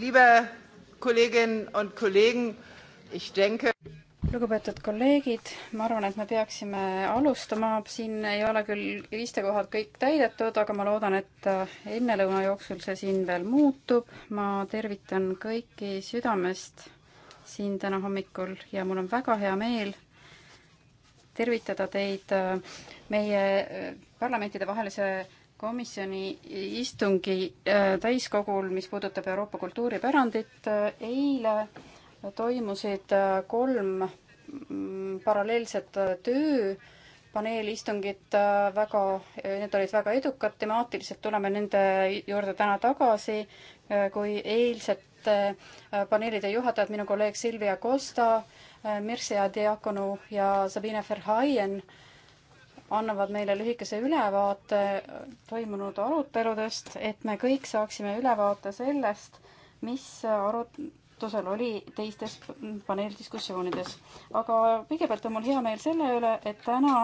liebe Kolleginnen und Kollegen, ich denke. lugupeetud kolleegid, ma arvan, et me peaksime alustama, siin ei ole küll istekohad kõik täidetud, aga ma loodan, et ennelõuna jooksul see siin veel muutub. ma tervitan kõiki südamest siin täna hommikul ja mul on väga hea meel tervitada teid meie äh, parlamentidevahelise komisjoni istungi äh, täiskogul, mis puudutab Euroopa kultuuripärandit. Äh, eile toimusid äh, kolm mm, paralleelset tööpaneelistungit väga, need olid väga edukad temaatiliselt, tuleme nende juurde täna tagasi, kui eilsete paneelide juhatajad, minu kolleeg Silvia Costa, Mircea Diakonu ja Sabine Verhaien äh, annavad meile lühikese ülevaate toimunud aruteludest, et me kõik saaksime ülevaate sellest, mis arutusel oli teistes paneeldiskussioonides. aga kõigepealt on mul hea meel selle üle, et täna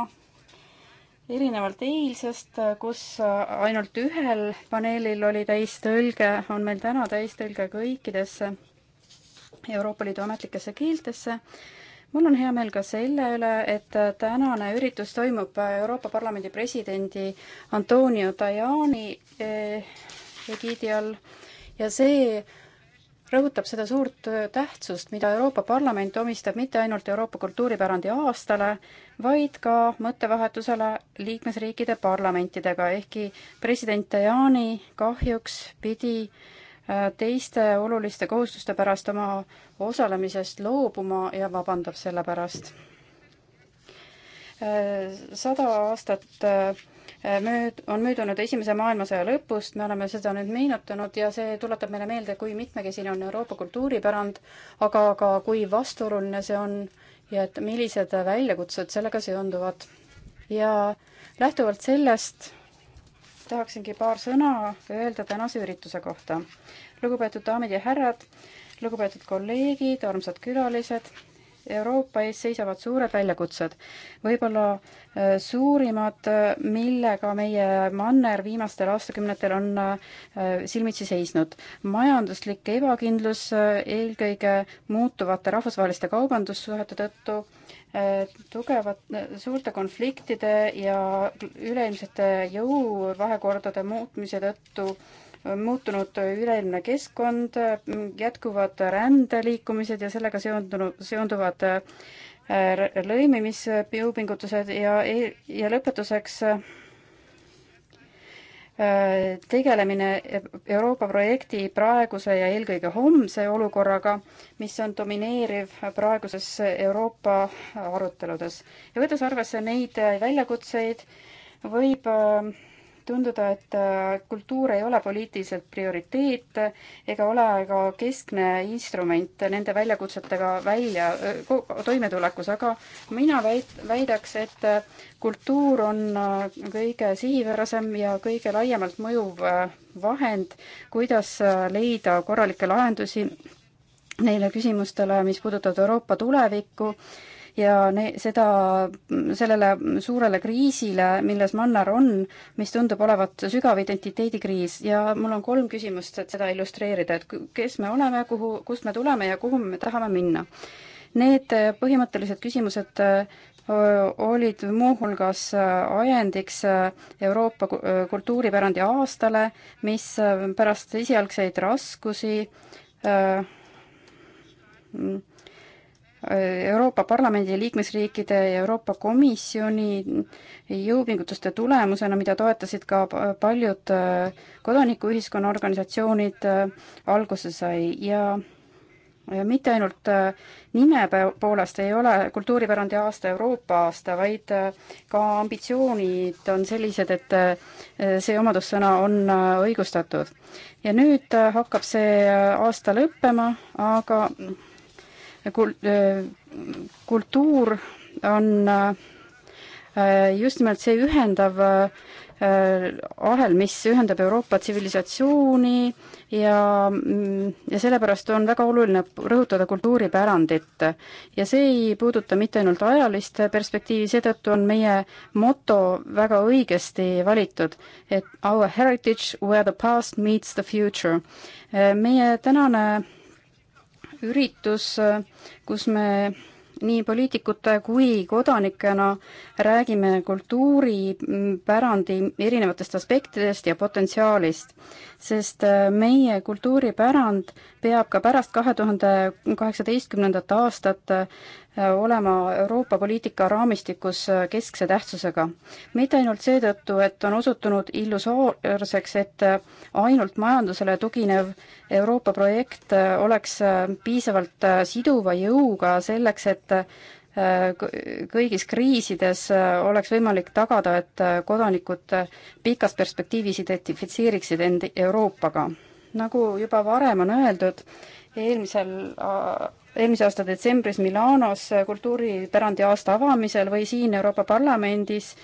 erinevalt eilsest, kus ainult ühel paneelil oli täistõlge, on meil täna täistõlge kõikidesse Euroopa Liidu ametlikesse keeltesse mul on hea meel ka selle üle, et tänane üritus toimub Euroopa Parlamendi presidendi Antonio Tajani eh, egiidi all ja see rõhutab seda suurt tähtsust, mida Euroopa Parlament omistab mitte ainult Euroopa kultuuripärandi aastale, vaid ka mõttevahetusele liikmesriikide parlamentidega, ehkki president Tajani kahjuks pidi äh, Äh, teiste oluliste kohustuste pärast oma osalemisest loobuma ja vabandab selle pärast. Äh, sada aastat äh, mööd-, on möödunud Esimese maailmasõja lõpust, me oleme seda nüüd meenutanud ja see tuletab meile meelde, kui mitmekesine on Euroopa kultuuripärand, aga ka kui vastuoluline see on ja et millised väljakutsed sellega seonduvad. ja lähtuvalt sellest tahaksingi paar sõna öelda tänase ürituse kohta. lugupeetud daamid ja härrad, lugupeetud kolleegid, armsad külalised, Euroopa ees seisavad suured väljakutsed, võib-olla äh, suurimad, äh, millega meie manner viimastel aastakümnetel on äh, silmitsi seisnud. majanduslik ebakindlus eelkõige muutuvate rahvusvaheliste kaubandussuhete tõttu tugevat, suurte konfliktide ja üleilmsete jõuvahekordade muutmise tõttu muutunud üleilmne keskkond, jätkuvad rändeliikumised ja sellega seondunud, seonduvad äh, lõimimispingutused ja, e-, ja lõpetuseks tegelemine Euroopa projekti praeguse ja eelkõige homse olukorraga, mis on domineeriv praeguses Euroopa aruteludes. ja võttes arvesse neid väljakutseid, võib äh, tunduda, et äh, kultuur ei ole poliitiliselt prioriteet ega ole ka keskne instrument nende väljakutsetega välja, toimetulekus, aga mina väid-, väidaks, et äh, kultuur on äh, kõige sihipärasem ja kõige laiemalt mõjuv vahend, kuidas leida korralikke lahendusi neile küsimustele, mis puudutavad Euroopa tulevikku ja ne-, seda, sellele suurele kriisile, milles Mannar on, mis tundub olevat sügav identiteedikriis ja mul on kolm küsimust, et seda illustreerida, et kes me oleme, kuhu, kust me tuleme ja kuhu me tahame minna. Need põhimõttelised küsimused olid muuhulgas äh, ajendiks äh, Euroopa äh, kultuuripärandi aastale, mis pärast esialgseid raskusi äh, mm, Euroopa Parlamendi liikmesriikide ja Euroopa Komisjoni jõupingutuste tulemusena, mida toetasid ka paljud äh, kodanikuühiskonna organisatsioonid, äh, alguse sai ja ja mitte ainult äh, nime poolest ei ole kultuuripärandi aasta Euroopa aasta, vaid ka ambitsioonid on sellised, et see omadussõna on õigustatud. ja nüüd hakkab see aasta lõppema, aga Äh, kultuur on äh, just nimelt see ühendav äh, ahel, mis ühendab Euroopa tsivilisatsiooni ja, mm, ja sellepärast on väga oluline rõhutada kultuuripärandit. ja see ei puuduta mitte ainult ajalist perspektiivi, seetõttu on meie moto väga õigesti valitud, et our heritage where the past meets the future. meie tänane üritus, kus me nii poliitikute kui kodanikena räägime kultuuripärandi erinevatest aspektidest ja potentsiaalist, sest meie kultuuripärand peab ka pärast kahe tuhande kaheksateistkümnendat aastat äh, olema Euroopa poliitika raamistikus äh, keskse tähtsusega. mitte ainult seetõttu, et on osutunud illusoorseks, et äh, ainult majandusele tuginev Euroopa projekt oleks piisavalt siduva jõuga selleks, et kõigis kriisides oleks võimalik tagada, et kodanikud pikas perspektiivis identifitseeriksid end Euroopaga nagu juba varem on öeldud, eelmisel, eelmise aasta detsembris Milanos kultuuripärandi aasta avamisel või siin Euroopa Parlamendis,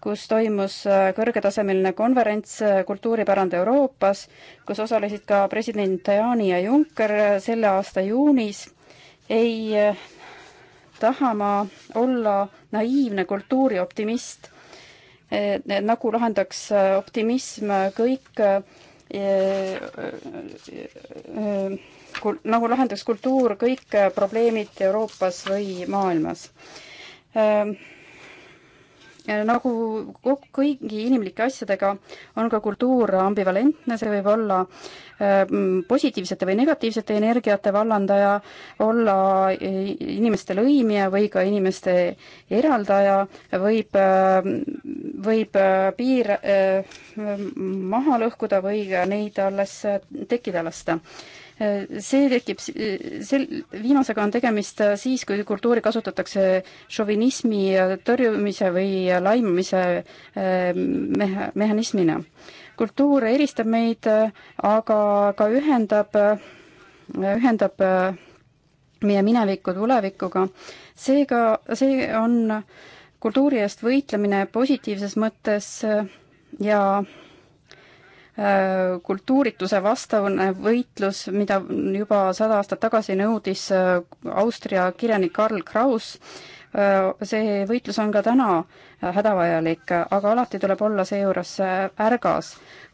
kus toimus äh, kõrgetasemeline konverents äh, Kultuuripärand Euroopas, kus osalesid ka president Tajani ja Juncker äh, selle aasta juunis, ei taha ma olla naiivne kultuurioptimist, nagu lahendaks optimism kõik äh, Äh, äh, nagu lahendaks kultuur kõik probleemid Euroopas või maailmas ähm, nagu kõigi inimlike asjadega on ka kultuur ambivalentne, see võib olla äh, positiivsete või negatiivsete energiate vallandaja, olla inimeste lõimija või ka inimeste eraldaja, võib, äh, võib äh, piir maha lõhkuda või neid alles, tekkida lasta see tekib, sel, viimasega on tegemist siis, kui kultuuri kasutatakse šovinismi tõrjumise või laimamise ehm, meha-, mehhanismina. kultuur eristab meid, aga ka ühendab, ühendab meie minevikku tulevikuga. seega, see on kultuuri eest võitlemine positiivses mõttes ja Äh, kultuurituse vastavane võitlus, mida juba sada aastat tagasi nõudis äh, Austria kirjanik Karl Kraus Äh, see võitlus on ka täna äh, hädavajalik, aga alati tuleb olla seejuures äh, ärgas.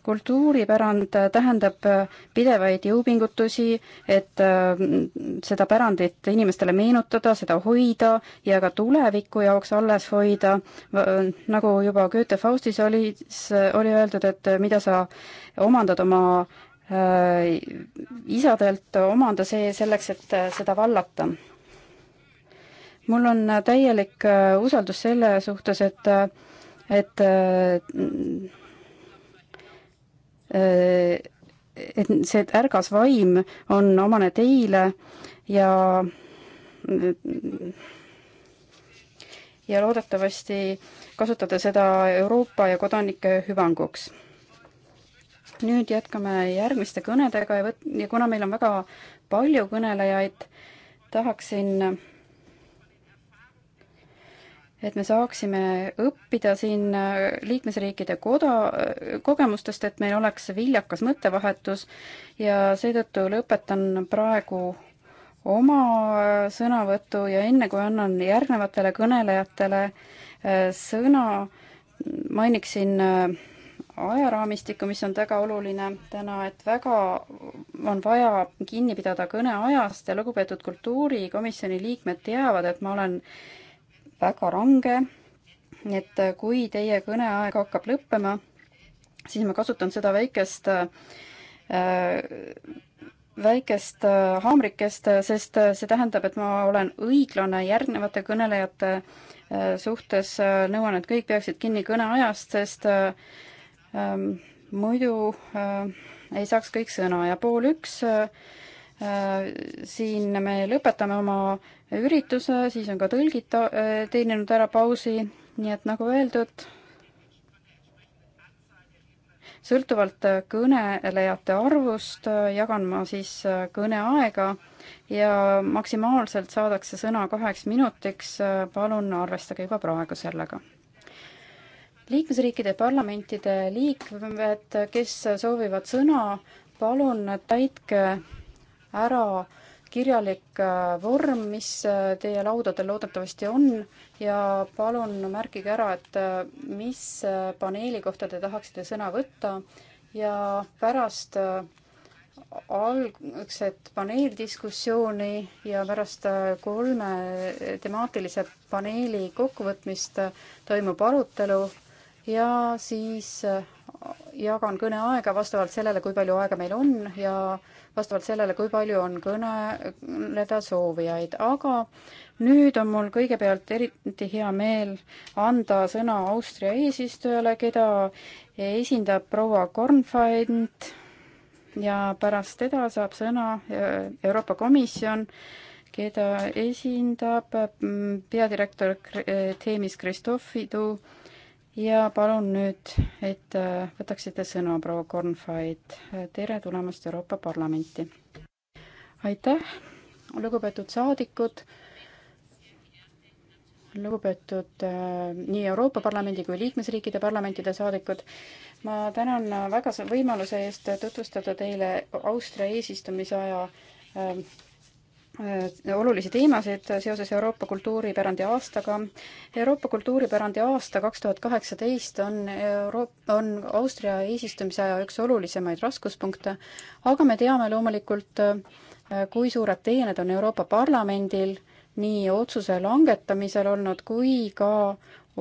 kultuuripärand tähendab pidevaid jõupingutusi, et seda pärandit inimestele meenutada, seda hoida ja ka tuleviku jaoks alles hoida. nagu juba Goethe Faustis oli, oli öeldud, et mida sa omandad oma isadelt omanda see selleks, et seda vallata mul on äh, täielik äh, usaldus selle suhtes, et, äh, et et see ärgas vaim on omane teile ja ja loodetavasti kasutada seda Euroopa ja kodanike hüvanguks. nüüd jätkame järgmiste kõnedega ja võt-, ja kuna meil on väga palju kõnelejaid, tahaksin et me saaksime õppida siin äh, liikmesriikide koda, äh, kogemustest, et meil oleks viljakas mõttevahetus ja seetõttu lõpetan praegu oma äh, sõnavõtu ja enne, kui annan järgnevatele kõnelejatele sõna, mainiksin ajaraamistikku, mis on väga oluline täna, et väga on vaja kinni pidada kõneajast ja lugupeetud kultuurikomisjoni liikmed teavad, et ma olen väga range, et äh, kui teie kõneaeg hakkab lõppema, siis ma kasutan seda väikest äh, väikest äh, haamrikest, sest see tähendab, et ma olen õiglane järgnevate kõnelejate suhtes, nõuan, et kõik peaksid kinni kõneajast, sest ähm, muidu äh, ei saaks kõik sõna ja pool üks äh, siin me lõpetame oma ürituse, siis on ka tõlgid äh, teeninud ära pausi, nii et nagu öeldud, sõltuvalt kõnelejate arvust äh, jagan ma siis äh, kõneaega ja maksimaalselt saadakse sõna kaheks minutiks, palun arvestage juba praegu sellega. liikmesriikide parlamentide liikmed, kes soovivad sõna, palun täitke ära kirjalik äh, vorm, mis äh, teie laudadel loodetavasti on ja palun märkige ära, et äh, mis paneeli kohta te tahaksite sõna võtta ja pärast algset paneeldiskussiooni ja pärast kolme temaatilise paneeli kokkuvõtmist toimub arutelu ja siis jagan kõneaega vastavalt sellele, kui palju aega meil on ja vastavalt sellele, kui palju on kõneleda soovijaid, aga nüüd on mul kõigepealt eriti hea meel anda sõna Austria eesistujale, keda esindab proua Kornfeind ja pärast teda saab sõna äh, Euroopa Komisjon, keda esindab mm, peadirektor äh, Themis Kristofidu ja palun nüüd, et äh, võtaksite sõna, proua Kornfait. tere tulemast Euroopa Parlamenti. aitäh, lugupeetud saadikud lugupeetud äh, nii Euroopa Parlamendi kui liikmesriikide parlamentide saadikud. ma tänan väga võimaluse eest tutvustada teile Austria eesistumise aja äh, Äh, olulisi teemasid seoses Euroopa kultuuripärandi aastaga. Euroopa kultuuripärandi aasta kaks tuhat kaheksateist on Euroop-, on Austria eesistumise aja üks olulisemaid raskuspunkte, aga me teame loomulikult, äh, kui suured teened on Euroopa Parlamendil nii otsuse langetamisel olnud kui ka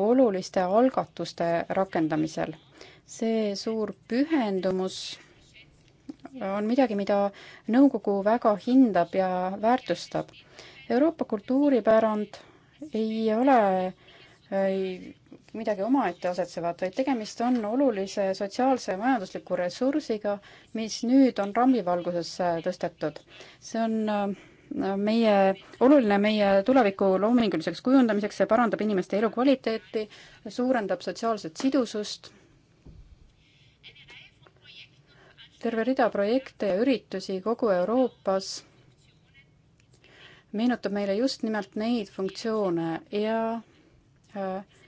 oluliste algatuste rakendamisel. see suur pühendumus on midagi, mida nõukogu väga hindab ja väärtustab. Euroopa kultuuripärand ei ole ei, midagi omaette asetsevat, vaid tegemist on olulise sotsiaalse ja majandusliku ressursiga, mis nüüd on rambivalgusesse äh, tõstetud. see on äh, meie, oluline meie tuleviku loominguliseks kujundamiseks, see parandab inimeste elukvaliteeti, suurendab sotsiaalset sidusust terve rida projekte ja üritusi kogu Euroopas meenutab meile just nimelt neid funktsioone ja äh,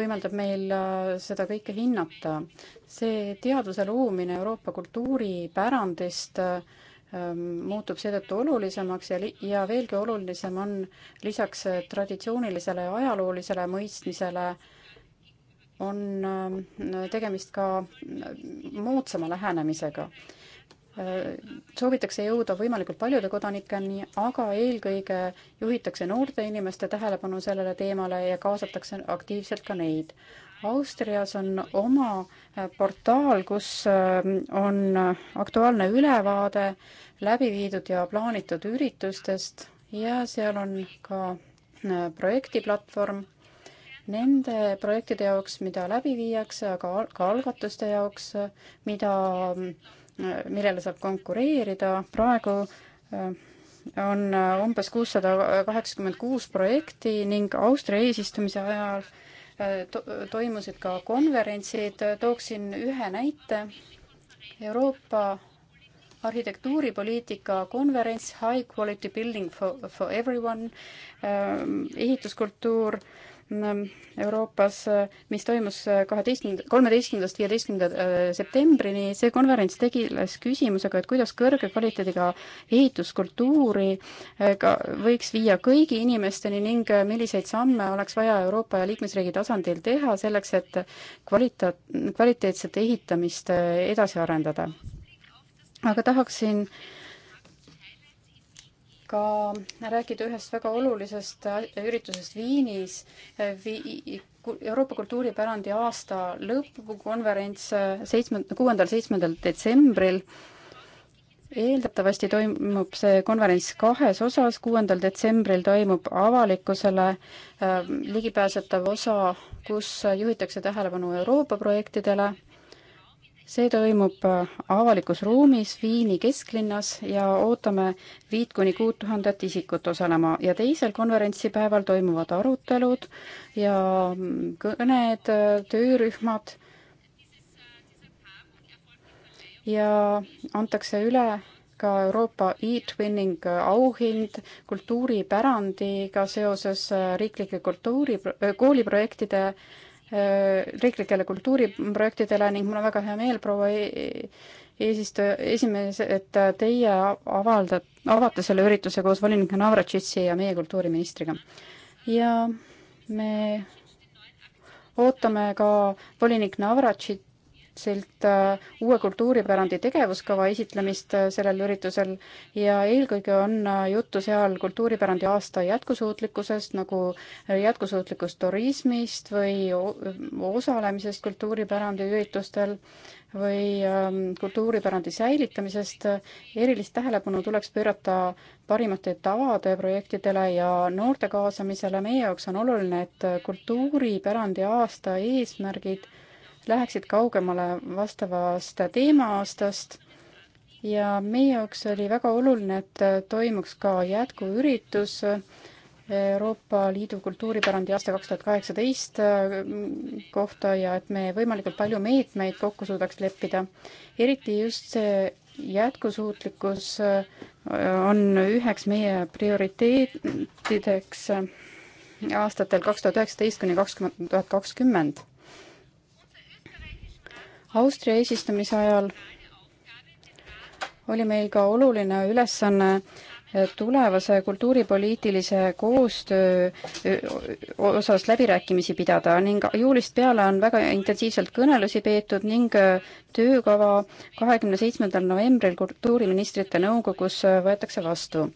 võimaldab meil äh, seda kõike hinnata. see teadvuse loomine Euroopa kultuuripärandist äh, ähm, muutub seetõttu olulisemaks ja, ja veelgi olulisem on lisaks traditsioonilisele ajaloolisele mõistmisele äh, on ähm, tegemist ka moodsama lähenemisega. Äh, soovitakse jõuda võimalikult paljude kodanikeni, aga eelkõige juhitakse noorte inimeste tähelepanu sellele teemale ja kaasatakse aktiivselt ka neid. Austrias on oma äh, portaal, kus ähm, on aktuaalne ülevaade läbi viidud ja plaanitud üritustest ja seal on ka äh, projektiplatvorm nende projektide jaoks, mida läbi viiakse, aga ka algatuste jaoks, mida, millele saab konkureerida. praegu äh, on äh, umbes kuussada kaheksakümmend kuus projekti ning Austria eesistumise ajal äh, to toimusid ka konverentsid, tooksin ühe näite. Euroopa arhitektuuripoliitika konverents High Quality Building for, for Everyone, ehituskultuur eh,, Mm, Euroopas, äh, mis toimus äh, kaheteistkümnenda, kolmeteistkümnendast viieteistkümnenda äh, septembrini, see konverents tegeles küsimusega, et kuidas kõrge kvaliteediga ehituskultuuri ka võiks viia kõigi inimesteni ning milliseid samme oleks vaja Euroopa ja liikmesriigi tasandil teha selleks, et kvalita-, kvaliteetset ehitamist edasi arendada. aga tahaksin äh, ka rääkida ühest väga olulisest üritusest Viinis Vi. Euroopa kultuuripärandi aasta lõpukonverents äh, seitsmenda, kuuendal, seitsmendal detsembril. eeldatavasti toimub see konverents kahes osas, kuuendal detsembril toimub avalikkusele äh, ligipääsetav osa, kus juhitakse tähelepanu Euroopa projektidele see toimub äh, avalikus ruumis Viini kesklinnas ja ootame viit kuni kuut tuhandet isikut osalema ja teisel konverentsipäeval toimuvad arutelud ja mm, kõned, äh, töörühmad ja antakse üle ka Euroopa e-twinning äh, auhind kultuuripärandiga seoses riiklike kultuuri, kooliprojektide äh, Äh, riiklikele kultuuriprojektidele ning mul on väga hea meel, proua e-, eesistuja, esimees, et teie avaldate, avate selle ürituse koos volinik Navratšitsi ja meie kultuuriministriga. ja me ootame ka volinik Navratšit konkreetselt äh, uue kultuuripärandi tegevuskava esitlemist äh, sellel üritusel ja eelkõige on äh, juttu seal kultuuripärandi aasta jätkusuutlikkusest nagu jätkusuutlikust turismist või osalemisest kultuuripärandi üritustel või ähm, kultuuripärandi säilitamisest. erilist tähelepanu tuleks pöörata parimate tavade projektidele ja noorte kaasamisele. meie jaoks on oluline, et kultuuripärandi aasta eesmärgid läheksid kaugemale vastavast teema-aastast ja meie jaoks oli väga oluline, et toimuks ka jätkuüritus Euroopa Liidu kultuuripärandi aasta kaks tuhat kaheksateist kohta ja et me võimalikult palju meetmeid kokku suudaks leppida. eriti just see jätkusuutlikkus äh, on üheks meie prioriteetideks aastatel kaks tuhat üheksateist kuni kakskümmend tuhat kakskümmend Austria eesistumise ajal oli meil ka oluline ülesanne tulevase kultuuripoliitilise koostöö osas läbirääkimisi pidada ning juulist peale on väga intensiivselt kõnelusi peetud ning töökava kahekümne seitsmendal novembril kultuuriministrite nõukogus võetakse vastu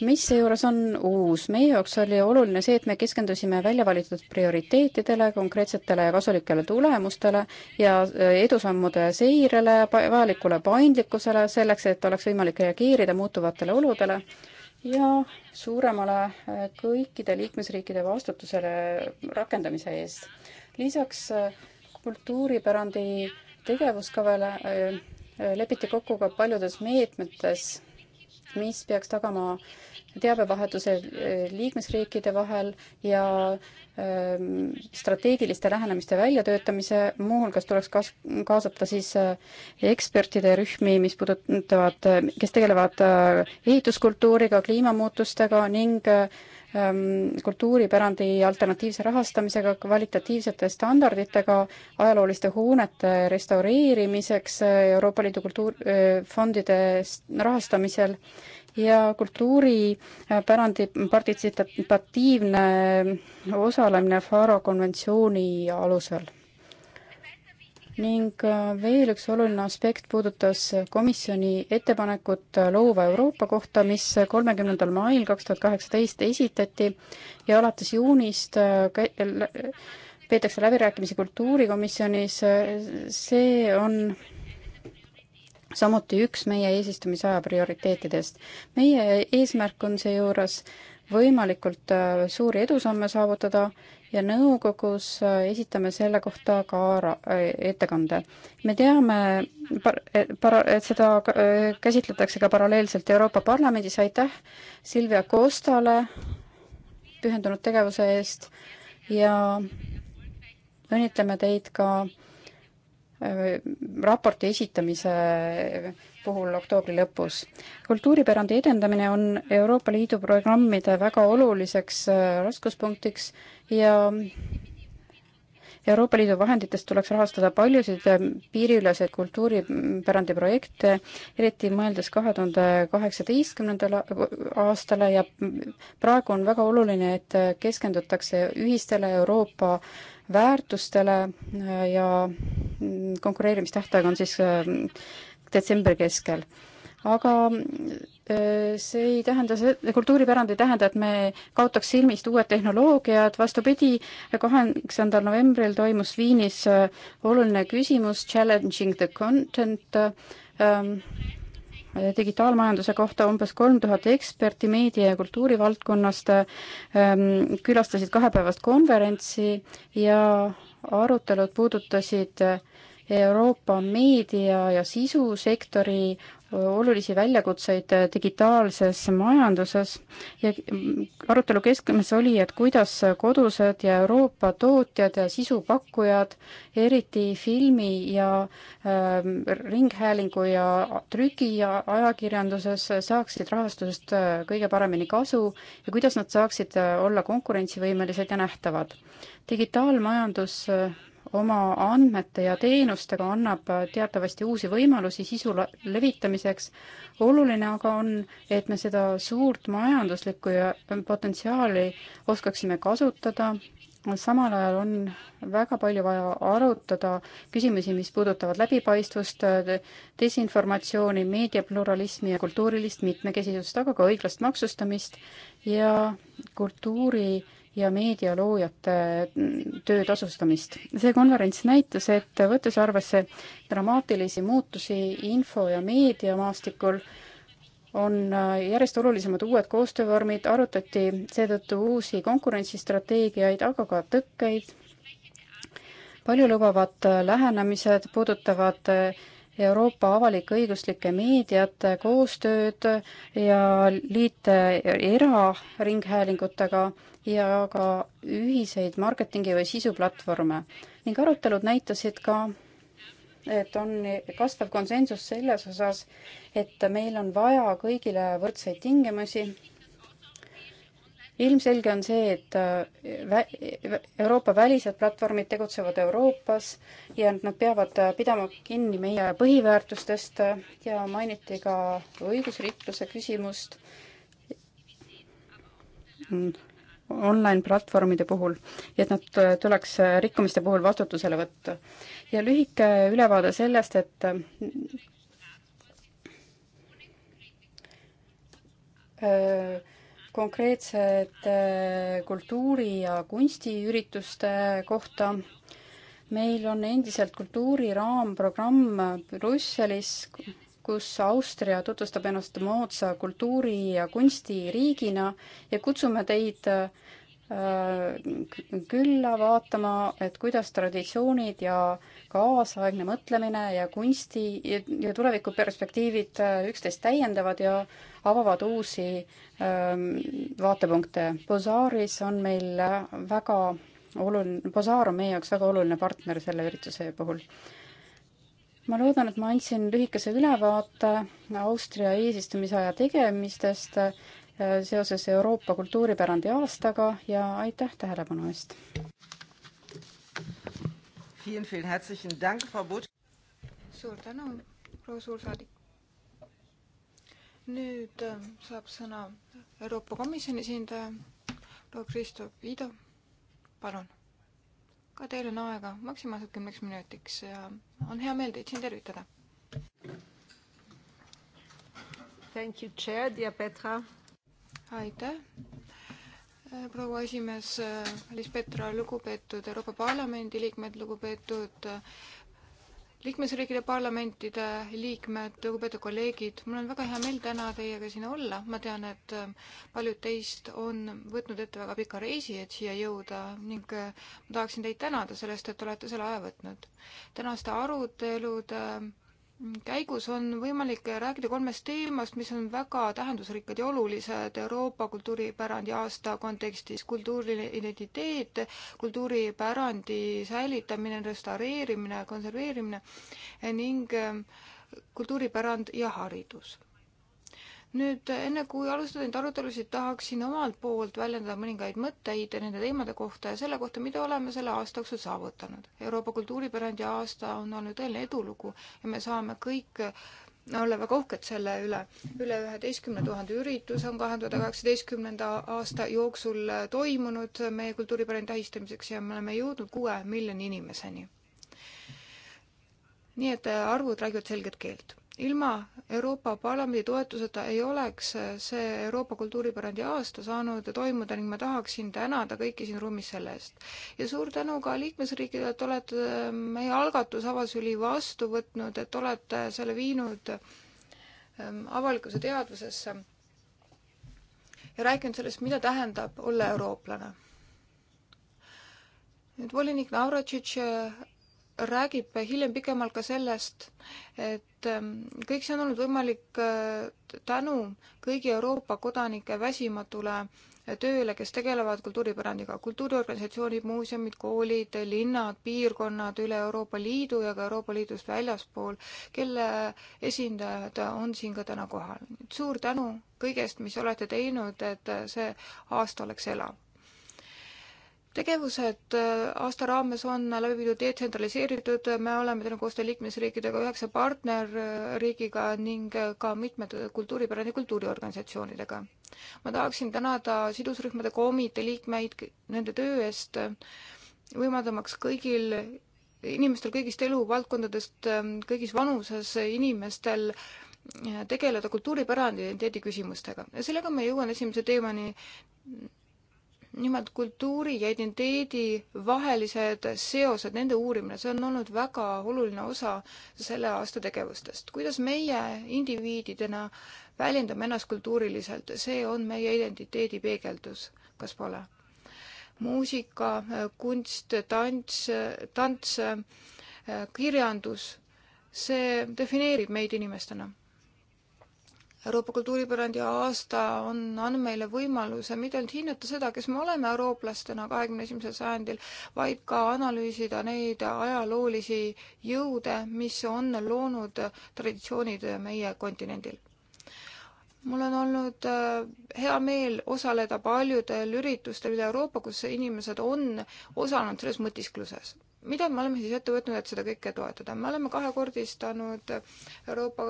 mis seejuures on uus? meie jaoks oli oluline see, et me keskendusime välja valitud prioriteetidele, konkreetsetele ja kasulikele tulemustele ja äh, edusammude seirele, vajalikule paindlikkusele selleks, et oleks võimalik reageerida muutuvatele oludele ja suuremale äh, kõikide liikmesriikide vastutusele rakendamise eest. lisaks äh, kultuuripärandi tegevuskavale lepiti kokku ka paljudes meetmetes mis peaks tagama teabevahetuse eh, liikmesriikide vahel ja ehm, strateegiliste lähenemiste väljatöötamise, muuhulgas tuleks kas-, kaasata siis eh, ekspertide rühmi, mis puudutavad, eh, kes tegelevad ehituskultuuriga, kliimamuutustega ning äh, Ähm, kultuuripärandi alternatiivse rahastamisega, kvalitatiivsete standarditega, ajalooliste hoonete restaureerimiseks äh, Euroopa Liidu kultuurfondide äh, rahastamisel ja kultuuripärandi äh, partitsipatiivne osalemine Faro konventsiooni alusel ning äh, veel üks oluline aspekt puudutas komisjoni ettepanekut loova Euroopa kohta, mis kolmekümnendal mail kaks tuhat kaheksateist esitati ja alates juunist äh, äh, peetakse läbirääkimisi kultuurikomisjonis, see on samuti üks meie eesistumisaja prioriteetidest. meie eesmärk on seejuures võimalikult suuri edusamme saavutada ja nõukogus äh, esitame selle kohta ka äh, ettekande. me teame, et seda äh, käsitletakse ka paralleelselt Euroopa Parlamendis, aitäh Silvia Kostale pühendunud tegevuse eest ja õnnitleme teid ka raporti esitamise puhul oktoobri lõpus. kultuuripärandi edendamine on Euroopa Liidu programmide väga oluliseks äh, raskuspunktiks ja Euroopa Liidu vahenditest tuleks rahastada paljusid äh, piiriüleseid kultuuripärandi projekte, eriti mõeldes kahe tuhande kaheksateistkümnendale äh, aastale ja praegu on väga oluline, et keskendutakse ühistele Euroopa väärtustele ja mm, konkureerimistähtaeg on siis detsembri keskel. aga äh, see ei tähenda, see kultuuripärand ei tähenda, et me kaotaks silmist uued tehnoloogiad, vastupidi, kaheksandal novembril toimus Viinis äh, oluline küsimus Challenging the content ähm, digitaalmajanduse kohta umbes kolm tuhat eksperti meedia ja kultuurivaldkonnast ähm, külastasid kahepäevast konverentsi ja arutelud puudutasid äh, Euroopa meedia- ja sisusektori olulisi väljakutseid digitaalses majanduses ja arutelu keskmes oli, et kuidas kodused ja Euroopa tootjad ja sisupakkujad, eriti filmi ja äh, ringhäälingu ja trüki ja ajakirjanduses saaksid rahastusest äh, kõige paremini kasu ja kuidas nad saaksid äh, olla konkurentsivõimelised ja nähtavad. digitaalmajandus äh, oma andmete ja teenustega annab teatavasti uusi võimalusi sisu levitamiseks. oluline aga on, et me seda suurt majanduslikku ja potentsiaali oskaksime kasutada. samal ajal on väga palju vaja arutada küsimusi, mis puudutavad läbipaistvust, desinformatsiooni, meediapluralismi ja kultuurilist mitmekesisust, aga ka õiglast maksustamist ja kultuuri ja meedialoojate mm, töö tasustamist. see konverents näitas, et võttes arvesse dramaatilisi muutusi info- ja meediamaastikul, on äh, järjest olulisemad uued koostöövormid, arutati seetõttu uusi konkurentsistrateegiaid, aga ka tõkkeid. paljulubavad äh, lähenemised puudutavad äh, Euroopa avalik-õiguslike meediate koostööd ja liite eraringhäälingutega ja ka ühiseid marketingi või sisuplatvorme ning arutelud näitasid ka, et on kasvav konsensus selles osas, et meil on vaja kõigile võrdseid tingimusi. ilmselge on see, et vä-, Euroopa välised platvormid tegutsevad Euroopas ja nad peavad pidama kinni meie põhiväärtustest ja mainiti ka õigusriikluse küsimust online-platvormide puhul ja et nad äh, tuleks äh, rikkumiste puhul vastutusele võtta. ja lühike ülevaade sellest, et äh, konkreetsete kultuuri- ja kunstiürituste kohta. meil on endiselt kultuuri raamprogramm Brüsselis kus Austria tutvustab ennast moodsa kultuuri ja kunsti riigina ja kutsume teid äh, külla vaatama, et kuidas traditsioonid ja kaasaegne mõtlemine ja kunsti ja tulevikuperspektiivid äh, üksteist täiendavad ja avavad uusi ähm, vaatepunkte. Bazaaris on meil väga oluline, Bazaar on meie jaoks väga oluline partner selle ürituse puhul ma loodan, et ma andsin lühikese ülevaate Austria eesistumisaja tegemistest äh, seoses Euroopa kultuuripärandi aastaga ja aitäh tähelepanu eest! suur tänu, proua suursaadik! nüüd äh, saab sõna Euroopa Komisjoni esindaja, proua Kristo Viido, palun ka teil on aega maksimaalselt kümneks minutiks ja on hea meel teid siin tervitada. Thank you, chair, dear Petra. aitäh, äh, proua esimees, äh, Liis Petra, lugupeetud Euroopa Parlamendi liikmed, lugupeetud äh, liikmesriikide parlamentide liikmed, lugupeetud kolleegid, mul on väga hea meel täna teiega siin olla, ma tean, et ähm, paljud teist on võtnud ette väga pika reisi, et siia jõuda ning äh, ma tahaksin teid tänada sellest, et olete selle aja võtnud. tänaste arutelude äh, käigus on võimalik rääkida kolmest teemast, mis on väga tähendusrikkad ja olulised Euroopa kultuuripärandi aasta kontekstis. kultuuriline identiteet, kultuuripärandi säilitamine, restaureerimine, konserveerimine ning kultuuripärand ja haridus nüüd enne, kui alustada neid arutelusid, tahaksin omalt poolt väljendada mõningaid mõtteid nende teemade kohta ja selle kohta, mida oleme selle aasta jooksul saavutanud. Euroopa kultuuripärandi aasta on olnud tõeline edulugu ja me saame kõik olla väga uhked selle üle. üle üheteistkümne tuhande ürituse on kahe tuhande kaheksateistkümnenda aasta jooksul toimunud meie kultuuripärandi tähistamiseks ja me oleme jõudnud kuue miljoni inimeseni. nii et arvud räägivad selget keelt ilma Euroopa Parlamendi toetuseta ei oleks see Euroopa kultuuripärandi aasta saanud toimuda ning ma tahaksin tänada kõiki siin ruumis selle eest. ja suur tänu ka liikmesriikidele, et olete meie algatusavasüli vastu võtnud, et olete selle viinud ähm, avalikkuse teadvusesse ja rääkinud sellest, mida tähendab olla eurooplane. nüüd volinik Navratšitš räägib hiljem pikemalt ka sellest, et ähm, kõik see on olnud võimalik äh, tänu kõigi Euroopa kodanike väsimatule äh, tööle, kes tegelevad kultuuripärandiga. kultuuriorganisatsioonid, muuseumid, koolid, linnad, piirkonnad üle Euroopa Liidu ja ka Euroopa Liidust väljaspool, kelle esindajad on siin ka täna kohal. suur tänu kõigest, mis olete teinud, et äh, see aasta oleks elav tegevused äh, aasta raames on läbi viidud detsentraliseeritud, me oleme teinud koostöö liikmesriikidega, üheksa partnerriigiga ning äh, ka mitmete kultuuripärandi kultuuriorganisatsioonidega. ma tahaksin tänada sidusrühmade komitee liikmeid nende töö eest, võimaldamaks kõigil inimestel kõigist eluvaldkondadest, äh, kõigis vanuses inimestel tegeleda kultuuripärandi identiteedi küsimustega ja sellega ma jõuan esimese teemani nimelt kultuuri ja identiteedi vahelised seosed, nende uurimine, see on olnud väga oluline osa selle aasta tegevustest. kuidas meie indiviididena väljendame ennast kultuuriliselt, see on meie identiteedi peegeldus, kas pole? muusika, kunst, tants, tants, kirjandus, see defineerib meid inimestena Euroopa kultuuripärandi aasta on andnud meile võimaluse mitte ainult hinnata seda, kes me oleme eurooplastena kahekümne esimesel sajandil, vaid ka analüüsida neid ajaloolisi jõude, mis on loonud traditsioonid meie kontinendil mul on olnud äh, hea meel osaleda paljudel üritustel üle Euroopa, kus inimesed on osalenud selles mõtiskluses. mida me oleme siis ette võtnud, et seda kõike toetada? me oleme kahekordistanud Euroopa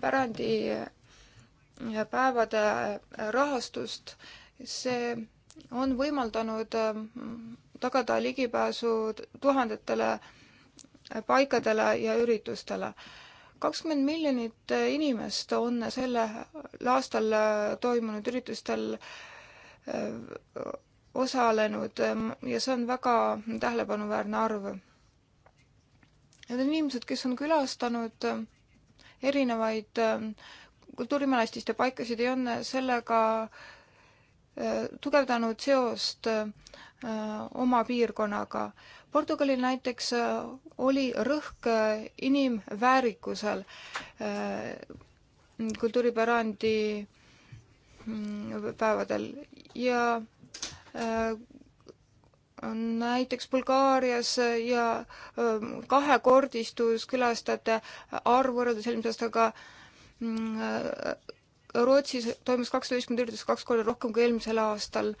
pärandipäevade äh, äh, rahastust. see on võimaldanud ähm, tagada ligipääsu tuhandetele äh, paikadele ja üritustele. kakskümmend miljonit inimest on sellel aastal toimunud üritustel osalenud ähm, ja see on väga tähelepanuväärne arv. Need on inimesed, kes on külastanud erinevaid ähm, kultuurimälestiste paikasid ja on sellega äh, tugevdanud seost äh, oma piirkonnaga. Portugalil näiteks äh, oli rõhk inimväärikusel kultuuripärandi mm, päevadel ja näiteks Bulgaarias ja ähm, kahekordistus külastajate arv võrreldes eelmise aastaga. Mm, äh, Rootsis toimus kakssada viiskümmend üritust kaks korda rohkem kui eelmisel aastal.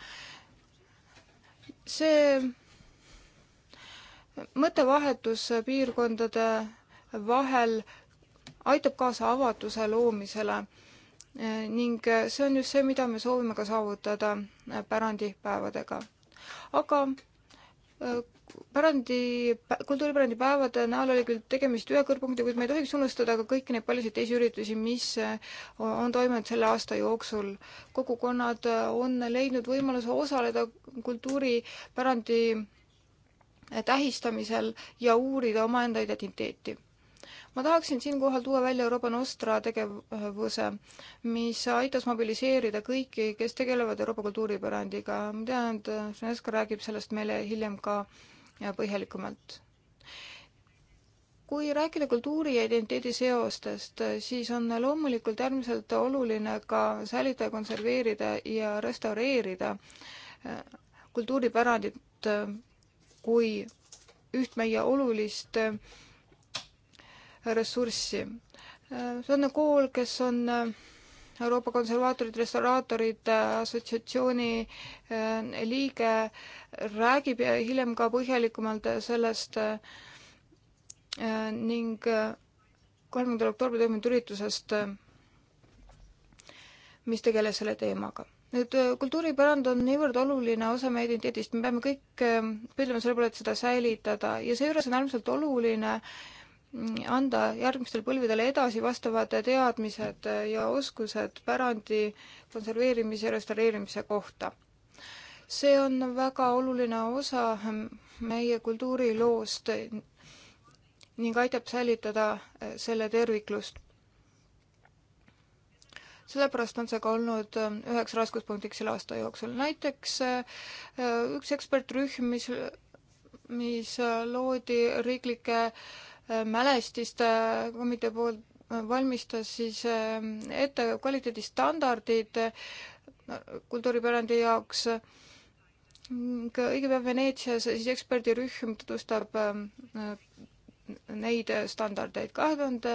see mõttevahetus piirkondade vahel aitab kaasa avatuse loomisele äh, ning äh, see on just see, mida me soovime ka saavutada pärandipäevadega aga äh, pärandi, kultuuripärandipäevade näol oli küll tegemist ühe kõrgpunkti, kuid me ei tohiks unustada ka kõiki neid paljusid teisi üritusi, mis äh, on toimunud selle aasta jooksul. kogukonnad äh, on leidnud võimaluse osaleda kultuuripärandi tähistamisel ja uurida omaenda identiteeti ma tahaksin siinkohal tuua välja Euroopa Nostra tegevuse, mis aitas mobiliseerida kõiki, kes tegelevad Euroopa kultuuripärandiga. ma tean, et Svenska räägib sellest meile hiljem ka põhjalikumalt. kui rääkida kultuuri ja identiteedi seostest, siis on loomulikult äärmiselt oluline ka säilitada, konserveerida ja restaureerida äh, kultuuripärandit äh, kui üht meie olulist äh, ressurssi. Äh, Susanne nagu Kool, kes on äh, Euroopa Konservaatorite Restauraatorite äh, Assotsiatsiooni liige, räägib hiljem ka põhjalikumalt sellest ning kolmekümnendal oktoobril toimunud üritusest, mis tegeles selle teemaga nüüd kultuuripärand on niivõrd oluline osa meie identiteedist, me peame kõik püüdlema selle poole, et seda säilitada ja seejuures on äärmiselt oluline äh, anda järgmistele põlvedele edasi vastavad teadmised ja oskused pärandi konserveerimise ja restaureerimise kohta. see on väga oluline osa meie kultuuriloost ning aitab säilitada selle terviklust sellepärast on see ka olnud üheks raskuspunktiks selle aasta jooksul. näiteks äh, üks ekspertrühm, mis, mis loodi riiklike Äh, mälestiste äh, komitee poolt äh, valmistas siis ette kvaliteedistandardid kultuuripärandi jaoks. õige pea Veneetsias siis eksperdirühm tutvustab neid standardeid. kahe tuhande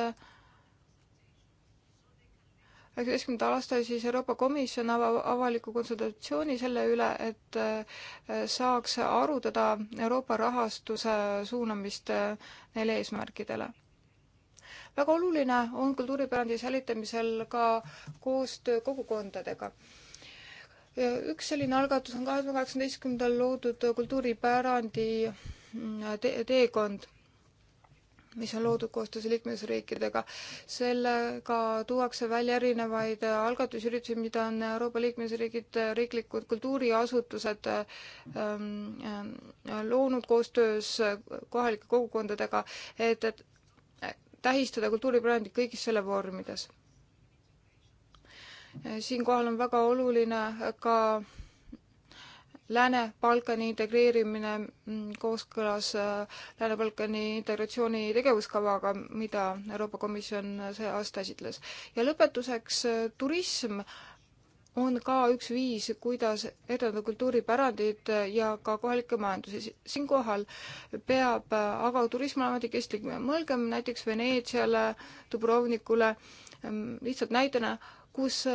üheksateistkümnendal aastal siis Euroopa Komisjon ava-, avaliku konsultatsiooni selle üle, et äh, saaks arutada Euroopa rahastuse suunamist äh, neile eesmärkidele. väga oluline on kultuuripärandi säilitamisel ka koostöö kogukondadega üks selline algatus on kahe tuhande kaheksateistkümnendal loodud kultuuripärandi mm, te teekond mis on loodud koostöös liikmesriikidega. sellega tuuakse välja erinevaid algatusüritusi, mida on Euroopa liikmesriigid, riiklikud kultuuriasutused ähm, ähm, loonud koostöös kohalike kogukondadega, et, et tähistada kultuuripärandit kõigis selle vormides. siinkohal on väga oluline ka äh, Lääne-Balkani integreerimine mm, kooskõlas äh, Lääne-Balkani integratsiooni tegevuskavaga, mida Euroopa Komisjon äh, see aasta esitles. ja lõpetuseks, äh, turism on ka üks viis, kuidas edendada kultuuripärandit ja ka kohalikke majandusi. siinkohal peab aga turism olema kestlik. mõelgem näiteks Veneetsiale, Dubrovnikule mm, lihtsalt näitena, kus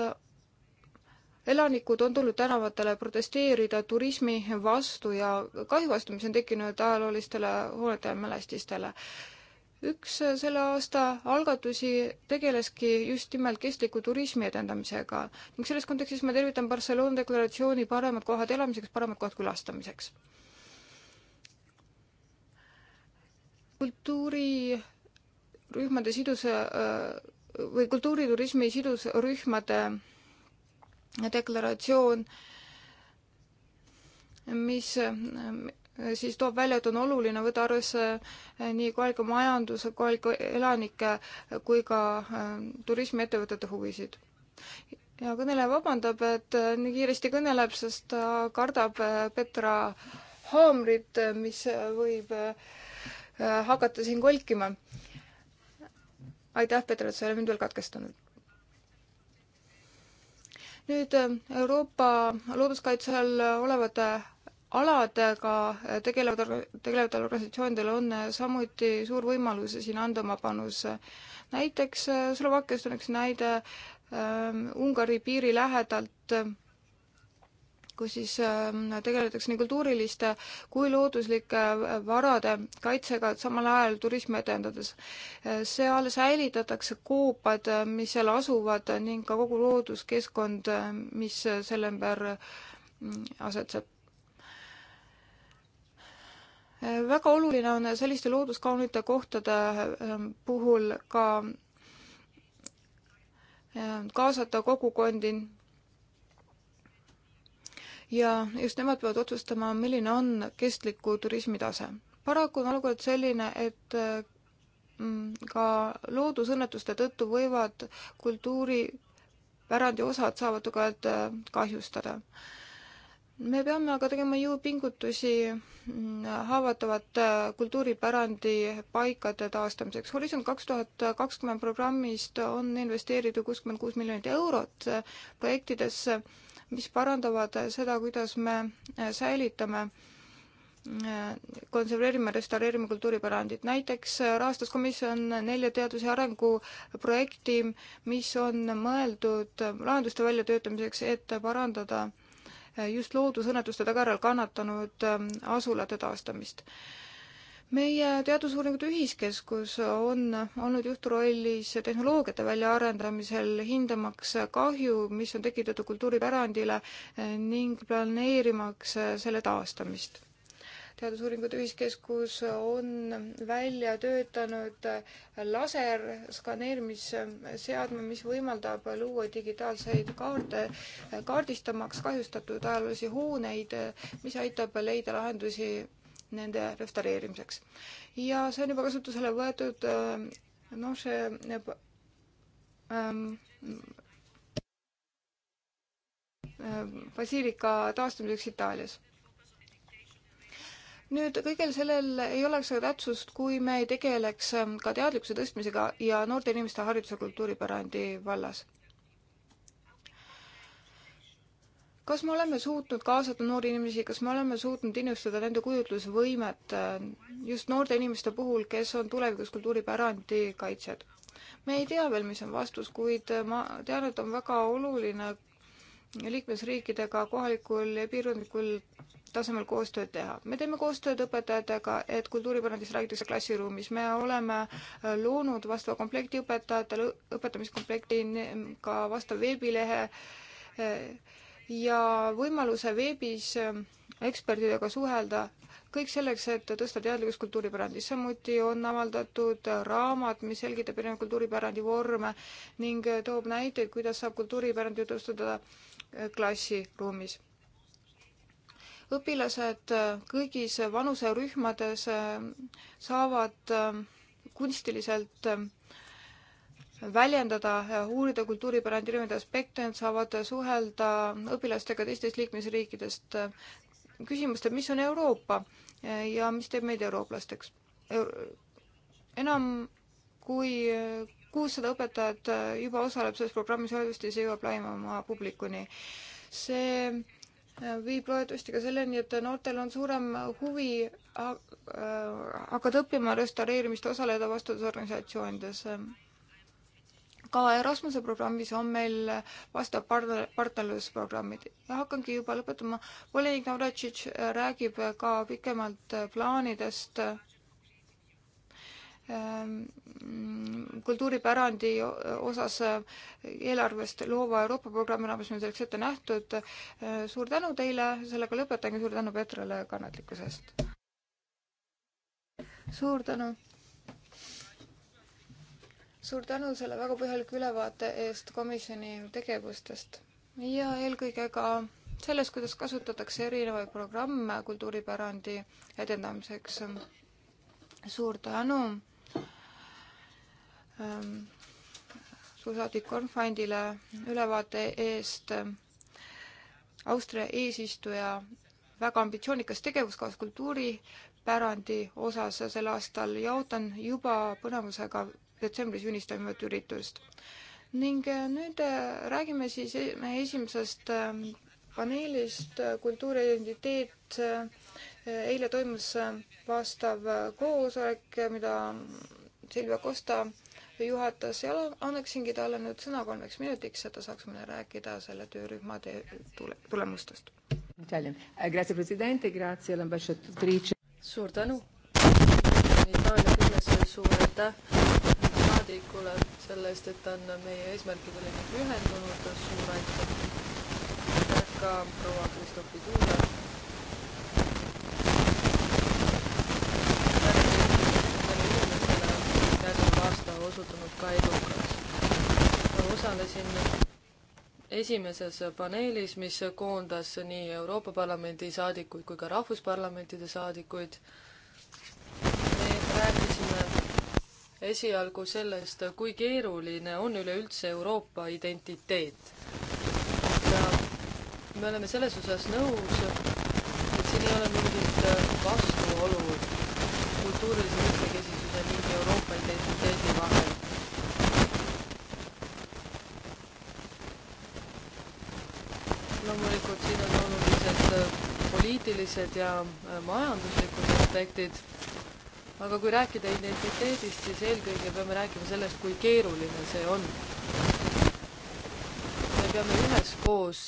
elanikud on tulnud tänavatele protesteerida turismi vastu ja kahju vastu, mis on tekkinud ajaloolistele hoonetele ja mälestistele. üks selle aasta algatusi tegeleski just nimelt kestliku turismi edendamisega ning selles kontekstis ma tervitan Barcelona deklaratsiooni paremad kohad elamiseks, paremad kohad külastamiseks. kultuurirühmade sidus või kultuuriturismi sidusrühmade deklaratsioon, mis eh, siis toob välja, et on oluline võtta arvesse eh, nii kohaliku majanduse, kohalike elanike eh, kui ka turismiettevõtete huvisid. ja kõneleja vabandab, et nii kiiresti kõneleb, sest ta kardab Petra haamrit, mis võib hakata siin kolkima. aitäh, Petra, et sa ei ole mind veel katkestanud nüüd ähm, Euroopa looduskaitse all olevate äh, aladega äh, äh, tegelevad, tegelevatel organisatsioonidel on samuti suur võimalus siin anda oma panuse. näiteks Slovakkiast on üks näide ähm, Ungari piiri lähedalt ähm, kus siis ähm, tegeletakse nii kultuuriliste kui looduslike äh, varade kaitsega, samal ajal turismi edendades. Äh, seal säilitatakse koopad, äh, mis seal asuvad ning ka kogu looduskeskkond, mis selle ümber mm, asetseb. väga oluline on selliste looduskaunite kohtade puhul ka kaasata kogukondi ja just nemad peavad otsustama, milline on kestliku turismi tase. paraku on olukord selline, et mm, ka loodusõnnetuste tõttu võivad kultuuripärandi osad saavad tugevalt äh, kahjustada. me peame aga tegema jõupingutusi mm, haavatavate kultuuripärandi paikade taastamiseks. Horisont kaks tuhat kakskümmend programmist on investeeritud kuuskümmend kuus miljonit eurot projektidesse mis parandavad seda, kuidas me äh, säilitame äh, konserveerime, restaureerime kultuuripärandit. näiteks äh, rahastas komisjon nelja teadus- ja arenguprojekti, mis on mõeldud lahenduste väljatöötamiseks, et parandada just loodusõnnetuste tagajärjel kannatanud asulate taastamist meie Teadusuuringute Ühiskeskus on olnud juhtrollis tehnoloogiate väljaarendamisel, hindamaks kahju, mis on tekitatud kultuuripärandile ning planeerimaks selle taastamist. teadusuuringute Ühiskeskus on välja töötanud laserskaneerimisseadme, mis võimaldab luua digitaalseid kaarte, kaardistamaks kahjustatud ajaloolisi hooneid, mis aitab leida lahendusi nende restaureerimiseks. ja see on juba kasutusele võetud äh, noh, see äh, ähm, äh, basiilika taastamiseks Itaalias. nüüd kõigel sellel ei oleks aga tähtsust, kui me ei tegeleks ähm, ka teadlikkuse tõstmisega ja noorte inimeste hariduse kultuuripärandi vallas kas me oleme suutnud kaasata noori inimesi, kas me oleme suutnud innustada nende kujutlusvõimet äh, just noorte inimeste puhul, kes on tulevikus kultuuripärandi kaitsjad? me ei tea veel, mis on vastus, kuid äh, ma tean, et on väga oluline liikmesriikidega kohalikul ja piirkondlikul tasemel koostööd teha. me teeme koostööd õpetajatega, et kultuuripärandist räägitakse klassiruumis. me oleme äh, loonud vastava komplekti õpetajatele, õpetamiskomplekti, ka vastava veebilehe ja võimaluse veebis äh, ekspertidega suhelda, kõik selleks, et tõsta teadlikkust kultuuripärandist. samuti on avaldatud raamat, mis selgitab erinevaid kultuuripärandi vorme ning toob näiteid, kuidas saab kultuuripärandi tutvustada äh, klassiruumis. õpilased äh, kõigis vanuserühmades saavad kunstiliselt väljendada ja uurida kultuuripärandi erinevaid aspekte, nad saavad suhelda õpilastega teistest liikmesriikidest küsimustel, mis on Euroopa ja mis teeb meid eurooplasteks Euro. enam kui kuussada õpetajat juba osaleb selles programmis, loodetavasti see jõuab laiema publikuni. see viib loodetavasti ka selleni, et noortel on suurem huvi äh, hakata õppima restaureerimist, osaleda vastutusorganisatsioonides ka Erasmuse programmis on meil vastav part-, partnerlusprogrammid. ja hakkangi juba lõpetama. Volinik Navratšitš räägib ka pikemalt plaanidest ähm, kultuuripärandi osas eelarvest loova Euroopa programmi raames on selleks ette nähtud. Äh, suur tänu teile, sellega lõpetangi, suur tänu Petrale kannatlikkuse eest. suur tänu suur tänu selle väga põhjaliku ülevaate eest komisjoni tegevustest ja eelkõige ka sellest, kuidas kasutatakse erinevaid programme kultuuripärandi edendamiseks. suur tänu ähm, suursaadik Kornfandile ülevaate eest Austria eesistuja väga ambitsioonikas tegevuskavas kultuuripärandi osas sel aastal ja ootan juba põnevusega detsembris juunis toimuvat üritust. ning äh, nüüd äh, räägime siis e-, esimesest ähm, paneelist äh, Kultuuri identiteet. eile toimus vastav koosolek, mida mm, Silvia Kosta juhatas ja annaksingi talle nüüd sõna kolmeks minutiks, et ta saaks meile rääkida selle töörühma töö tule-, tulemustest. Eh, suur tänu. Itaalia küljes suur aitäh volinikule selle eest, et ta on meie eesmärkidele nii pühendunud. suur aitäh, aitäh ka proua Kristofiduule. nendele inimestele on käesoleva aasta osutunud ka edukaks. osalesin esimeses paneelis, mis koondas nii Euroopa Parlamendi saadikuid kui ka rahvusparlamentide saadikuid esialgu sellest, kui keeruline on üleüldse Euroopa identiteet. ja me oleme selles osas nõus, et siin ei ole mingit vastuolu kultuurilise mitmekesisuse ning Euroopa identiteedi vahel. loomulikult siin on olulised poliitilised ja majanduslikud aspektid aga kui rääkida identiteedist, siis eelkõige peame rääkima sellest, kui keeruline see on. me peame üheskoos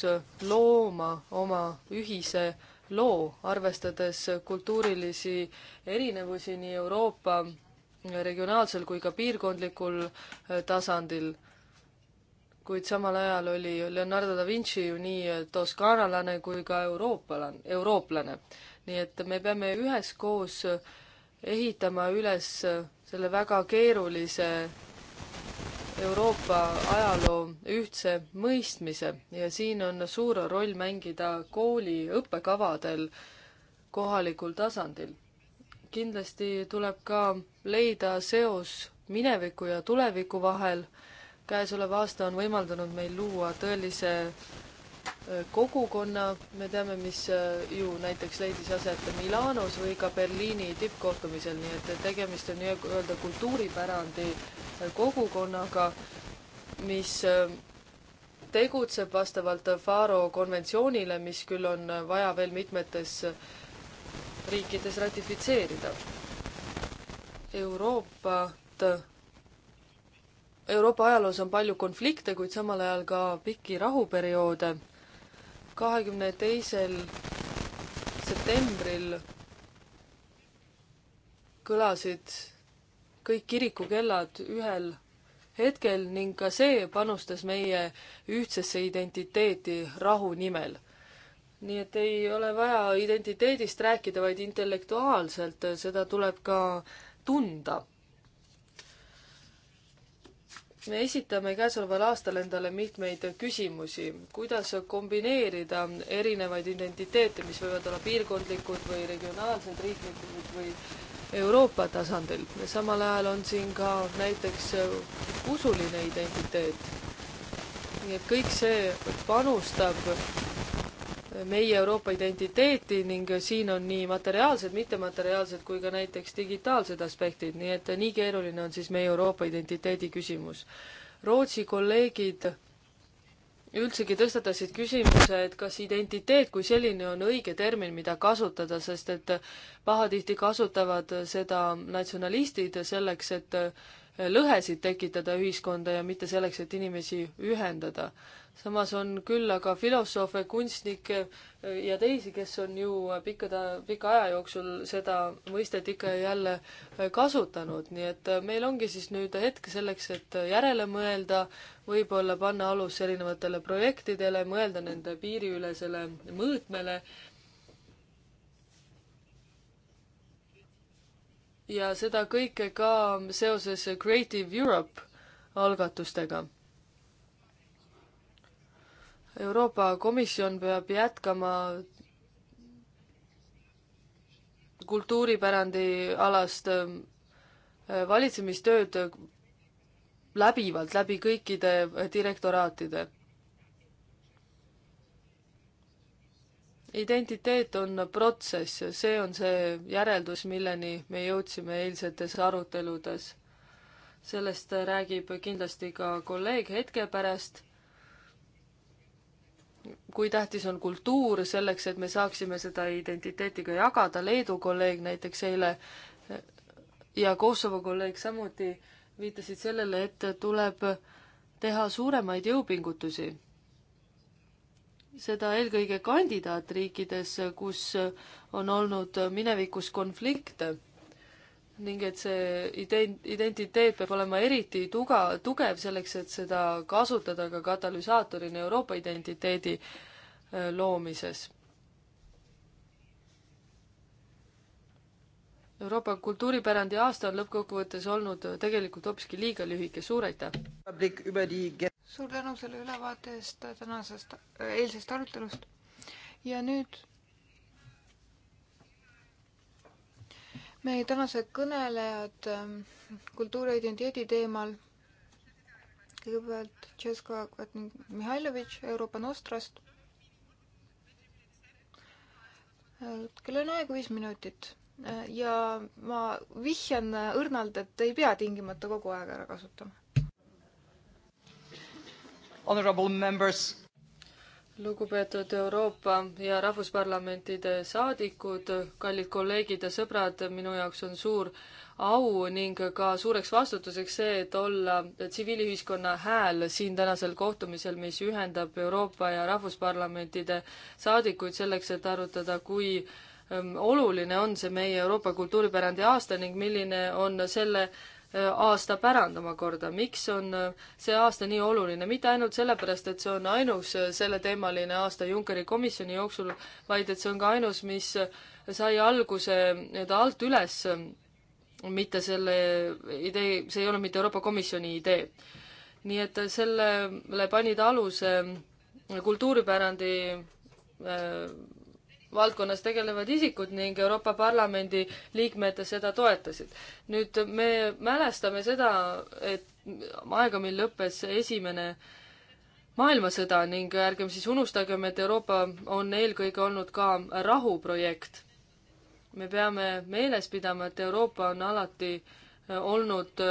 looma oma ühise loo, arvestades kultuurilisi erinevusi nii Euroopa regionaalsel kui ka piirkondlikul eh, tasandil. kuid samal ajal oli Leonardo da Vinci ju nii eh, toskaanalane kui ka euroopalane, eurooplane. nii et me peame üheskoos äh, ehitama üles selle väga keerulise Euroopa ajaloo ühtse mõistmise ja siin on suur roll mängida kooli õppekavadel kohalikul tasandil. kindlasti tuleb ka leida seos mineviku ja tuleviku vahel. käesolev aasta on võimaldanud meil luua tõelise kogukonna, me teame, mis äh, ju näiteks leidis aset Milanos või ka Berliini tippkohtumisel, nii et tegemist on nii-öelda kultuuripärandi äh, kogukonnaga, mis äh, tegutseb vastavalt Faro konventsioonile, mis küll on vaja veel mitmetes riikides ratifitseerida. Euroopat, Euroopa ajaloos on palju konflikte, kuid samal ajal ka pikki rahuperioode kahekümne teisel septembril kõlasid kõik kirikukellad ühel hetkel ning ka see panustas meie ühtsesse identiteeti rahu nimel. nii et ei ole vaja identiteedist rääkida, vaid intellektuaalselt, seda tuleb ka tunda me esitame käesoleval aastal endale mitmeid küsimusi, kuidas kombineerida erinevaid identiteete, mis võivad olla piirkondlikud või regionaalsed, riiklikud või Euroopa tasandil. samal ajal on siin ka näiteks usuline identiteet. nii et kõik see panustab meie Euroopa identiteeti ning siin on nii materiaalsed, mittemateriaalsed kui ka näiteks digitaalsed aspektid, nii et nii keeruline on siis meie Euroopa identiteedi küsimus. Rootsi kolleegid üldsegi tõstatasid küsimuse, et kas identiteet kui selline on õige termin, mida kasutada, sest et pahatihti kasutavad seda natsionalistid selleks, et lõhesid tekitada ühiskonda ja mitte selleks, et inimesi ühendada samas on küll aga filosoofe, kunstnikke äh, ja teisi, kes on ju pikkade, pika aja jooksul seda mõistet ikka ja jälle äh, kasutanud, nii et äh, meil ongi siis nüüd hetk selleks, et järele mõelda, võib-olla panna alus erinevatele projektidele, mõelda nende piiriülesele mõõtmele. ja seda kõike ka seoses Creative Europe algatustega Euroopa Komisjon peab jätkama kultuuripärandi alast äh, valitsemistööd läbivalt läbi kõikide direktoraatide. identiteet on protsess, see on see järeldus, milleni me jõudsime eilsetes aruteludes. sellest räägib kindlasti ka kolleeg hetke pärast kui tähtis on kultuur selleks, et me saaksime seda identiteeti ka jagada, Leedu kolleeg näiteks eile ja Kosovo kolleeg samuti viitasid sellele, et tuleb teha suuremaid jõupingutusi. seda eelkõige kandidaatriikides, kus on olnud minevikus konflikte ning et see ident-, identiteet peab olema eriti tuga-, tugev selleks, et seda kasutada ka katalüsaatorina Euroopa identiteedi äh, loomises. Euroopa kultuuripärandi aasta on lõppkokkuvõttes olnud tegelikult hoopiski liiga lühike, suur aitäh! suur tänu selle ülevaate eest tänasest, eilsest arutelust ja nüüd meie tänased kõnelejad ähm, kultuuriidentiteedi teemal. kõigepealt Tšeska Mihhailovitš Euroopa Nostrast. Äh, kell on aega viis minutit äh, ja ma vihjan äh, õrnalt, et ei pea tingimata kogu aeg ära kasutama. Honorable members lugupeetud Euroopa ja Rahvusparlamentide saadikud, kallid kolleegid ja sõbrad, minu jaoks on suur au ning ka suureks vastutuseks see, et olla tsiviilühiskonna hääl siin tänasel kohtumisel, mis ühendab Euroopa ja Rahvusparlamentide saadikuid selleks, et arutada, kui ähm, oluline on see meie Euroopa kultuuripärandi aasta ning milline on selle aasta pärand omakorda, miks on äh, see aasta nii oluline, mitte ainult sellepärast, et see on ainus äh, selleteemaline aasta Junckeri komisjoni jooksul, vaid et see on ka ainus, mis äh, sai alguse nii-öelda alt üles, mitte selle idee, see ei ole mitte Euroopa Komisjoni idee. nii et sellele panid aluse kultuuripärandi äh, valdkonnas tegelevad isikud ning Euroopa Parlamendi liikmed seda toetasid. nüüd me mälestame seda, et aega, mil lõppes esimene maailmasõda ning ärgem siis unustagem, et Euroopa on eelkõige olnud ka rahuprojekt. me peame meeles pidama, et Euroopa on alati olnud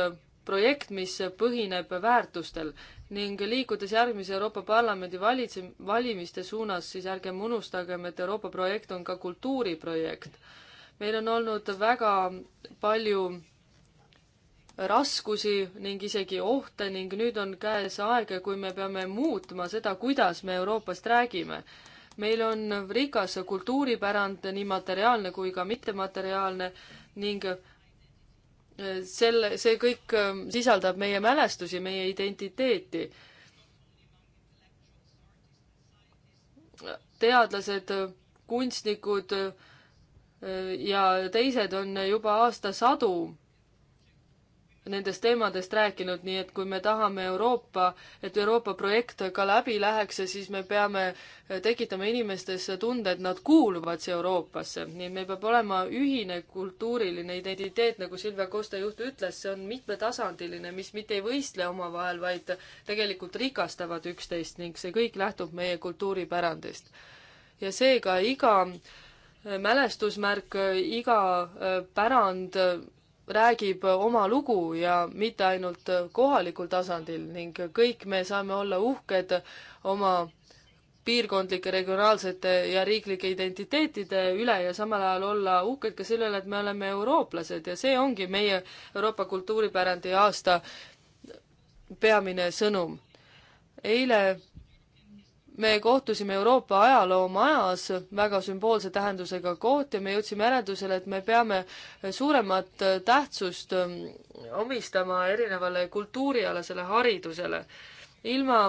projekt, mis põhineb väärtustel ning liikudes järgmise Euroopa Parlamendi valitse-, valimiste suunas, siis ärgem unustagem, et Euroopa projekt on ka kultuuriprojekt. meil on olnud väga palju raskusi ning isegi ohte ning nüüd on käes aeg, kui me peame muutma seda, kuidas me Euroopast räägime. meil on rikas kultuuripärand, nii materiaalne kui ka mittemateriaalne ning selle, see kõik ähm, sisaldab meie mälestusi, meie identiteeti. teadlased, kunstnikud äh, ja teised on juba aastasadu nendest teemadest rääkinud, nii et kui me tahame Euroopa, et Euroopa projekt ka läbi läheks, siis me peame tekitama inimestesse tunde, et nad kuuluvad siia Euroopasse. nii et meil peab olema ühine kultuuriline identiteet, nagu Silvia Kosta juht ütles, see on mitmetasandiline, mis mitte ei võistle omavahel, vaid tegelikult rikastavad üksteist ning see kõik lähtub meie kultuuripärandist. ja seega iga mälestusmärk, iga äh, pärand räägib oma lugu ja mitte ainult kohalikul tasandil ning kõik me saame olla uhked oma piirkondlike, regionaalsete ja riiklike identiteetide üle ja samal ajal olla uhked ka selle üle, et me oleme eurooplased ja see ongi meie Euroopa kultuuripärandi aasta peamine sõnum. eile me kohtusime Euroopa ajaloomajas väga sümboolse tähendusega koht ja me jõudsime järeldusele, et me peame suuremat tähtsust omistama erinevale kultuurialasele haridusele. ilma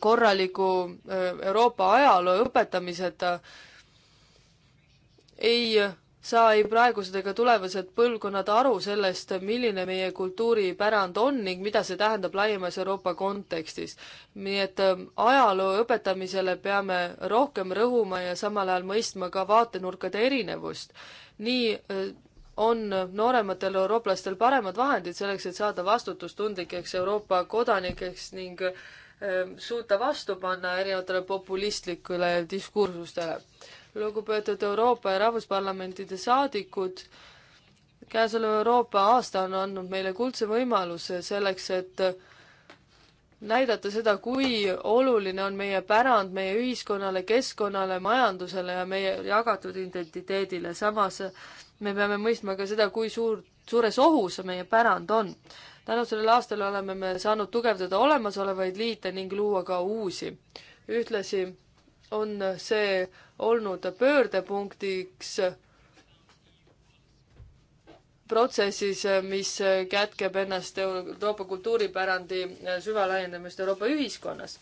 korraliku äh, Euroopa ajaloo õpetamiseta ei sai praegused ega tulevased põlvkonnad aru sellest, milline meie kultuuripärand on ning mida see tähendab laiemas Euroopa kontekstis. nii et ähm, ajaloo õpetamisele peame rohkem rõhuma ja samal ajal mõistma ka vaatenurkade erinevust. nii äh, on noorematel eurooplastel paremad vahendid selleks, et saada vastutustundlikeks Euroopa kodanikeks ning ähm, suuta vastu panna erinevatele populistlikele diskursustele lugupeetud Euroopa ja Rahvusparlamentide saadikud, käesolev Euroopa aasta on andnud meile kuldse võimaluse selleks, et näidata seda, kui oluline on meie pärand meie ühiskonnale, keskkonnale, majandusele ja meie jagatud identiteedile. samas me peame mõistma ka seda, kui suur, suures ohus meie pärand on. tänu sellele aastale oleme me saanud tugevdada olemasolevaid liite ning luua ka uusi. ühtlasi on see olnud pöördepunktiks protsessis, mis kätkeb ennast Euroopa kultuuripärandi süvalaiendamist Euroopa ühiskonnas.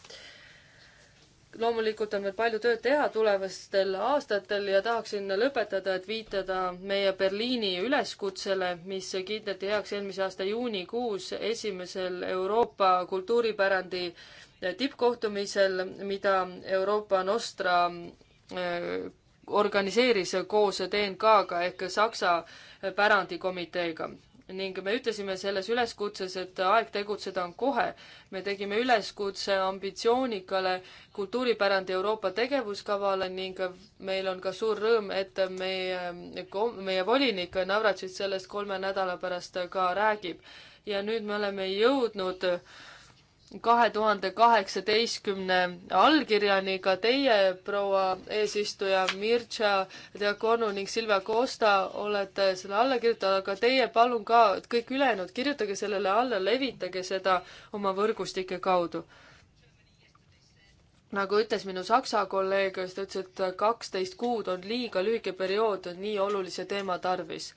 loomulikult on veel palju tööd teha tulevastel aastatel ja tahaksin lõpetada, et viitada meie Berliini üleskutsele, mis kiideti heaks eelmise aasta juunikuus esimesel Euroopa kultuuripärandi äh, tippkohtumisel, mida Euroopa Nostra äh, organiseeris koos DNK-ga ehk Saksa pärandikomiteega ning me ütlesime selles üleskutses, et aeg tegutseda on kohe. me tegime üleskutse ambitsioonikale kultuuripärandi Euroopa tegevuskavale ning meil on ka suur rõõm, et meie, meie volinik Navratšit sellest kolme nädala pärast ka räägib. ja nüüd me oleme jõudnud äh, kahe tuhande kaheksateistkümne allkirjani ka teie, proua eesistuja Mircea Diakonu ning Silvia Costa olete selle alla kirjutanud, aga teie palun ka kõik ülejäänud, kirjutage sellele alla, levitage seda oma võrgustike kaudu. nagu ütles minu saksa kolleeg, kes ta ütles, et kaksteist kuud on liiga lühike periood nii olulise teema tarvis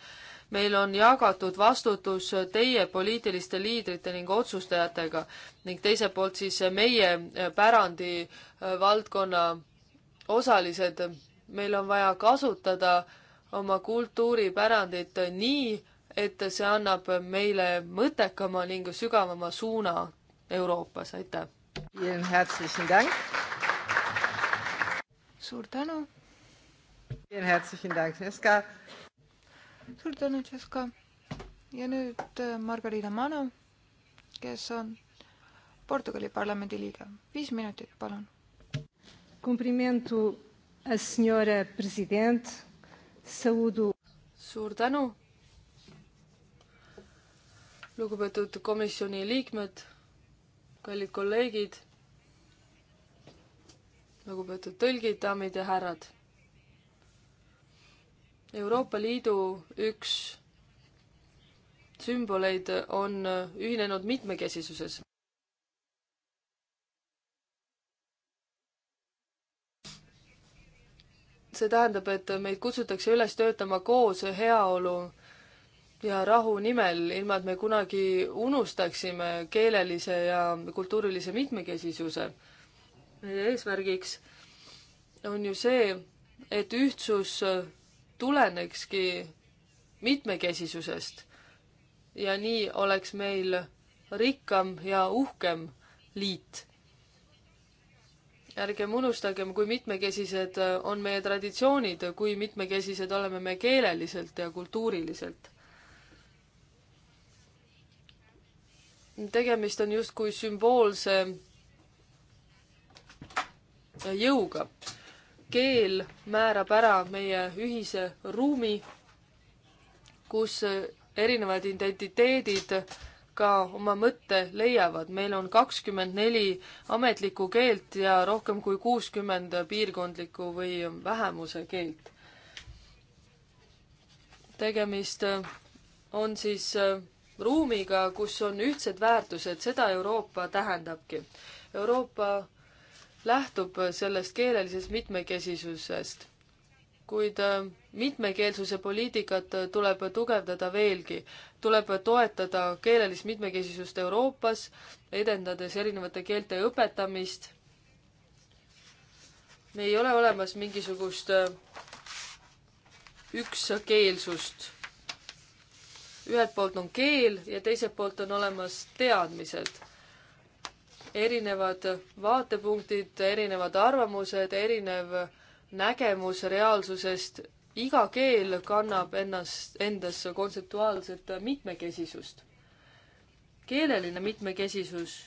meil on jagatud vastutus teie poliitiliste liidrite ning otsustajatega ning teiselt poolt siis meie pärandi äh, valdkonna osalised. meil on vaja kasutada oma kultuuripärandit nii, et see annab meile mõttekama ning sügavama suuna Euroopas, aitäh! suur tänu! suur tänu, Jessica. ja nüüd äh, Margarita Manu, kes on Portugali parlamendi liige. viis minutit, palun. Cumprimento a senhora president, saúdo. suur tänu. lugupeetud komisjoni liikmed, kallid kolleegid, lugupeetud tõlgid, daamid ja härrad Euroopa Liidu üks sümboleid on ühinenud mitmekesisuses. see tähendab, et meid kutsutakse üles töötama koos heaolu ja rahu nimel, ilma et me kunagi unustaksime keelelise ja kultuurilise mitmekesisuse. meie eesmärgiks on ju see, et ühtsus tulenekski mitmekesisusest. ja nii oleks meil rikkam ja uhkem liit. ärgem unustagem, kui mitmekesised on meie traditsioonid, kui mitmekesised oleme me keeleliselt ja kultuuriliselt. tegemist on justkui sümboolse jõuga keel määrab ära meie ühise ruumi, kus erinevad identiteedid ka oma mõtte leiavad. meil on kakskümmend neli ametlikku keelt ja rohkem kui kuuskümmend piirkondlikku või vähemuse keelt. tegemist on siis ruumiga, kus on ühtsed väärtused, seda Euroopa tähendabki. Euroopa lähtub sellest keelelisest mitmekesisusest. kuid äh, mitmekeelsuse poliitikat äh, tuleb tugevdada veelgi. tuleb toetada keelelist mitmekesisust Euroopas, edendades erinevate keelte õpetamist. me ei ole olemas mingisugust äh, ükskeelsust. ühelt poolt on keel ja teiselt poolt on olemas teadmised erinevad vaatepunktid, erinevad arvamused, erinev nägemus reaalsusest, iga keel kannab ennast, endas kontseptuaalset mitmekesisust. keeleline mitmekesisus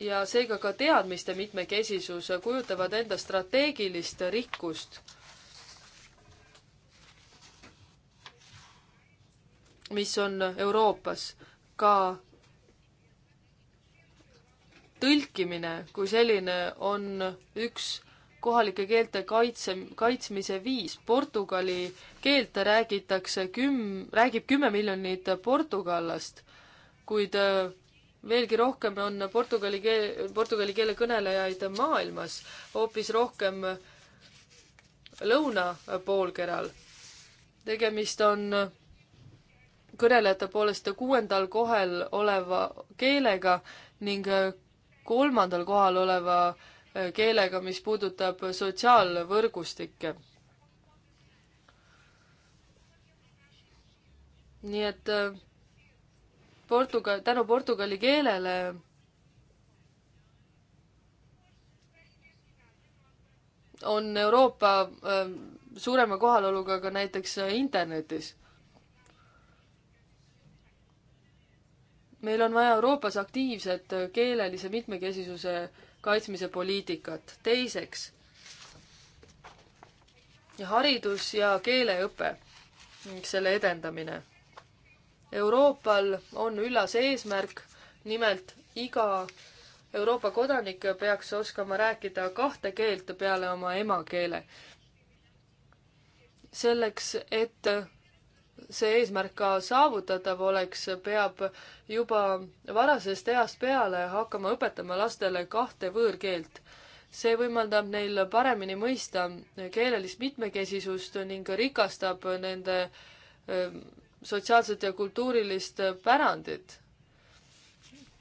ja seega ka teadmiste mitmekesisus kujutavad enda strateegilist rikkust, mis on Euroopas ka tõlkimine kui selline on üks kohalike keelte kaitse, kaitsmise viis. Portugali keelt räägitakse küm-, räägib kümme miljonit portugallast, kuid äh, veelgi rohkem on portugali keel, portugali keele kõnelejaid maailmas, hoopis rohkem lõunapoolkeral. tegemist on kõnelejate poolest kuuendal kohel oleva keelega ning äh, kolmandal kohal oleva äh, keelega, mis puudutab sotsiaalvõrgustikke. nii et äh, Portugal, tänu portugali keelele on Euroopa äh, suurema kohaloluga ka näiteks internetis meil on vaja Euroopas aktiivset keelelise mitmekesisuse kaitsmise poliitikat. teiseks, haridus ja keeleõpe ning selle edendamine. Euroopal on üllas eesmärk, nimelt iga Euroopa kodanik peaks oskama rääkida kahte keelt peale oma emakeele. selleks, et see eesmärk ka saavutatav oleks, peab juba varasest east peale hakkama õpetama lastele kahte võõrkeelt. see võimaldab neil paremini mõista keelelist mitmekesisust ning rikastab nende ähm, sotsiaalset ja kultuurilist pärandit.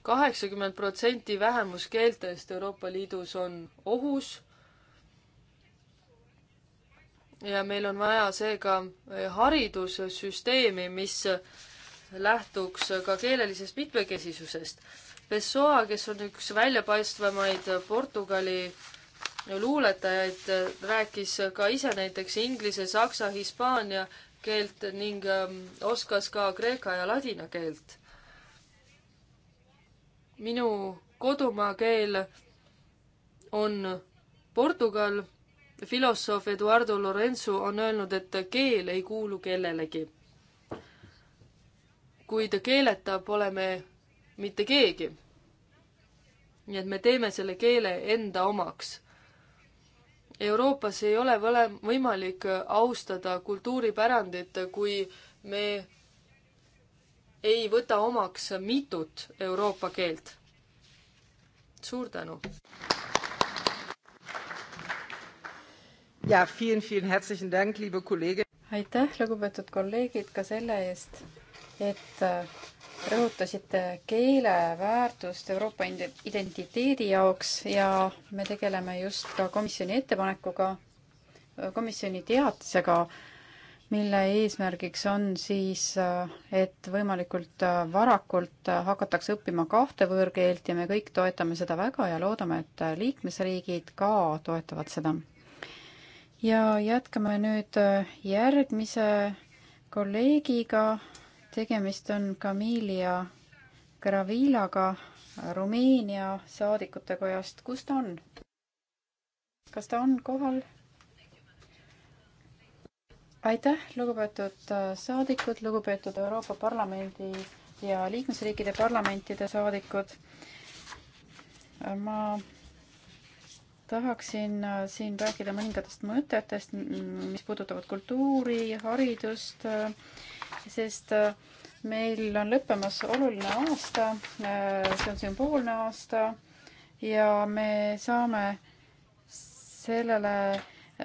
kaheksakümmend protsenti vähemuskeeltest Euroopa Liidus on ohus ja meil on vaja seega eh, haridussüsteemi, mis lähtuks ka keelelisest mitmekesisusest. Pessoa, kes on üks väljapaistvamaid Portugali luuletajaid, rääkis ka ise näiteks inglise, saksa, hispaania keelt ning ehm, oskas ka kreeka ja ladina keelt. minu kodumaa keel on portugal filosoof Eduardo Lorenzo on öelnud, et keel ei kuulu kellelegi. kuid keeleta pole me mitte keegi. nii et me teeme selle keele enda omaks. Euroopas ei ole võimalik austada kultuuripärandit, kui me ei võta omaks mitut Euroopa keelt. suur tänu! ja vielen, vielen herzlichen Dank, liebe kolleegid. aitäh, lugupeetud kolleegid, ka selle eest, et äh, rõhutasite keele väärtust Euroopa identiteedi jaoks ja me tegeleme just ka komisjoni ettepanekuga, komisjoni teatisega, mille eesmärgiks on siis, äh, et võimalikult äh, varakult hakatakse õppima kahte võõrkeelt ja me kõik toetame seda väga ja loodame, et liikmesriigid ka toetavad seda ja jätkame nüüd äh, järgmise kolleegiga. tegemist on Kamilia Gravilaga Rumeenia saadikute kojast. kus ta on? kas ta on kohal? aitäh, lugupeetud äh, saadikud, lugupeetud Euroopa Parlamendi ja liikmesriikide parlamentide saadikud. Äh, ma tahaksin äh, siin rääkida mõningatest mõtetest, mis puudutavad kultuuri, haridust, äh, sest äh, meil on lõppemas oluline aasta, see on sümboolne aasta ja me saame sellele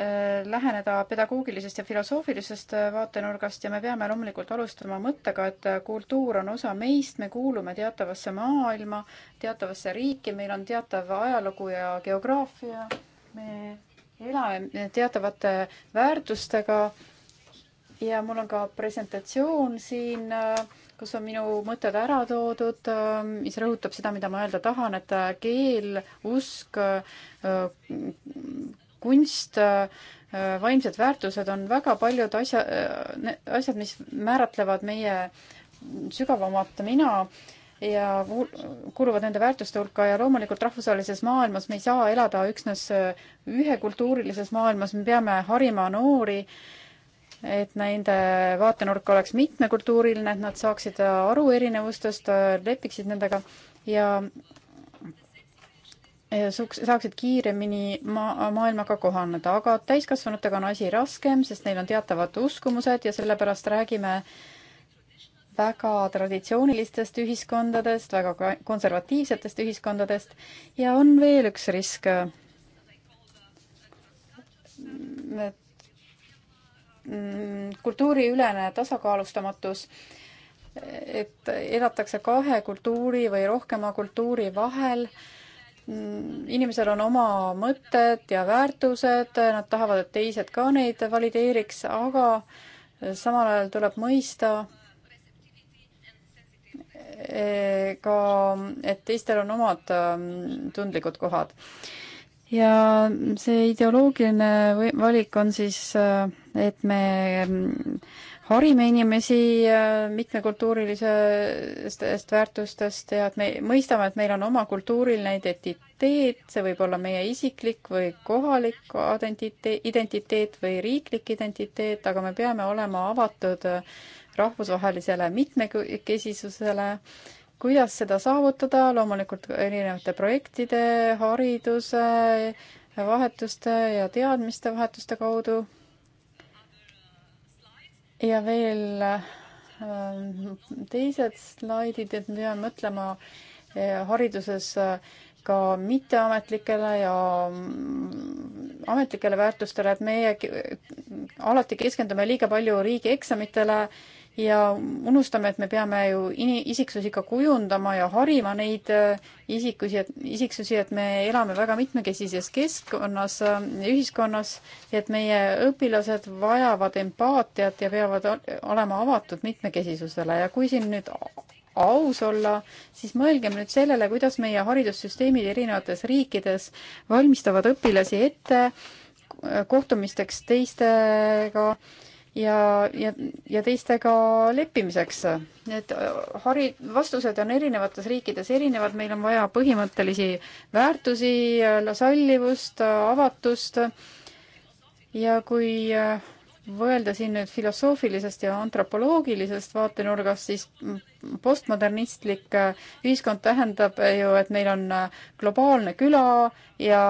Äh, läheneda pedagoogilisest ja filosoofilisest äh, vaatenurgast ja me peame loomulikult alustama mõttega, et äh, kultuur on osa meist, me kuulume teatavasse maailma, teatavasse riiki, meil on teatav ajalugu ja geograafia, me elame teatavate väärtustega ja mul on ka presentatsioon siin, kus on minu mõtted ära toodud, mis rõhutab seda, mida ma öelda tahan, et keel, usk, kunst, äh, äh, vaimsed väärtused on väga paljud asja, äh, asjad, mis määratlevad meie sügavamat mina ja kuuluvad nende väärtuste hulka ja loomulikult rahvusvahelises maailmas me ei saa elada üksnes ühekultuurilises maailmas, me peame harima noori, et nende vaatenurk oleks mitmekultuuriline, et nad saaksid aru erinevustest, lepiksid nendega ja saaksid kiiremini ma-, maailmaga kohaneda, aga täiskasvanutega on asi raskem, sest neil on teatavad uskumused ja sellepärast räägime väga traditsioonilistest ühiskondadest, väga konservatiivsetest ühiskondadest ja on veel üks risk, mm, et mm, kultuuriülene tasakaalustamatus, et elatakse kahe kultuuri või rohkema kultuuri vahel Mm, inimesel on oma mõtted ja väärtused, nad tahavad, et teised ka neid valideeriks, aga samal ajal tuleb mõista e, ka, et teistel on omad mm, tundlikud kohad. ja see ideoloogiline valik on siis, e, et me mm, harime inimesi äh, mitmekultuurilisest väärtustest ja et me mõistame, et meil on oma kultuuriline identiteet, see võib olla meie isiklik või kohalik identiteet või riiklik identiteet, aga me peame olema avatud rahvusvahelisele mitmekesisusele. kuidas seda saavutada, loomulikult erinevate projektide, hariduse, vahetuste ja teadmiste vahetuste kaudu ja veel äh, teised slaidid, et me peame mõtlema äh, hariduses äh, ka mitteametlikele ja mm, ametlikele väärtustele, et meie alati keskendume liiga palju riigieksamitele ja unustame, et me peame ju ini-, isiksusi ka kujundama ja harima neid äh, isikusi, et, isiksusi, et me elame väga mitmekesises keskkonnas, äh, ühiskonnas, et meie õpilased vajavad empaatiat ja peavad olema avatud mitmekesisusele ja kui siin nüüd aus olla, siis mõelgem nüüd sellele, kuidas meie haridussüsteemid erinevates riikides valmistavad õpilasi ette äh, kohtumisteks teistega äh, ja, ja, ja teistega leppimiseks. Need äh, hari-, vastused on erinevates riikides erinevad, meil on vaja põhimõttelisi väärtusi, äh, sallivust, äh, avatust ja kui mõelda siin nüüd filosoofilisest ja antropoloogilisest vaatenurgast, siis mm, postmodernistlik ühiskond tähendab ju, et meil on globaalne küla ja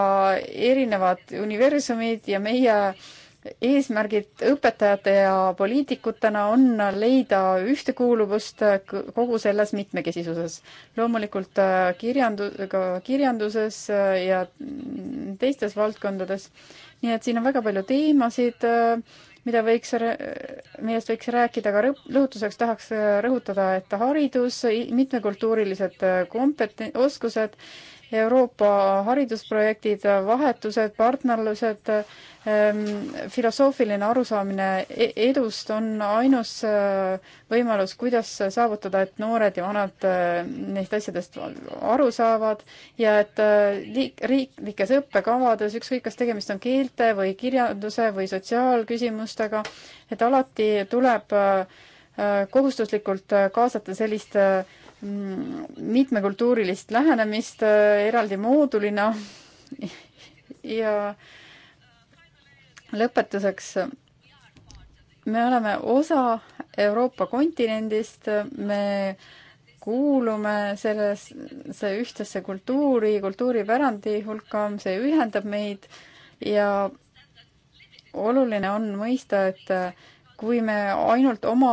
erinevad universumid ja meie äh, eesmärgid õpetajate ja poliitikutena on leida ühtekuuluvust kogu selles mitmekesisuses. loomulikult äh, kirjandu-, ka kirjanduses äh, ja teistes valdkondades. nii et siin on väga palju teemasid, äh, mida võiks, millest võiks rääkida, aga lõhutuseks tahaks rõhutada, et haridus, mitmekultuurilised kompeten-, oskused Euroopa haridusprojektid, vahetused, partnerlused, ehm, filosoofiline arusaamine e-, edust on ainus eh, võimalus, kuidas saavutada, et noored ja vanad eh, neist asjadest aru saavad ja et eh, liik-, riiklikes õppekavades, ükskõik kas tegemist on keelte või kirjanduse või sotsiaalküsimustega, et alati tuleb kohustuslikult kaasata sellist äh, Mm, mitmekultuurilist lähenemist äh, eraldi moodulina ja lõpetuseks, me oleme osa Euroopa kontinendist, me kuulume sellesse ühtsesse kultuuri, kultuuripärandi hulka, see ühendab meid ja oluline on mõista, et kui me ainult oma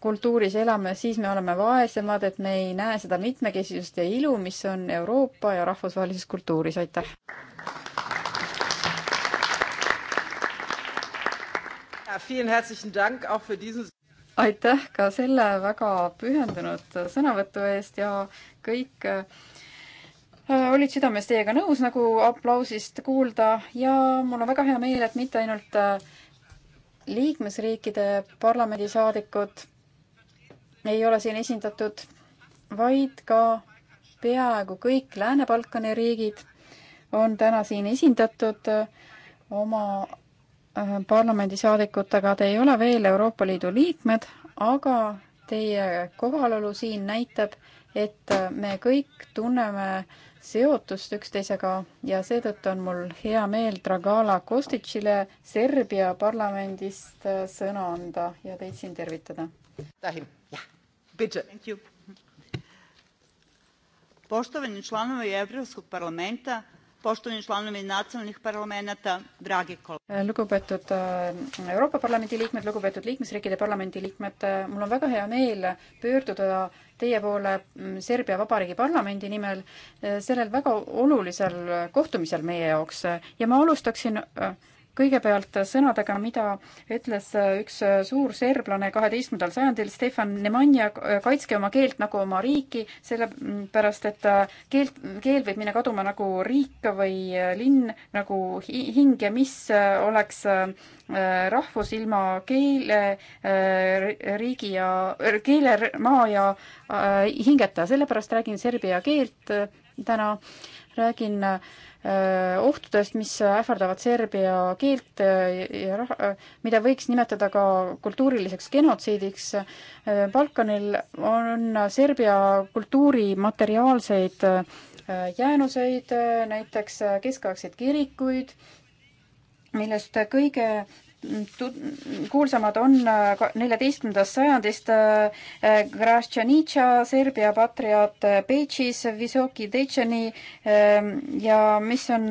kultuuris elame, siis me oleme vaesemad, et me ei näe seda mitmekesisust ja ilu, mis on Euroopa ja rahvusvahelises kultuuris, aitäh! aitäh ka selle väga pühendunud sõnavõtu eest ja kõik äh, olid südames teiega nõus, nagu aplausist kuulda ja mul on väga hea meel, et mitte ainult äh, liikmesriikide parlamendisaadikud ei ole siin esindatud, vaid ka peaaegu kõik Lääne-Balkani riigid on täna siin esindatud äh, oma äh, parlamendisaadikutega, te ei ole veel Euroopa Liidu liikmed, aga teie kohalolu siin näitab, et äh, me kõik tunneme äh, seotust üksteisega ja seetõttu on mul hea meel Dragala Kostitšile Serbia parlamendist äh, sõna anda ja teid siin tervitada. Poštovani članovi Evropskog parlamenta, poštovani članovi nacionalnih parlamenta, dragi kolleegid. Äh, lugupeetud äh, Euroopa Parlamendi liikmed, lugupeetud liikmesriikide parlamendi liikmed, mul on väga hea meel pöörduda teie poole mm, Serbia Vabariigi Parlamendi nimel eh, sellel väga olulisel kohtumisel meie jaoks ja ma alustaksin äh, kõigepealt sõnadega, mida ütles äh, üks äh, suur serblane kaheteistkümnendal sajandil, Stefan Nemanja, äh, kaitske oma keelt nagu oma riiki, sellepärast mm, et keelt, keel võib minna kaduma nagu riik või linn, nagu hing ja mis oleks rahvus ilma keele, riigi ja, keele, maa ja hingeta, sellepärast räägin serbia keelt täna, räägin äh, Äh, ohtudest, mis ähvardavad serbia keelt äh, ja rah-, äh, mida võiks nimetada ka kultuuriliseks genotsiidiks. Balkanil on Serbia kultuuri materiaalseid jäänuseid, näiteks keskaegseid kirikuid, millest kõige kuulsamad on äh, neljateistkümnendast sajandist Graščanica, äh, äh, Serbia patriaat Pejčis, Visoki Dejčani ähm, ja mis on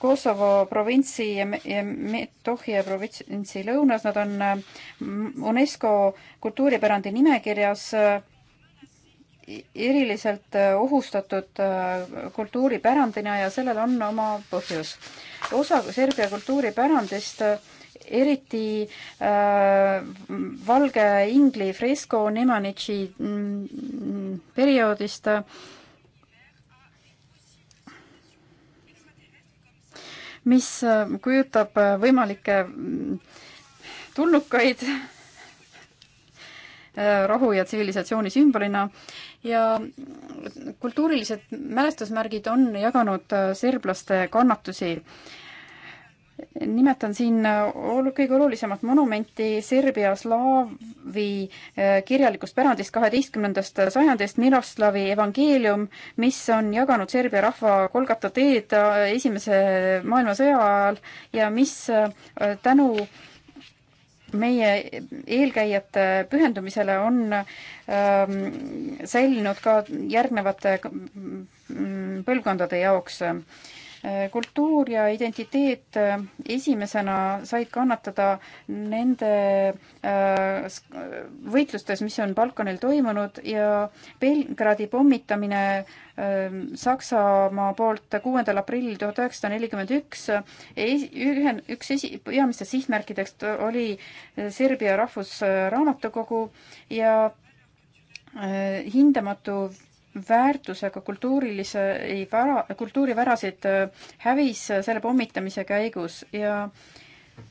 Kosovo provintsi ja Metohje provintsi lõunas, nad on UNESCO kultuuripärandi nimekirjas eriliselt ohustatud kultuuripärandina ja sellel on oma põhjus. osa Serbia kultuuripärandist eriti äh, valge ingli fresko Nemanitši mm, perioodist äh, mis kujutab äh, võimalikke mm, tulnukaid äh, rahu ja tsivilisatsiooni sümbolina ja kultuurilised mälestusmärgid on jaganud äh, serblaste kannatusi nimetan siin äh, olu-, kõige olulisemat monumenti Serbia slaavi äh, kirjalikust pärandist kaheteistkümnendast sajandist, Miroslavi evangeelium, mis on jaganud Serbia rahva kolgata teed äh, Esimese maailmasõja ajal ja mis tänu meie eelkäijate pühendumisele on ähm, säilinud ka järgnevate mm, põlvkondade jaoks äh, Äh, kultuur ja identiteet äh, esimesena said kannatada nende äh, võitlustes, mis on Balkanil toimunud ja Belgradi pommitamine ähm, Saksamaa poolt kuuendal aprillil tuhat üheksasada nelikümmend üks, ühe, üks esi, peamistest sihtmärkidest oli Serbia rahvusraamatukogu ja hindamatu väärtusega kultuurilisi vara, kultuurivärasid äh, hävis selle pommitamise käigus ja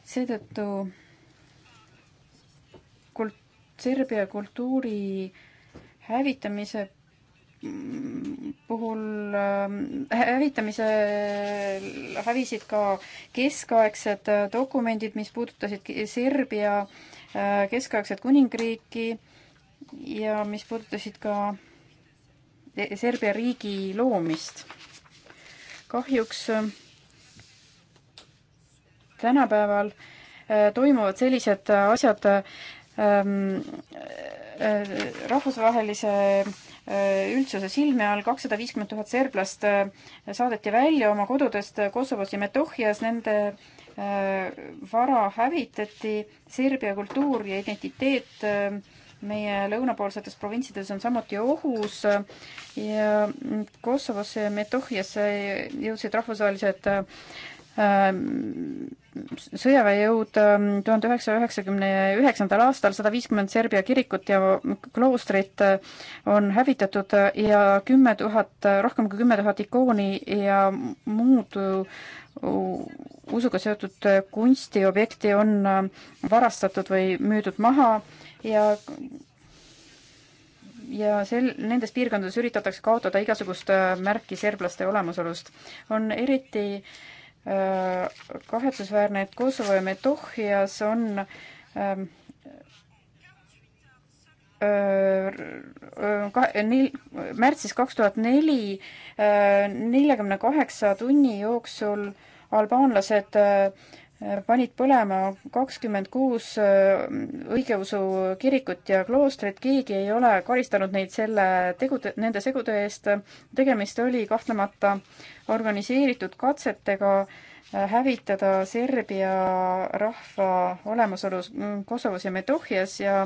seetõttu kult-, Serbia kultuuri hävitamise mm, puhul ähm, hävitamisel hävisid ka keskaegsed äh, dokumendid, mis puudutasid Serbia äh, keskaegset kuningriiki ja mis puudutasid ka E-, Serbia riigi loomist. kahjuks äh, tänapäeval äh, toimuvad sellised äh, asjad ähm, äh, rahvusvahelise üldsuse silme all kakssada viiskümmend tuhat serblast saadeti välja oma kodudest Kosovos ja Metohhias, nende vara hävitati, Serbia kultuur ja identiteet meie lõunapoolsetes provintsides on samuti ohus ja Kosovosse ja Metohjasse jõudsid rahvusvahelised äh, sõjaväejõud ähm, tuhande üheksasaja üheksakümne üheksandal aastal sada viiskümmend Serbia kirikut ja kloostrit äh, on hävitatud ja kümme tuhat, äh, rohkem kui kümme tuhat ikooni ja muud usuga seotud kunstiobjekti on varastatud või müüdud maha ja ja sel, nendes piirkondades üritatakse kaotada igasugust äh, märki serblaste olemasolust. on eriti äh, kahetsusväärne, et Kosovo ja Metohhias on ähm, äh, äh kahe, nel-, märtsis kaks tuhat neli äh, neljakümne kaheksa tunni jooksul albaanlased äh, panid põlema kakskümmend kuus äh, õigeusu kirikut ja kloostrit, keegi ei ole karistanud neid selle tegude, nende segude eest. tegemist oli kahtlemata organiseeritud katsetega äh, hävitada Serbia rahva olemasolu Kosovos ja Metohhias ja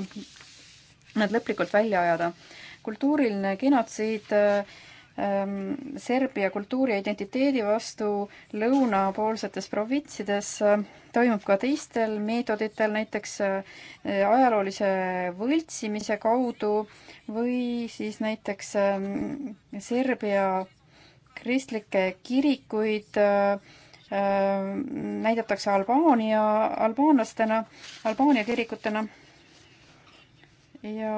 nad lõplikult välja ajada. kultuuriline genotsiid äh, Ehm, Serbia kultuuri ja identiteedi vastu lõunapoolsetes provintsides äh, toimub ka teistel meetoditel, näiteks äh, ajaloolise võltsimise kaudu või siis näiteks ähm, Serbia kristlikke kirikuid äh, näidatakse Albaania, albaanlastena, Albaania kirikutena ja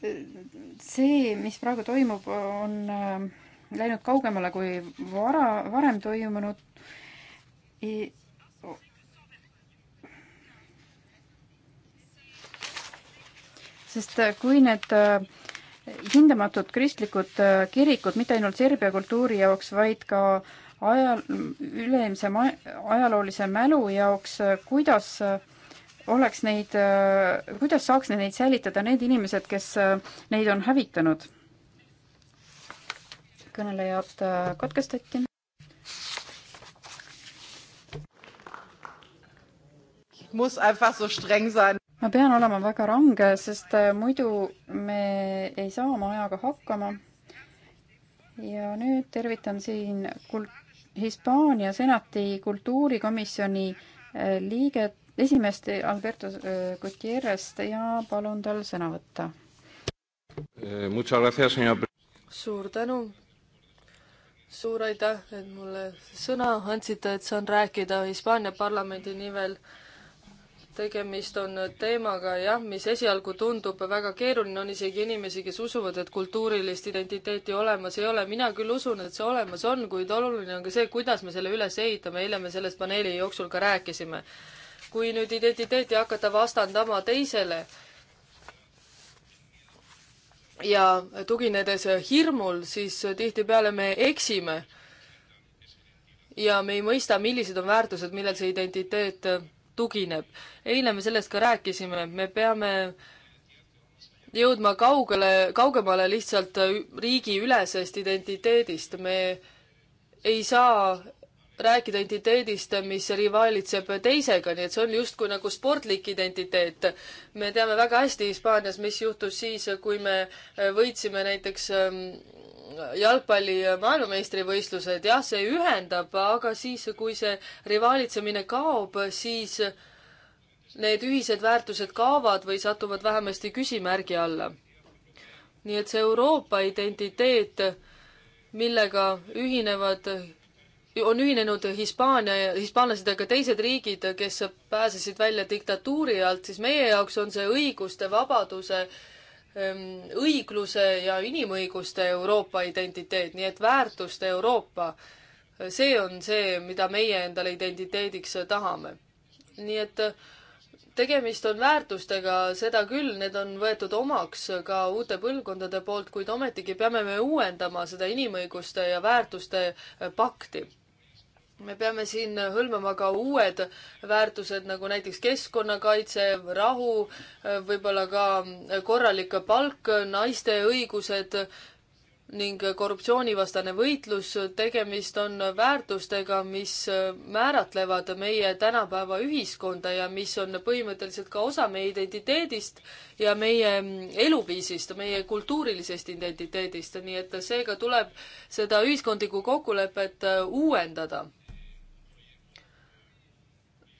see, mis praegu toimub, on äh, läinud kaugemale kui vara, varem toimunud. sest äh, kui need äh, hindamatud kristlikud kirikud mitte ainult Serbia kultuuri jaoks, vaid ka ajal, üleilmse ajaloolise mälu jaoks, kuidas äh, oleks neid, äh, kuidas saaks neid säilitada need inimesed, kes äh, neid on hävitanud? kõnelejad äh, katkestati. ma pean olema väga range, sest muidu me ei saa oma ajaga hakkama. ja nüüd tervitan siin kult-, Hispaania senati kultuurikomisjoni äh, liiget, esimeest Alberto äh, Gutierrest ja palun tal sõna võtta. Eh, suur tänu, suur aitäh, et mulle sõna andsite, et saan rääkida Hispaania parlamendi nimel tegemist on teemaga jah, mis esialgu tundub väga keeruline, on isegi inimesi, kes usuvad, et kultuurilist identiteeti olemas ei ole. mina küll usun, et see olemas on, kuid oluline on ka see, kuidas me selle üles ehitame, eile me sellest paneeli jooksul ka rääkisime. kui nüüd identiteeti hakata vastandama teisele ja tuginedes hirmul, siis tihtipeale me eksime ja me ei mõista, millised on väärtused, millel see identiteet tugineb. eile me sellest ka rääkisime, me peame jõudma kaugele, kaugemale lihtsalt riigiülesest identiteedist, me ei saa rääkida identiteedist, mis rivaalitseb teisega, nii et see on justkui nagu sportlik identiteet. me teame väga hästi Hispaanias, mis juhtus siis, kui me võitsime näiteks ähm, jalgpalli maailmameistrivõistlused, jah, see ühendab, aga siis, kui see rivaalitsemine kaob, siis need ühised väärtused kaovad või satuvad vähemasti küsimärgi alla. nii et see Euroopa identiteet, millega ühinevad, on ühinenud Hispaania ja hispaanlased ja ka teised riigid, kes pääsesid välja diktatuuri alt, siis meie jaoks on see õiguste, vabaduse äh, õigluse ja inimõiguste Euroopa identiteet, nii et väärtuste Euroopa, see on see, mida meie endale identiteediks tahame. nii et äh, tegemist on väärtustega, seda küll, need on võetud omaks ka uute põlvkondade poolt, kuid ometigi peame me uuendama seda inimõiguste ja väärtuste pakti me peame siin hõlmama ka uued väärtused, nagu näiteks keskkonnakaitse, rahu, võib-olla ka korralik palk, naiste õigused ning korruptsioonivastane võitlus. tegemist on väärtustega, mis määratlevad meie tänapäeva ühiskonda ja mis on põhimõtteliselt ka osa meie identiteedist ja meie eluviisist, meie kultuurilisest identiteedist, nii et seega tuleb seda ühiskondlikku kokkulepet uuendada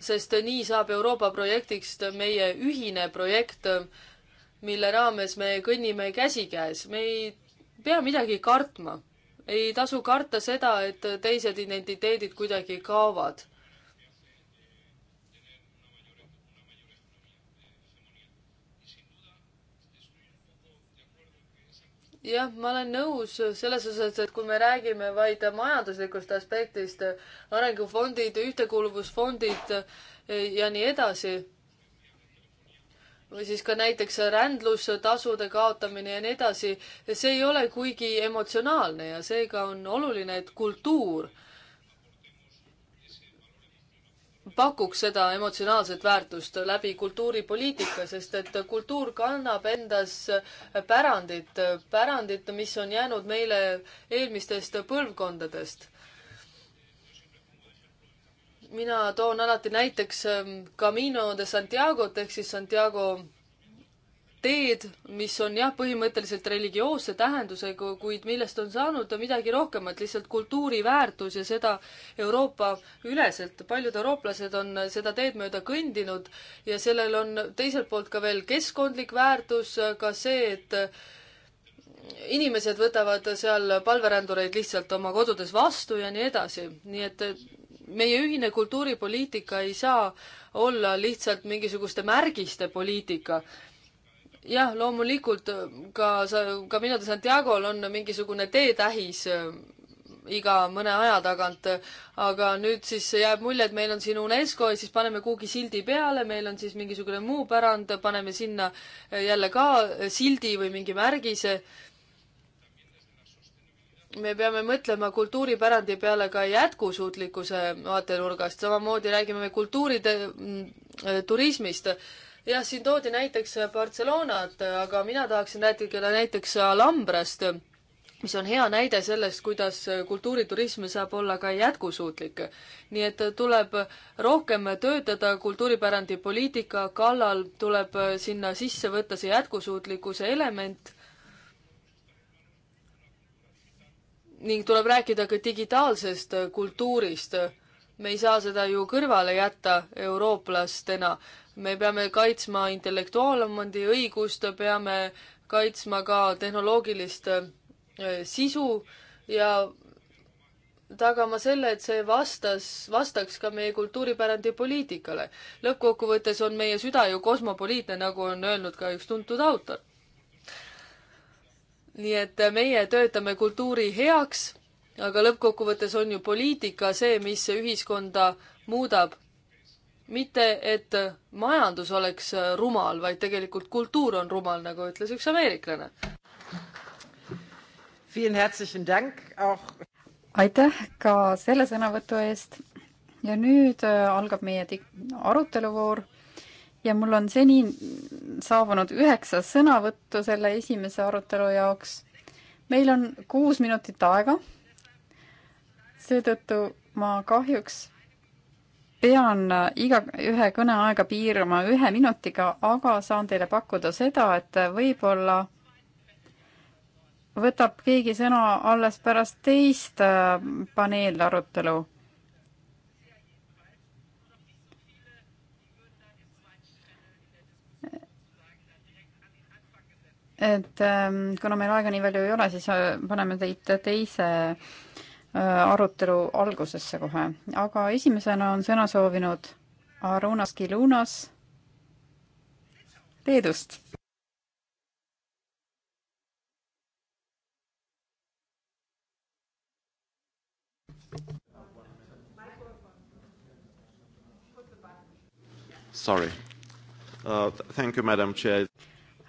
sest nii saab Euroopa projektist meie ühine projekt, mille raames me kõnnime käsikäes, me ei pea midagi kartma. ei tasu karta seda, et teised identiteedid kuidagi kaovad. jah, ma olen nõus selles osas, et kui me räägime vaid majanduslikust aspektist, arengufondid, ühtekuuluvusfondid eh, ja nii edasi, või siis ka näiteks rändlustasude kaotamine ja nii edasi, see ei ole kuigi emotsionaalne ja seega on oluline, et kultuur pakuks seda emotsionaalset väärtust läbi kultuuripoliitika, sest et kultuur kannab endas pärandit, pärandit, mis on jäänud meile eelmistest põlvkondadest. mina toon alati näiteks ähm, Camino de Santiago't ehk siis Santiago teed, mis on jah, põhimõtteliselt religioosse tähendusega, kuid millest on saanud midagi rohkemat, lihtsalt kultuuriväärtus ja seda Euroopa üleselt. paljud eurooplased on seda teed mööda kõndinud ja sellel on teiselt poolt ka veel keskkondlik väärtus, ka see, et inimesed võtavad seal palverändureid lihtsalt oma kodudes vastu ja nii edasi, nii et meie ühine kultuuripoliitika ei saa olla lihtsalt mingisuguste märgiste poliitika jah, loomulikult äh, ka sa, ka Mino de Santiago'l on mingisugune teetähis äh, iga mõne aja tagant, äh, aga nüüd siis jääb mulje, et meil on siin UNESCO ja siis paneme kuhugi sildi peale, meil on siis mingisugune muu pärand, paneme sinna jälle ka sildi või mingi märgise me peame mõtlema kultuuripärandi peale ka jätkusuutlikkuse vaatenurgast, samamoodi räägime me kultuuride mm, turismist jah, siin toodi näiteks Barcelonat, aga mina tahaksin rääkida näiteks Alambrast, mis on hea näide sellest, kuidas kultuuriturism saab olla ka jätkusuutlik. nii et tuleb rohkem töötada kultuuripärandi poliitika kallal, tuleb sinna sisse võtta see jätkusuutlikkuse element ning tuleb rääkida ka digitaalsest kultuurist. me ei saa seda ju kõrvale jätta eurooplastena me peame kaitsma intellektuaalomandi õigust, peame kaitsma ka tehnoloogilist eh, sisu ja tagama selle, et see vastas, vastaks ka meie kultuuripärandi poliitikale. lõppkokkuvõttes on meie süda ju kosmopoliitne, nagu on öelnud ka üks tuntud autor. nii et meie töötame kultuuri heaks, aga lõppkokkuvõttes on ju poliitika see, mis ühiskonda muudab mitte, et majandus oleks rumal, vaid tegelikult kultuur on rumal, nagu ütles üks ameeriklane. aitäh ka selle sõnavõtu eest. ja nüüd äh, algab meie aruteluvoor ja mul on seni saabunud üheksa sõnavõttu selle esimese arutelu jaoks. meil on kuus minutit aega. seetõttu ma kahjuks pean äh, iga ühe kõne aega piirama ühe minutiga, aga saan teile pakkuda seda, et äh, võib-olla võtab keegi sõna alles pärast teist äh, paneelarutelu. et ähm, kuna meil aega nii palju ei ole, siis paneme teid teise Äh, arutelu algusesse kohe, aga esimesena on sõna soovinud Arunas Kilunas Leedust. Sorry uh,. Thank you, madam chair.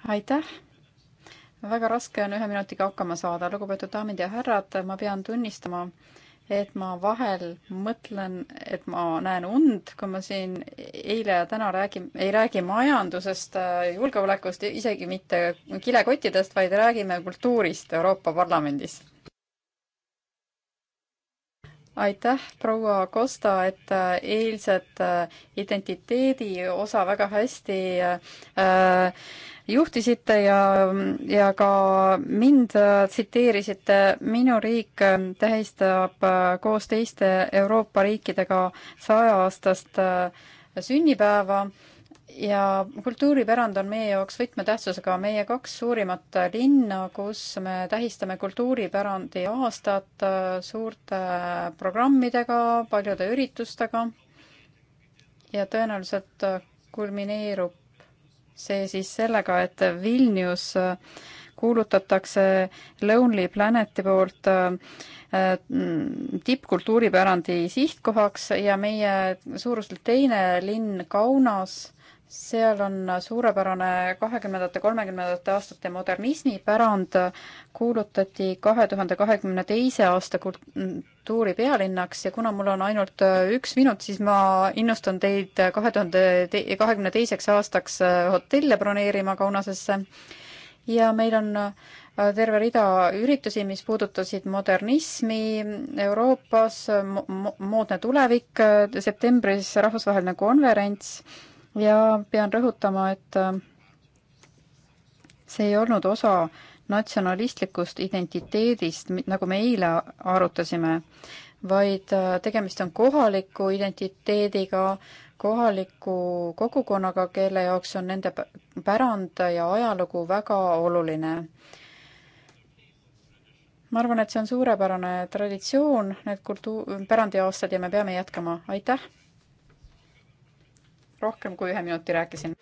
aitäh väga raske on ühe minutiga hakkama saada, lugupeetud daamid ja härrad, ma pean tunnistama, et ma vahel mõtlen, et ma näen und, kui ma siin eile ja täna räägin, ei räägi majandusest, julgeolekust, isegi mitte kilekottidest, vaid räägime kultuurist Euroopa Parlamendis. aitäh, proua Kosta, et äh, eilset äh, identiteedi osa väga hästi äh, juhtisite ja, ja ka mind äh, tsiteerisite. minu riik äh, tähistab äh, koos teiste Euroopa riikidega saja-aastast sünnipäeva ja kultuuripärand on meie jaoks võtmetähtsusega. meie kaks suurimat linna, kus me tähistame kultuuripärandi aastat suurte programmidega, paljude üritustega ja tõenäoliselt kulmineerub see siis sellega, et Vilnius äh, kuulutatakse Lonely Planeti poolt äh, äh, tippkultuuripärandi sihtkohaks ja meie suuruselt teine linn Kaunas seal on suurepärane kahekümnendate, kolmekümnendate aastate modernismi pärand, kuulutati kahe tuhande kahekümne teise aasta kultuuri pealinnaks ja kuna mul on ainult üks minut, siis ma innustan teid kahe tuhande kahekümne teiseks aastaks hotelle broneerima Kaunasesse. ja meil on terve rida üritusi, mis puudutasid modernismi Euroopas mo, moodne tulevik, septembris rahvusvaheline konverents ja pean rõhutama, et äh, see ei olnud osa natsionalistlikust identiteedist, nagu me eile arutasime, vaid äh, tegemist on kohaliku identiteediga, kohaliku kogukonnaga, kelle jaoks on nende pärand ja ajalugu väga oluline. ma arvan, et see on suurepärane traditsioon, need kultuur, pärandiaastad ja me peame jätkama, aitäh! rohkem kui ühe minuti rääkisin.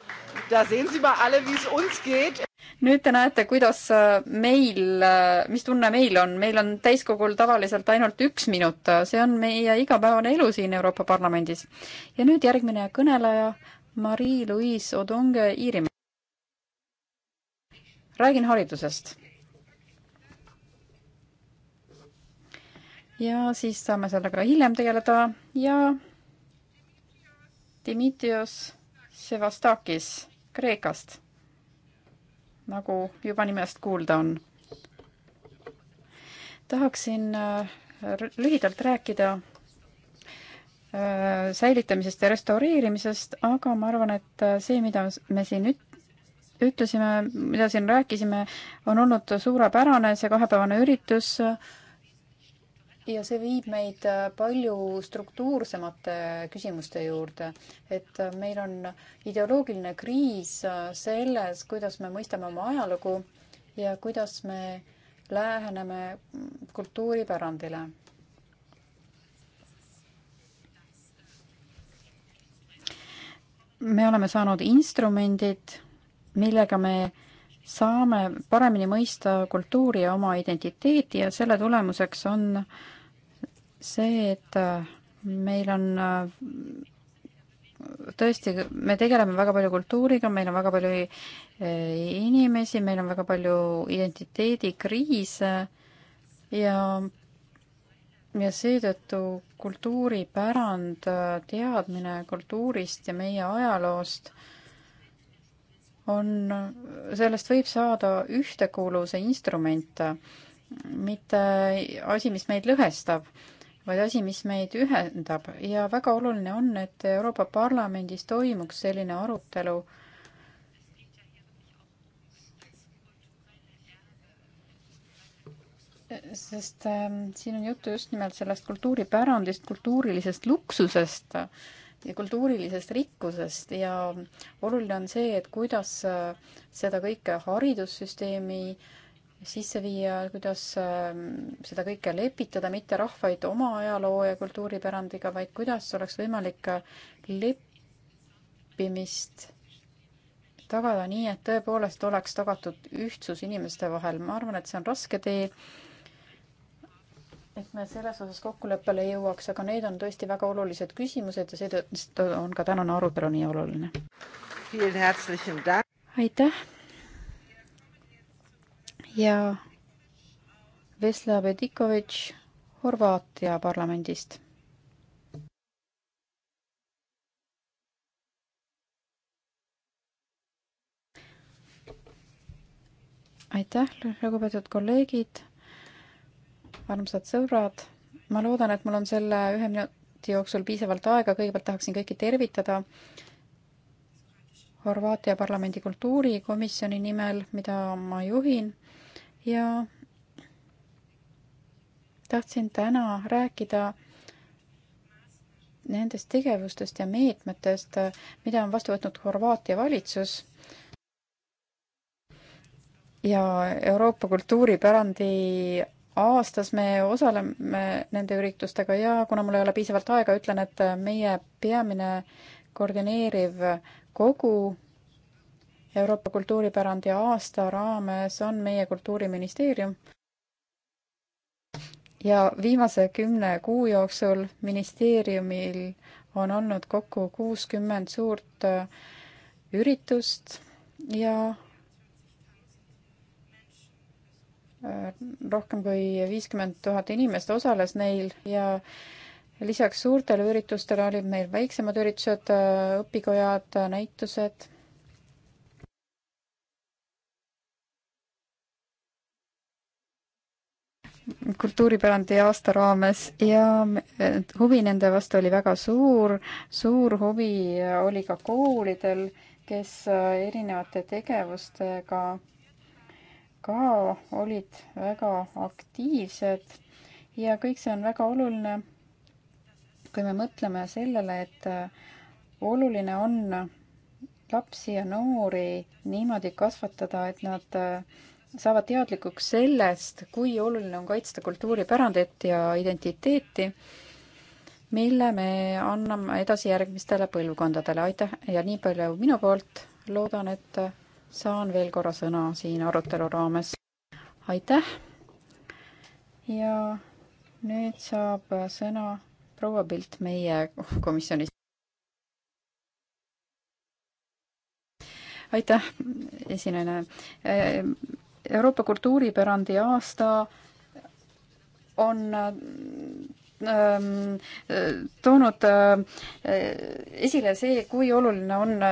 nüüd te näete, kuidas äh, meil, äh, mis tunne meil on, meil on täiskogul tavaliselt ainult üks minut, see on meie igapäevane elu siin Euroopa Parlamendis. ja nüüd järgmine kõneleja, Marie-Louise Odonge Iirimaa. räägin haridusest. ja siis saame sellega hiljem tegeleda ja Dimitrios Sevastakis Kreekast, nagu juba nimest kuulda on. tahaksin äh, lühidalt rääkida äh, säilitamisest ja restaureerimisest, aga ma arvan, et äh, see, mida me siin üt-, ütlesime, mida siin rääkisime, on olnud suurepärane, see kahepäevane üritus äh, ja see viib meid äh, palju struktuursemate küsimuste juurde, et äh, meil on ideoloogiline kriis äh, selles, kuidas me mõistame oma ajalugu ja kuidas me läheneme kultuuripärandile. me oleme saanud instrumendid, millega me saame paremini mõista kultuuri ja oma identiteeti ja selle tulemuseks on äh, see, et äh, meil on äh, tõesti, me tegeleme väga palju kultuuriga, meil on väga palju äh, inimesi, meil on väga palju identiteedikriise ja, ja seetõttu kultuuripärand, teadmine kultuurist ja meie ajaloost on, sellest võib saada ühtekuuluvuse instrument, mitte asi, mis meid lõhestab vaid asi, mis meid ühendab ja väga oluline on, et Euroopa Parlamendis toimuks selline arutelu. sest äh, siin on juttu just nimelt sellest kultuuripärandist, kultuurilisest luksusest ja kultuurilisest rikkusest ja oluline on see, et kuidas äh, seda kõike haridussüsteemi äh, sisse viia, kuidas ähm, seda kõike lepitada, mitte rahvaid oma ajaloo ja kultuuripärandiga, vaid kuidas oleks võimalik leppimist tagada nii, et tõepoolest oleks tagatud ühtsus inimeste vahel. ma arvan, et see on raske tee, et me selles osas kokkuleppele jõuaks, aga need on tõesti väga olulised küsimused ja seetõttu on ka tänane arutelu nii oluline. aitäh! ja Vesla Bedikovitš Horvaatia parlamendist aitäh, lugupeetud kolleegid, armsad sõbrad. ma loodan, et mul on selle ühe minuti jooksul piisavalt aega, kõigepealt tahaksin kõiki tervitada Horvaatia parlamendi kultuurikomisjoni nimel, mida ma juhin ja tahtsin täna rääkida nendest tegevustest ja meetmetest, mida on vastu võtnud Horvaatia valitsus ja Euroopa kultuuripärandi aastas me osaleme nende üritustega ja kuna mul ei ole piisavalt aega, ütlen, et meie peamine koordineeriv kogu Euroopa kultuuripärandi aasta raames on meie Kultuuriministeerium. ja viimase kümne kuu jooksul ministeeriumil on olnud kokku kuuskümmend suurt äh, üritust ja äh, rohkem kui viiskümmend tuhat inimest osales neil ja lisaks suurtele üritustele olid meil väiksemad üritused, äh, õpikojad, näitused kultuuripärandi aasta raames ja huvi nende vastu oli väga suur, suur huvi oli ka koolidel, kes äh, erinevate tegevustega ka olid väga aktiivsed ja kõik see on väga oluline, kui me mõtleme sellele, et äh, oluline on lapsi ja noori niimoodi kasvatada, et nad äh, saavad teadlikuks sellest, kui oluline on kaitsta kultuuripärandit ja identiteeti, mille me anname edasi järgmistele põlvkondadele. aitäh ja nii palju minu poolt. loodan, et saan veel korra sõna siin arutelu raames. aitäh. ja nüüd saab sõna proua Pilt meie komisjonist. aitäh, esinejana. Euroopa kultuuripärandi aasta on ähm, toonud äh, esile see, kui oluline on äh,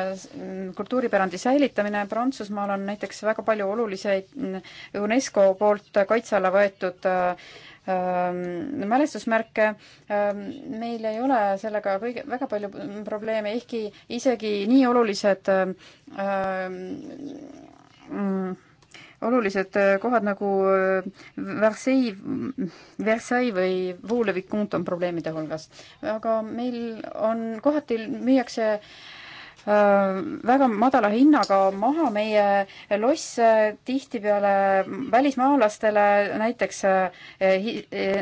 kultuuripärandi säilitamine. Prantsusmaal on näiteks väga palju olulisi mm, UNESCO poolt kaitse alla võetud ähm, mälestusmärke. Ähm, meil ei ole sellega kõige, väga palju probleeme, ehkki isegi nii olulised äh, olulised äh, kohad nagu äh, Versailles, Versailles või Voolevik Kunt on probleemide hulgas. aga meil on, kohati müüakse äh, väga madala hinnaga maha meie losse tihtipeale välismaalastele, näiteks,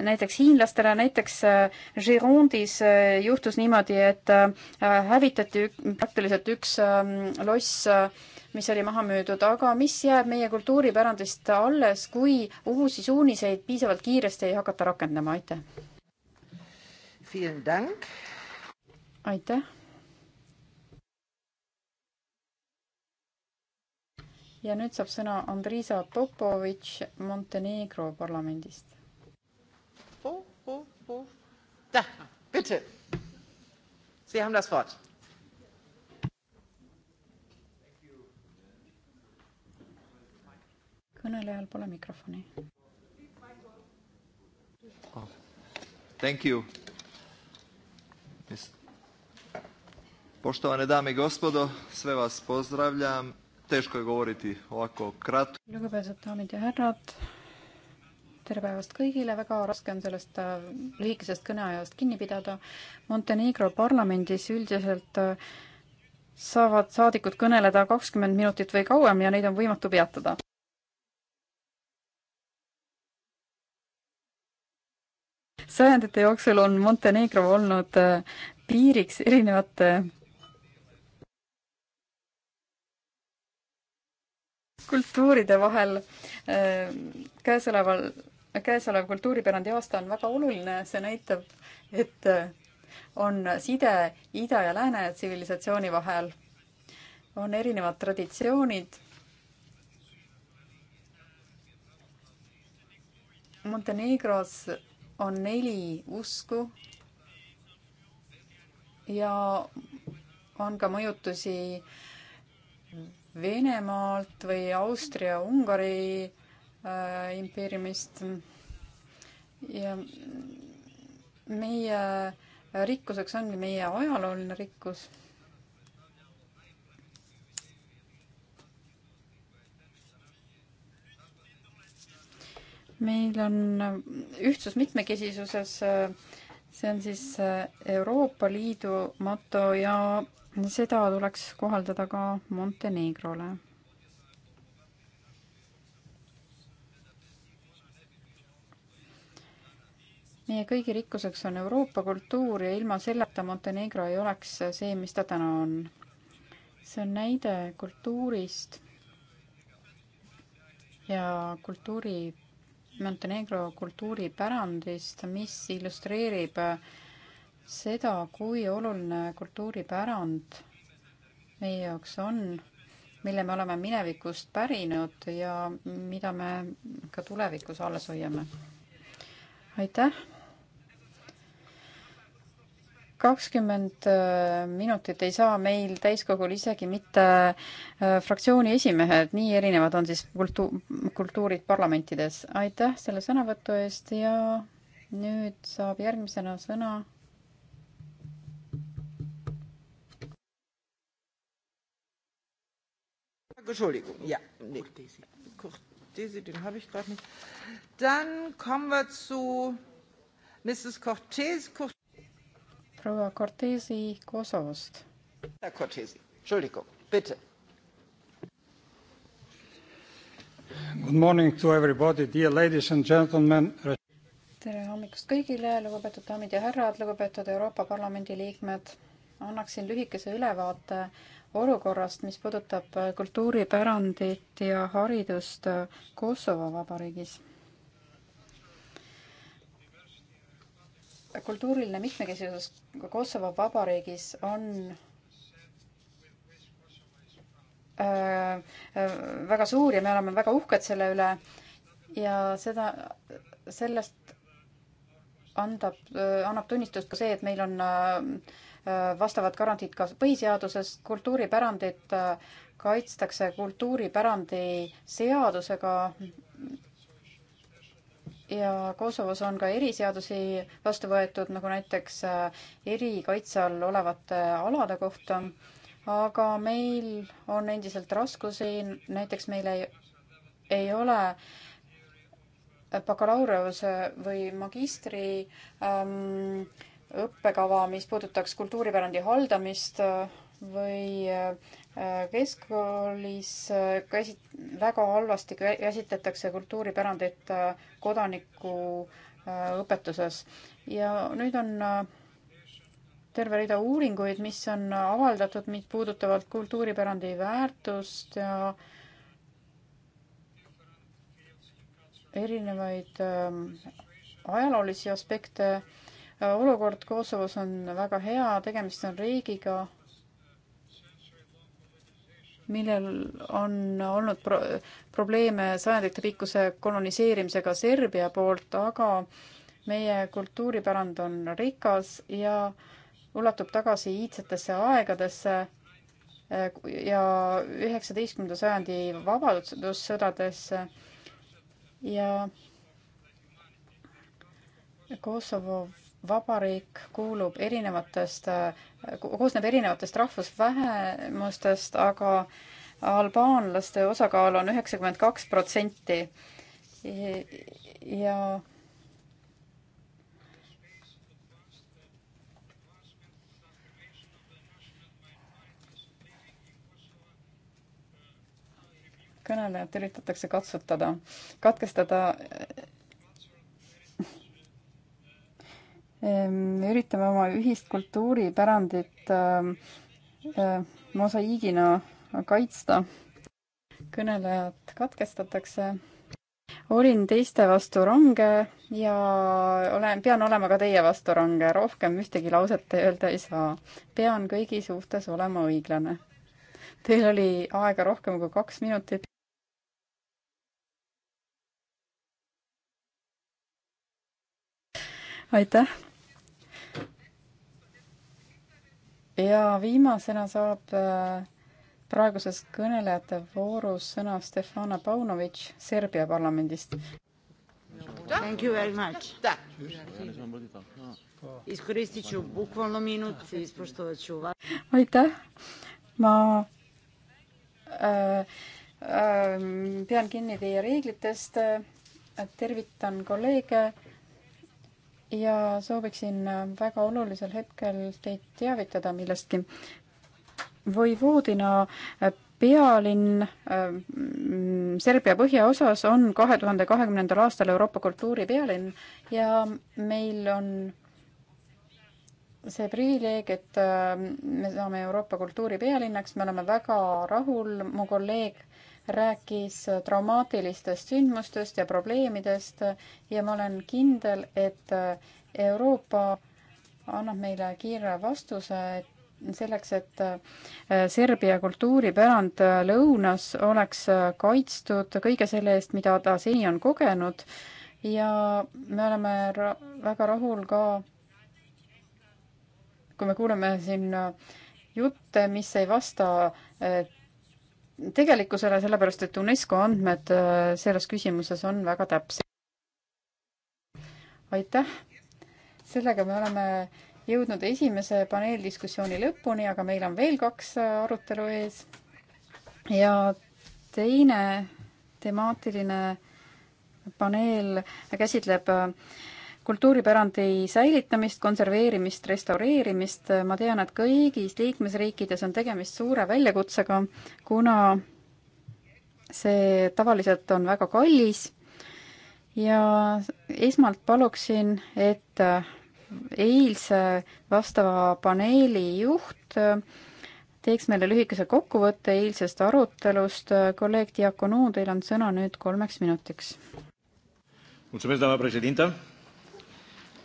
näiteks hiinlastele, näiteks Girondis juhtus niimoodi, et hävitati praktiliselt üks ähm, loss mis oli maha müüdud, aga mis jääb meie kultuuripärandist alles, kui uusi suuniseid piisavalt kiiresti ei hakata rakendama, aitäh! aitäh! ja nüüd saab sõna Andrisa Popovitš Montenegro parlamendist. Po, po, po. Da, bitte. Sie haben das Wort kõnelejal pole mikrofoni. Oh, thank you. Poštovane dame i gospodo, sve vas pozdravljam. Teško je govoriti ovako kratko. Lugupeetud daamid ja härrad, tere päevast kõigile, väga raske on sellest äh, lühikesest kõneajast kinni pidada. Montenegro parlamendis üldiselt äh, saavad saadikud kõneleda kakskümmend minutit või kauem ja neid on võimatu peatada. sajandite jooksul on Montenegro olnud äh, piiriks erinevate kultuuride vahel äh, käesoleval, käesolev kultuuripärandi aasta on väga oluline, see näitab, et äh, on side ida ja lääne tsivilisatsiooni vahel. on erinevad traditsioonid. Montenegros on neli usku ja on ka mõjutusi Venemaalt või Austria-Ungari äh, impeeriumist. ja meie rikkuseks ongi meie ajalooline rikkus meil on äh, ühtsus mitmekesisuses, äh, see on siis äh, Euroopa Liidu moto ja seda tuleks kohaldada ka Montenegrole meie kõigi rikkuseks on Euroopa kultuur ja ilma selleta Montenegro ei oleks see, mis ta täna on. see on näide kultuurist ja kultuuri Montenegro kultuuripärandist, mis illustreerib äh, seda, kui oluline kultuuripärand meie jaoks on, mille me oleme minevikust pärinud ja mida me ka tulevikus alles hoiame. aitäh! kakskümmend äh, minutit ei saa meil täiskogul isegi mitte äh, fraktsiooni esimehed, nii erinevad on siis kultu-, kultuurid parlamentides. aitäh selle sõnavõtu eest ja nüüd saab järgmisena sõna Entschuldigung, ja, nee. Cortesi, den habe ich gerade nicht. Dann kommen wir zu Mrs. Cortese. Cortese proua Cortesi Kosovost. Good morning to everybody, dear ladies and gentlemen. tere hommikust kõigile, lugupeetud daamid ja härrad, lugupeetud Euroopa Parlamendi liikmed. annaksin lühikese ülevaate olukorrast, mis puudutab kultuuripärandit ja haridust Kosovo Vabariigis kultuuriline mitmekesisus Kosovo Vabariigis on äh, äh, väga suur ja me oleme väga uhked selle üle ja seda, sellest andab, äh, annab tunnistust ka see, et meil on vastavad garantiid ka põhiseaduses, kultuuripärandit kaitstakse kultuuripärandi seadusega, ja Kosovos on ka eriseadusi vastu võetud, nagu näiteks äh, erikaitse all olevate alade kohta, aga meil on endiselt raskusi, näiteks meil ei, ei ole bakalaureuse või magistri ähm, õppekava, mis puudutaks kultuuripärandi haldamist äh, või äh, keskkoolis äh, käsit-, väga halvasti käsitletakse kultuuripärandit äh, kodanikuõpetuses äh, ja nüüd on terve rida uuringuid, mis on avaldatud, mis puudutavad kultuuripärandi väärtust ja erinevaid ajaloolisi aspekte. olukord Kosovos on väga hea, tegemist on riigiga, millel on olnud pro probleeme sajandite pikkuse koloniseerimisega Serbia poolt, aga meie kultuuripärand on rikas ja ulatub tagasi iidsetesse aegadesse eh, ja üheksateistkümnenda sajandi vabadussõdadesse ja Kosovo vabariik kuulub erinevatest, koosneb erinevatest rahvusvähemustest, aga albaanlaste osakaal on üheksakümmend kaks protsenti. ja kõnelejat üritatakse katsutada, katkestada Ehm, üritame oma ühist kultuuripärandit ähm, äh, mosaiigina kaitsta. kõnelejad katkestatakse. olin teiste vastu range ja olen, pean olema ka teie vastu range, rohkem ühtegi lauset öelda ei saa. pean kõigi suhtes olema õiglane. Teil oli aega rohkem kui kaks minutit. aitäh ja viimasena saab äh, praeguses kõnelejate voorus sõna Stefana Paunovic Serbia parlamendist. Thank you very much. iskoristit ću bukvalno minut, ispoštovat ću vas. aitäh, ma äh, äh, pean kinni teie reeglitest, tervitan kolleege ja sooviksin äh, väga olulisel hetkel teid teavitada millestki. Voivodina äh, pealinn äh, mm, Serbia põhjaosas on kahe tuhande kahekümnendal aastal Euroopa kultuuripealinn ja meil on see privileeg, et me saame Euroopa kultuuripealinnaks, me oleme väga rahul, mu kolleeg rääkis traumaatilistest sündmustest ja probleemidest ja ma olen kindel, et Euroopa annab meile kiire vastuse, et selleks, et äh, Serbia kultuuripärand äh, lõunas oleks äh, kaitstud kõige selle eest, mida ta seni on kogenud ja me oleme ra väga rahul ka, kui me kuuleme siin jutte, mis ei vasta tegelikkusele, sellepärast et UNESCO andmed äh, selles küsimuses on väga täpsed. aitäh! sellega me oleme jõudnud esimese paneeldiskussiooni lõpuni, aga meil on veel kaks äh, arutelu ees. ja teine temaatiline paneel käsitleb äh, kultuuripärandi säilitamist, konserveerimist, restaureerimist. ma tean, et kõigis liikmesriikides on tegemist suure väljakutsega, kuna see tavaliselt on väga kallis ja esmalt paluksin, et eilse vastava paneeli juht teeks meile lühikese kokkuvõtte eilsest arutelust. kolleeg Diakonu, teil on sõna nüüd kolmeks minutiks. Mulțumesc, doamna președintă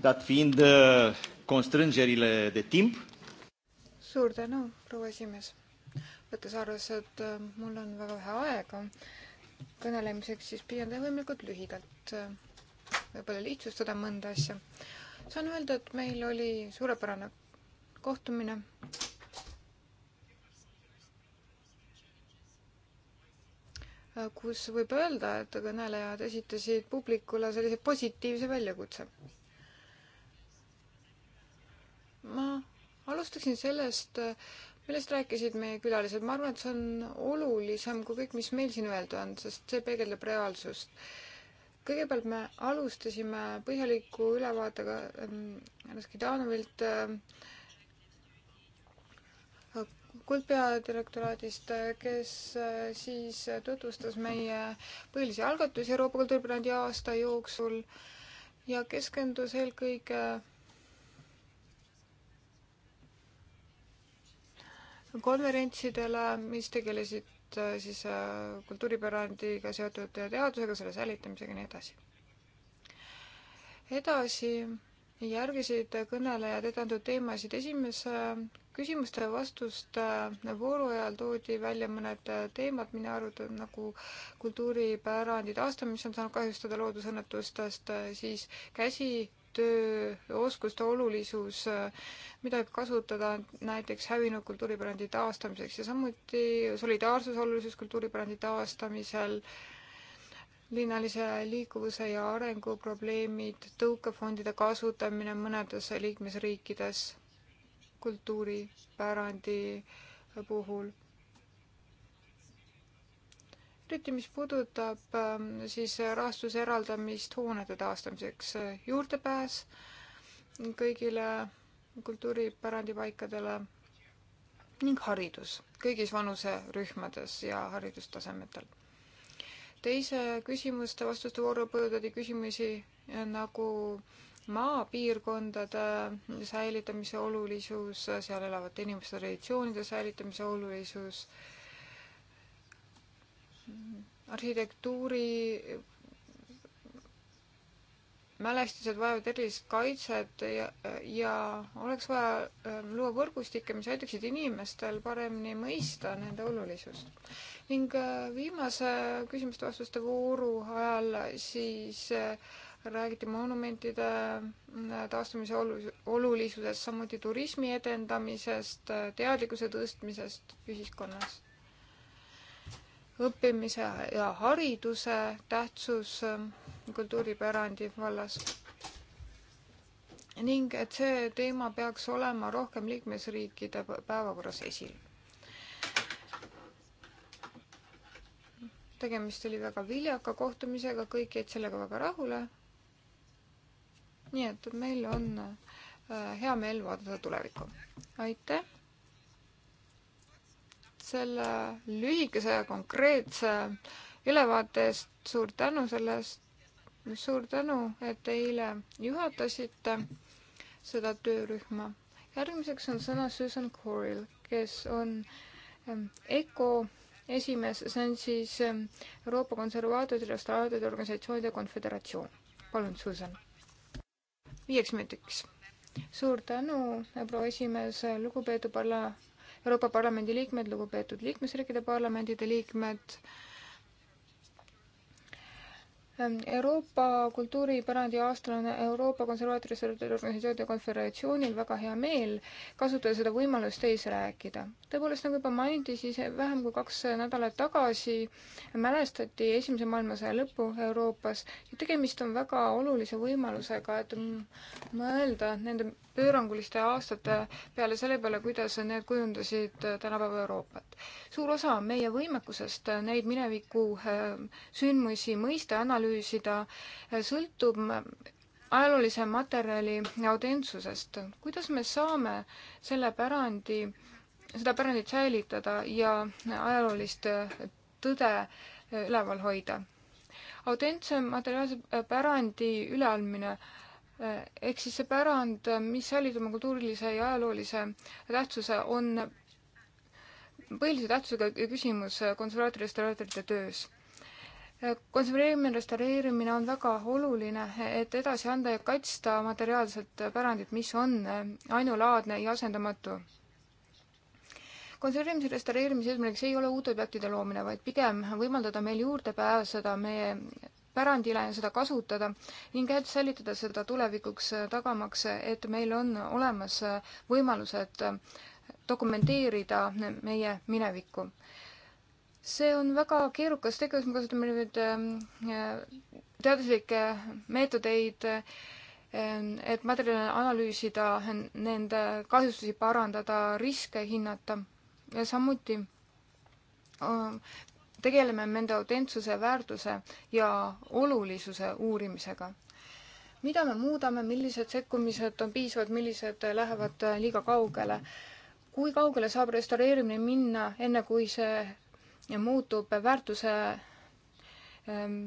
dat fiind uh, constrângerile de timp. suur tänu, proua esimees. võttes arvesse, et äh, mul on väga vähe aega kõnelemiseks, siis püüan teha võimalikult lühidalt, äh, võib-olla lihtsustada mõnda asja. saan öelda, et meil oli suurepärane kohtumine. Äh, kus võib öelda, et kõnelejad esitasid publikule sellise positiivse väljakutse ma alustaksin sellest, millest rääkisid meie külalised. ma arvan, et see on olulisem kui kõik, mis meil siin öelda on, sest see peegeldab reaalsust. kõigepealt me alustasime põhjaliku ülevaatega härra ähm, Skidanovilt äh, kuldpeadirektoraadist, kes äh, siis tutvustas meie põhilisi algatusi Euroopa kultuuripärandi aasta jooksul ja keskendus eelkõige konverentsidele, mis tegelesid äh, siis äh, kultuuripärandiga seotud teadusega, selle säilitamisega ja nii edasi. edasi järgisid kõnelejad edendatud teemasid. esimese küsimuste-vastuste vooru ajal toodi välja mõned teemad, mille arvatud nagu kultuuripärandi taastamine, mis on saanud kahjustada loodusõnnetustest, siis käsi tööoskuste olulisus, äh, mida võib kasutada näiteks hävinud kultuuripärandi taastamiseks ja samuti solidaarsuse olulisus kultuuripärandi taastamisel, linnalise liikuvuse ja arengu probleemid, tõukefondide kasutamine mõnedes liikmesriikides kultuuripärandi puhul eriti mis puudutab ähm, siis rahastuse eraldamist hoonete taastamiseks, juurdepääs kõigile kultuuripärandipaikadele ning haridus kõigis vanuserühmades ja haridustasemetel. teise küsimuste-vastuste vooru põõdati küsimusi eh, nagu maapiirkondade säilitamise olulisus, seal elavate inimeste traditsioonide säilitamise olulisus äh,, arhitektuuri mälestised vajavad erilist kaitset ja, ja oleks vaja ähm, luua võrgustikke, mis aitaksid inimestel paremini mõista nende olulisust. ning äh, viimase küsimuste-vastuste vooru ajal siis äh, räägiti monumentide mm, taastamise olus-, olulisusest, samuti turismi edendamisest, äh, teadlikkuse tõstmisest ühiskonnas õppimise ja hariduse tähtsus ähm, kultuuripärandi vallas ning et see teema peaks olema rohkem liikmesriikide päevakorras esil. tegemist oli väga viljaka kohtumisega, kõik jäid sellega väga rahule. nii et meil on äh, hea meel vaadata tulevikku. aitäh! selle lühikese ja konkreetse ülevaate eest, suur tänu selle eest, suur tänu, et eile juhatasite seda töörühma. järgmiseks on sõna Susan Coril, kes on ähm, ECO esimees, see on siis ähm, Euroopa Konservaatoride Restauratoride Organisatsioonide Konföderatsioon. palun, Susan. viieks minutiks. suur tänu, proua esimees, lugupeetud parla-, Euroopa Parlamendi liikmed, lugupeetud liikmesriikide parlamentide liikmed, Euroopa kultuuripärandi aastal on Euroopa Konservatiivide Organisatsioonide Konföderatsioonil väga hea meel kasutada seda võimalust teis rääkida. tõepoolest, nagu juba mainiti, siis vähem kui kaks nädalat tagasi mälestati Esimese maailmasõja lõppu Euroopas ja tegemist on väga olulise võimalusega, et mõelda nende pööranguliste aastate peale selle peale, kuidas need kujundasid tänapäeva Euroopat. suur osa meie võimekusest neid mineviku sündmusi mõista, analüüsida, analüüsida, sõltub ajaloolise materjali autentsusest. kuidas me saame selle pärandi, seda pärandit säilitada ja ajaloolist tõde üleval hoida? autentse materiaalse pärandi üleandmine ehk siis see pärand, mis säilib oma kultuurilise ja ajaloolise tähtsuse, on põhilise tähtsusega küsimus konservaatorite ja restauraatorite töös konserveerimine, restaureerimine on väga oluline, et edasi anda ja kaitsta materiaalset pärandit, mis on ainulaadne ja asendamatu. konserveerimise restaureerimise eesmärgiks ei ole uute objektide loomine, vaid pigem võimaldada meil juurde pääseda meie pärandile ja seda kasutada ning et säilitada seda tulevikuks, tagamaks, et meil on olemas võimalused dokumenteerida meie minevikku see on väga keerukas tegevus, me kasutame nüüd ähm, äh, teaduslikke meetodeid, ähm, et materjali analüüsida, nende kahjustusi parandada, riske hinnata ja samuti ähm, tegeleme nende autentsuse, väärtuse ja olulisuse uurimisega mida me muudame, millised sekkumised on piisavad, millised lähevad äh, liiga kaugele. kui kaugele saab restaureerimine minna, enne kui see muutub väärtuse ähm,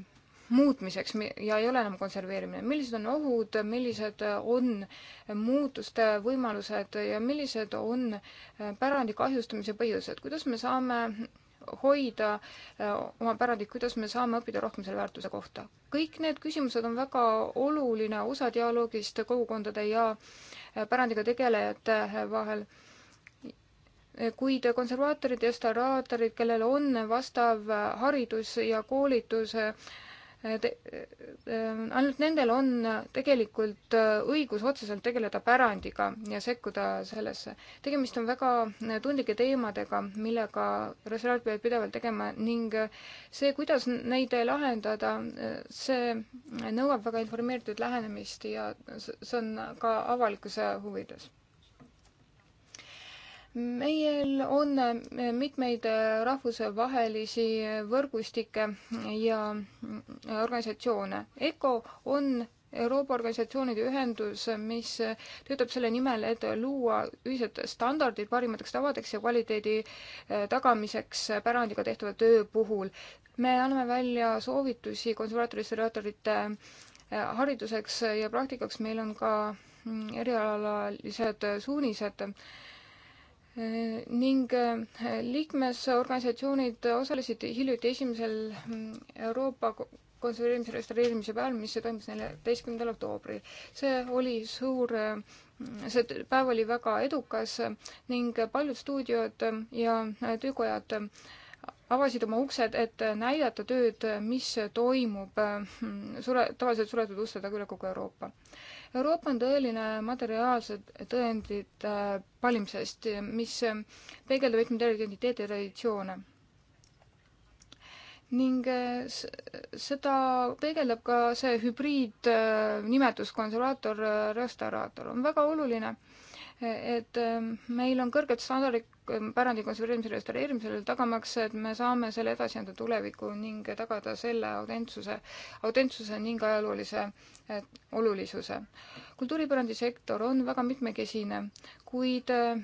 muutmiseks ja ei ole enam konserveerimine. millised on ohud, millised on muutuste võimalused ja millised on äh, pärandi kahjustamise põhjused? kuidas me saame hoida äh, oma pärandit, kuidas me saame õppida rohkem selle väärtuse kohta? kõik need küsimused on väga oluline osa dialoogist kogukondade ja äh, pärandiga tegelejate vahel kuid konservaatorid ja restauraatorid, kellel on vastav haridus ja koolitus, eh, eh, ainult nendel on tegelikult õigus otseselt tegeleda pärandiga ja sekkuda sellesse. tegemist on väga tundlike teemadega, millega reservaat peab pidevalt tegema ning see, kuidas neid lahendada, see nõuab väga informeeritud lähenemist ja see on ka avalikkuse huvides meil on äh, mitmeid äh, rahvusvahelisi äh, võrgustikke ja organisatsioone. ECO on Euroopa Organisatsioonide Ühendus, mis töötab selle nimel, et luua ühised standardid parimateks tavadeks ja kvaliteedi tagamiseks pärandiga tehtava töö puhul. me anname välja soovitusi konservaatoristeratorite hariduseks ja praktikaks, meil on ka mm, erialalised suunised ning äh, liikmesorganisatsioonid osalesid hiljuti esimesel mm, Euroopa konserveerimise restaureerimise päeval, mis toimus neljateistkümnendal oktoobril. see oli suur, mm, see päev oli väga edukas ning paljud stuudiod mm, ja äh, töökojad avasid oma uksed, et näidata tööd, mis toimub sure, tavaliselt suletud uste taga üle kogu Euroopa. Euroopa on tõeline materiaalsed tõendid valimisest, äh, mis äh, peegeldab just midagi identiteeti ja traditsioone. ning äh, seda peegeldab ka see hübriidnimetus konservaator, restauraator on väga oluline et ähm, meil on kõrged standardid ähm, pärandi konserveerimisel ja restaureerimisel, tagamaks, et me saame selle edasi anda tulevikku ning tagada selle autentsuse, autentsuse ning ajaloolise äh, olulisuse. kultuuripärandisektor on väga mitmekesine, kuid äh,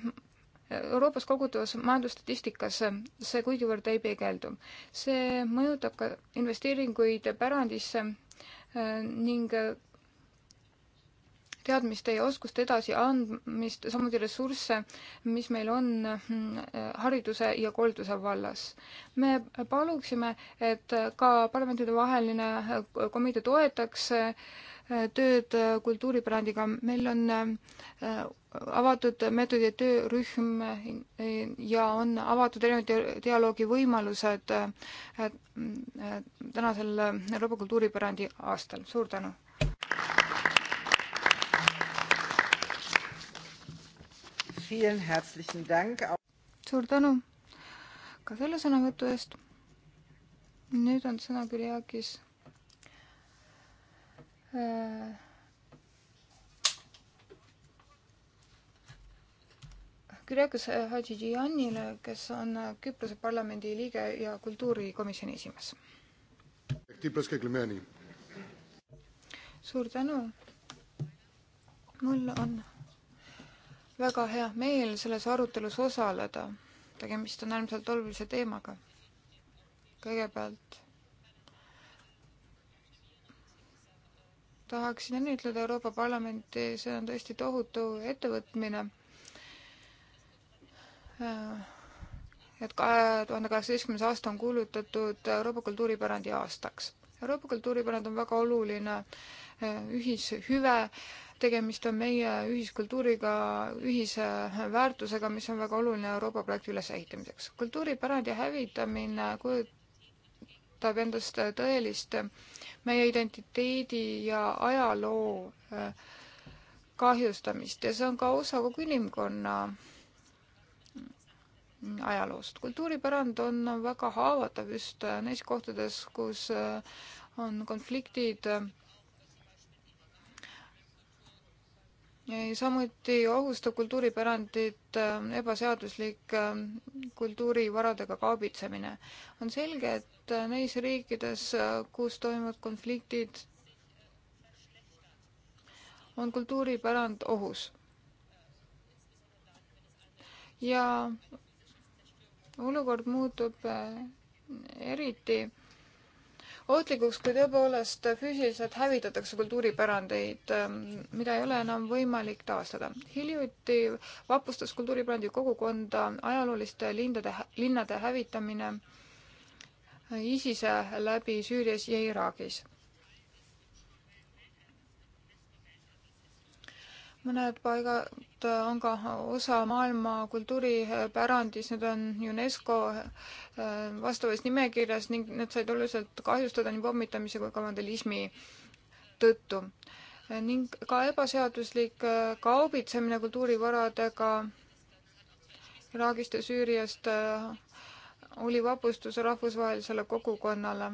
Euroopas kogutavas majandusstatistikas see kuigivõrd ei peegeldu. see mõjutab ka investeeringuid pärandisse äh, ning teadmiste ja oskuste edasiandmist, samuti ressursse, mis meil on mm, hariduse ja koolituse vallas. me paluksime, et ka parlamentidevaheline komitee toetaks äh, tööd äh, kultuuripärandiga, meil on äh, avatud meetodi töörühm ja on avatud erinevad dialoogi võimalused tänasel Euroopa kultuuripärandi aastal, suur tänu! suur tänu ka selle sõnavõtu eest. nüüd on sõna Kyriakis äh,. Kyriakis äh, Hadžigianile, kes on äh, Küprose parlamendi liige ja kultuurikomisjoni esimees. suur tänu. mul on väga hea meel selles arutelus osaleda. tegemist on äärmiselt olulise teemaga. kõigepealt tahaksin õnnitleda Euroopa Parlamenti, see on tõesti tohutu ettevõtmine. et kahe tuhande kaheksateistkümnes aasta on kuulutatud Euroopa kultuuripärandi aastaks. Euroopa kultuuripärand on väga oluline ühishüve tegemist on meie ühiskultuuriga, ühise väärtusega, mis on väga oluline Euroopa projekti ülesehitamiseks. kultuuripärandi hävitamine kujutab endast tõelist meie identiteedi ja ajaloo äh, kahjustamist ja see on ka osa kogu inimkonna ajaloost. kultuuripärand on väga haavatav just äh, neis kohtades, kus äh, on konfliktid samuti ohustab kultuuripärandit ähm, ebaseaduslik ähm, kultuurivaradega kaabitsemine. on selge, et äh, neis riikides, äh, kus toimuvad konfliktid, on kultuuripärand ohus. ja olukord muutub äh, eriti ohtlikuks, kui tõepoolest füüsiliselt hävitatakse kultuuripärandeid, ähm, mida ei ole enam võimalik taastada. hiljuti vapustas kultuuripärandi kogukonda ajalooliste lindade, linnade hävitamine ISISe läbi Süürias ja Iraagis mõned paigad äh, on ka osa maailma kultuuripärandis, need on UNESCO äh, vastavas nimekirjas ning need said oluliselt kahjustada nii pommitamise kui ka vandalismi tõttu. Äh, ning ka ebaseaduslik kaubitsemine kultuurivaradega Iraagist ja Süüriast oli vapustus rahvusvahelisele kogukonnale.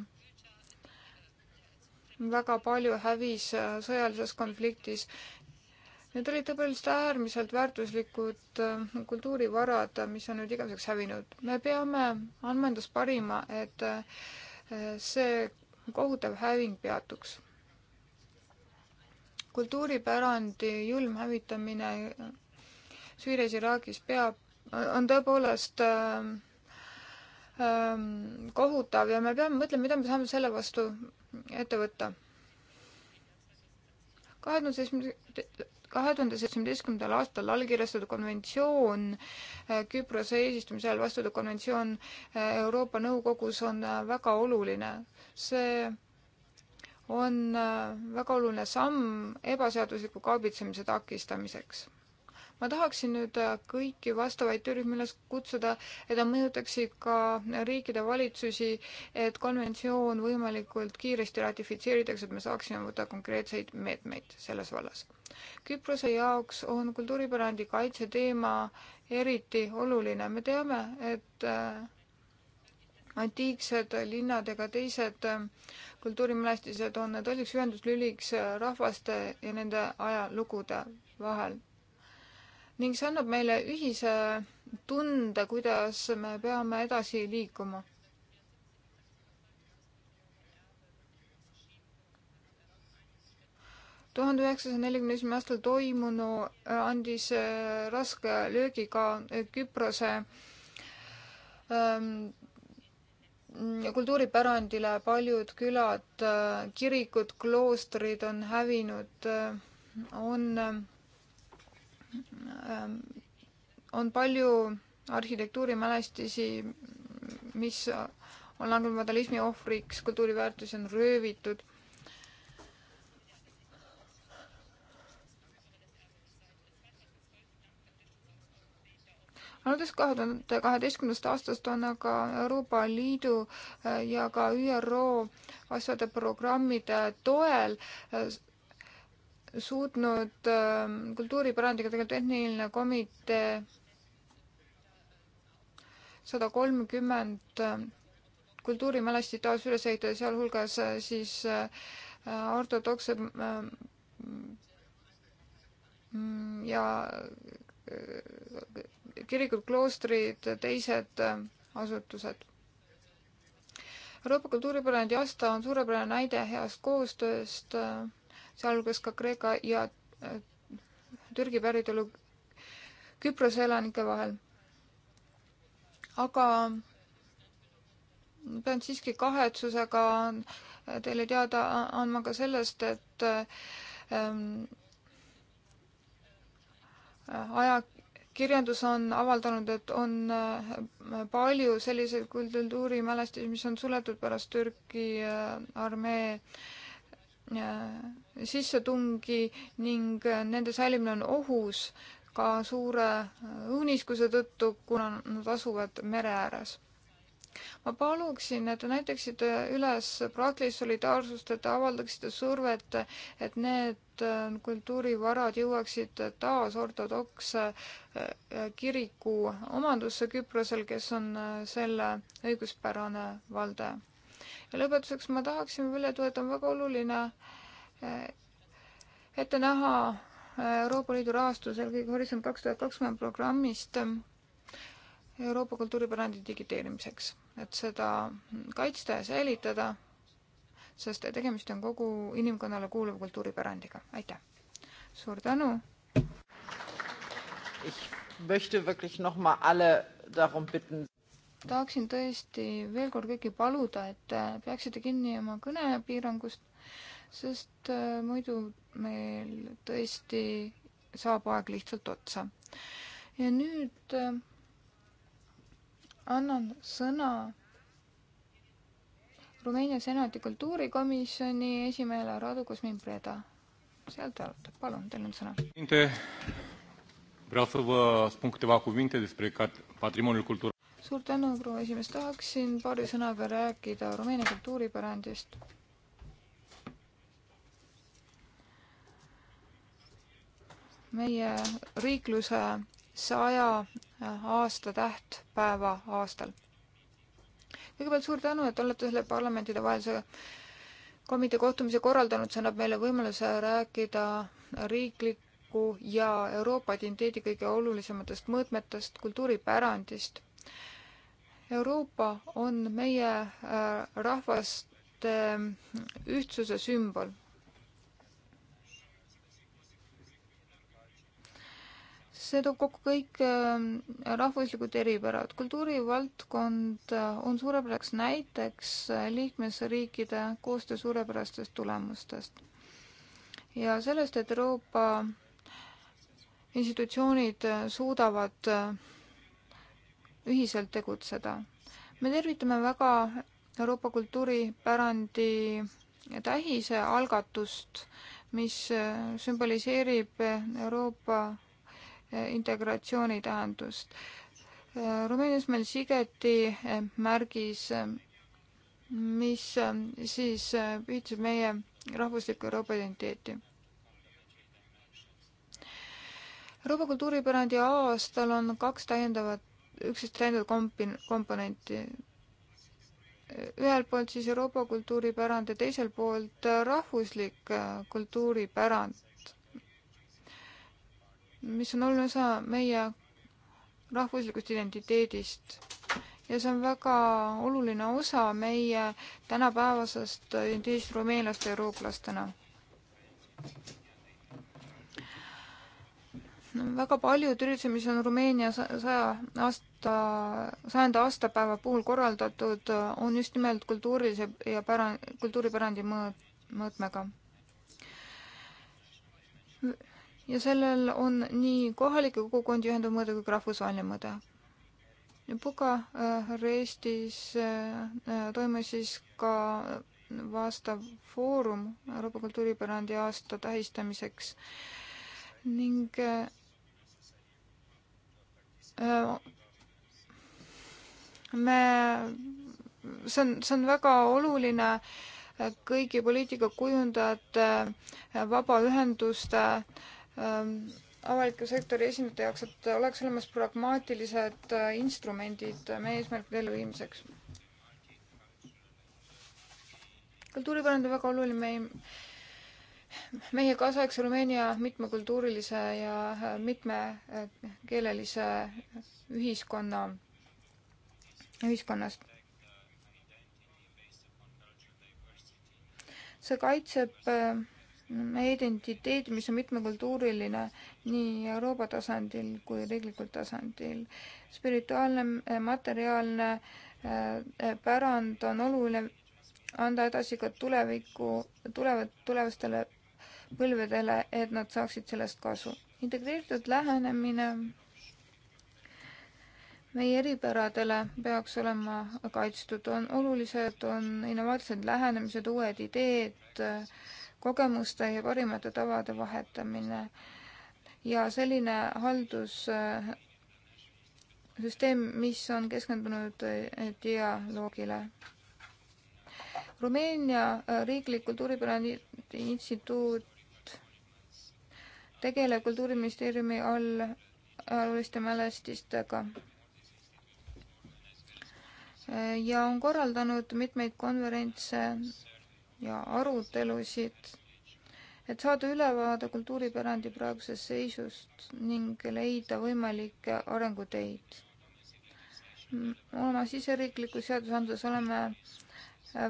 väga palju hävis sõjalises konfliktis Need olid tõepoolest äärmiselt väärtuslikud äh, kultuurivarad, mis on nüüd igaveseks hävinud. me peame andma endast parima, et äh, see kohutav häving peatuks. kultuuripärandi julm hävitamine Süürias, Iraagis peab, on tõepoolest äh, ähm, kohutav ja me peame mõtlema, mida me saame selle vastu ette võtta. kahe tuhande seitsmekümne kahe tuhande seitsmeteistkümnendal aastal allkirjastatud konventsioon, äh, Küprose eesistumise ajal vastu võetud konventsioon äh, Euroopa Nõukogus on äh, väga oluline. see on väga oluline samm ebaseadusliku kaubitsemise takistamiseks ma tahaksin nüüd äh, kõiki vastavaid töörühmi üles kutsuda, et nad mõjutaksid ka riikide valitsusi, et konventsioon võimalikult kiiresti ratifitseeritakse, et me saaksime võtta konkreetseid meetmeid selles vallas. Küprose jaoks on kultuuripärandi kaitse teema eriti oluline, me teame, et äh, antiiksed linnad ega teised äh, kultuurimälestised on tolliks ühenduslüliks rahvaste ja nende ajalugude vahel ning see annab meile ühise tunde, kuidas me peame edasi liikuma. tuhande üheksasaja neljakümne esimene aastal toimunu äh, andis äh, raske löögi ka äh, Küprose ähm, kultuuripärandile, paljud külad, kirikud, kloostrid on hävinud, on Ähm, on palju arhitektuurimälestisi, mis on langenud vandalismi ohvriks, kultuuriväärtusi on röövitud. alates kahe tuhande kaheteistkümnendast aastast on aga Euroopa Liidu äh, ja ka ÜRO asjade programmide toel äh, suutnud ähm, kultuuripärandiga tegelikult tehniline komitee sada kolmkümmend ähm, kultuurimälestit taas üles ehitada, sealhulgas äh, siis äh, ortodokse ähm, mm, ja äh, kirikud, kloostrid, teised asutused. Euroopa kultuuripärandi aasta on suurepärane näide heast koostööst sealhulgas ka Kreeka ja äh, Türgi päritolu Küprose elanike vahel. aga pean siiski kahetsusega äh, teile teada andma ka sellest, et äh, ähm, ajakirjandus on avaldanud, et on äh, palju selliseid kultuurimälestisi, mis on suletud pärast Türgi äh, armee äh, sissetungi ning nende säilimine on ohus ka suure õuniskuse tõttu, kuna nad asuvad mere ääres. ma paluksin, et te näitaksite üles praktilist solidaarsust, et te avaldaksite survet, et need äh, kultuurivarad jõuaksid taas ortodoks äh, kiriku omandusse Küprosel, kes on äh, selle õiguspärane valdaja ja lõpetuseks ma tahaksin välja tuua, et on väga oluline eh, ette näha eh, Euroopa Liidu rahastusel kõige Horisont kaks tuhat kakskümmend programmist eh, Euroopa kultuuripärandi digiteerimiseks, et seda kaitsta ja säilitada, sest tegemist on kogu inimkonnale kuuluva kultuuripärandiga. aitäh! suur tänu! möchte wirklich noch mal alle darum bitten tahaksin tõesti veel kord kõiki paluda, et äh, peaksite kinni oma kõnepiirangust, sest äh, muidu meil tõesti saab aeg lihtsalt otsa. ja nüüd äh, annan sõna Rumeenia senati kultuurikomisjoni esimehele Radu Kusmin Preda. sealt arutab, palun, teil on sõna. Vreau să vă spun câteva cuvinte despre patrimoniul cultural suur tänu, proua esimees, tahaksin paari sõnaga rääkida Rumeenia kultuuripärandist. meie riikluse saja aasta tähtpäeva aastal. kõigepealt suur tänu, et olete selle parlamentide vahelise komitee kohtumise korraldanud, see annab meile võimaluse rääkida riikliku ja Euroopa identiteedi kõige olulisematest mõõtmetest, kultuuripärandist Euroopa on meie äh, rahvaste mm, ühtsuse sümbol. see toob kokku kõik äh, rahvuslikud eripärad. kultuurivaldkond äh, on suurepäraseks näiteks liikmesriikide koostöö suurepärastest tulemustest ja sellest, et Euroopa institutsioonid suudavad ühiselt tegutseda. me tervitame väga Euroopa kultuuripärandi tähise algatust, mis sümboliseerib Euroopa integratsiooni tähendust. Rumeenias meil Sigeti märgis, mis siis püüdis meie rahvuslikku Euroopa identiteeti. Euroopa kultuuripärandi aastal on kaks täiendavat üksteist täiendavat kompi-, komponenti. ühelt poolt siis Euroopa kultuuripärand ja teiselt poolt rahvuslik kultuuripärand, mis on oluline osa meie rahvuslikust identiteedist ja see on väga oluline osa meie tänapäevasest identiteedist rumeenlaste ja eurooplastena väga paljud üritused, mis on Rumeenia saja aasta, sajanda aastapäeva puhul korraldatud, on just nimelt kultuurilise ja pära-, kultuuripärandi mõõt-, mõõtmega. ja sellel on nii kohalike kogukondi ühendav mõõde kui ka rahvusvaheline mõõde. Puka äh, Restis äh, äh, toimus siis ka vastav foorum Euroopa kultuuripärandi aasta tähistamiseks ning Äh, me, see on, see on väga oluline äh, kõigi poliitikakujundajate, äh, vabaühenduste, ähm, avaliku sektori esindajate jaoks, et oleks olemas pragmaatilised instrumendid meie eesmärkide elluviimiseks. kultuuripärand on väga oluline meie meie kaasaegse Rumeenia mitmekultuurilise ja äh, mitmekeelelise äh, ühiskonna, ühiskonnast. see kaitseb äh, meie identiteedi, mis on mitmekultuuriline nii Euroopa tasandil kui riiklikul tasandil. spirituaalne, materiaalne pärand on oluline anda edasi ka tuleviku, tulevad, tulevastele põlvedele, et nad saaksid sellest kasu. integreeritud lähenemine meie eripäradele peaks olema kaitstud, on olulised, on innovaatsed lähenemised, uued ideed, kogemuste ja parimate tavade vahetamine ja selline haldussüsteem, mis on keskendunud dialoogile. Rumeenia Riiklik Kultuuripärandi Instituut tegeleb Kultuuriministeeriumi all ajalooliste mälestistega ja on korraldanud mitmeid konverentse ja arutelusid, et saada ülevaade kultuuripärandi praegusest seisust ning leida võimalikke arenguteid. oma siseriiklikus seadusandluses oleme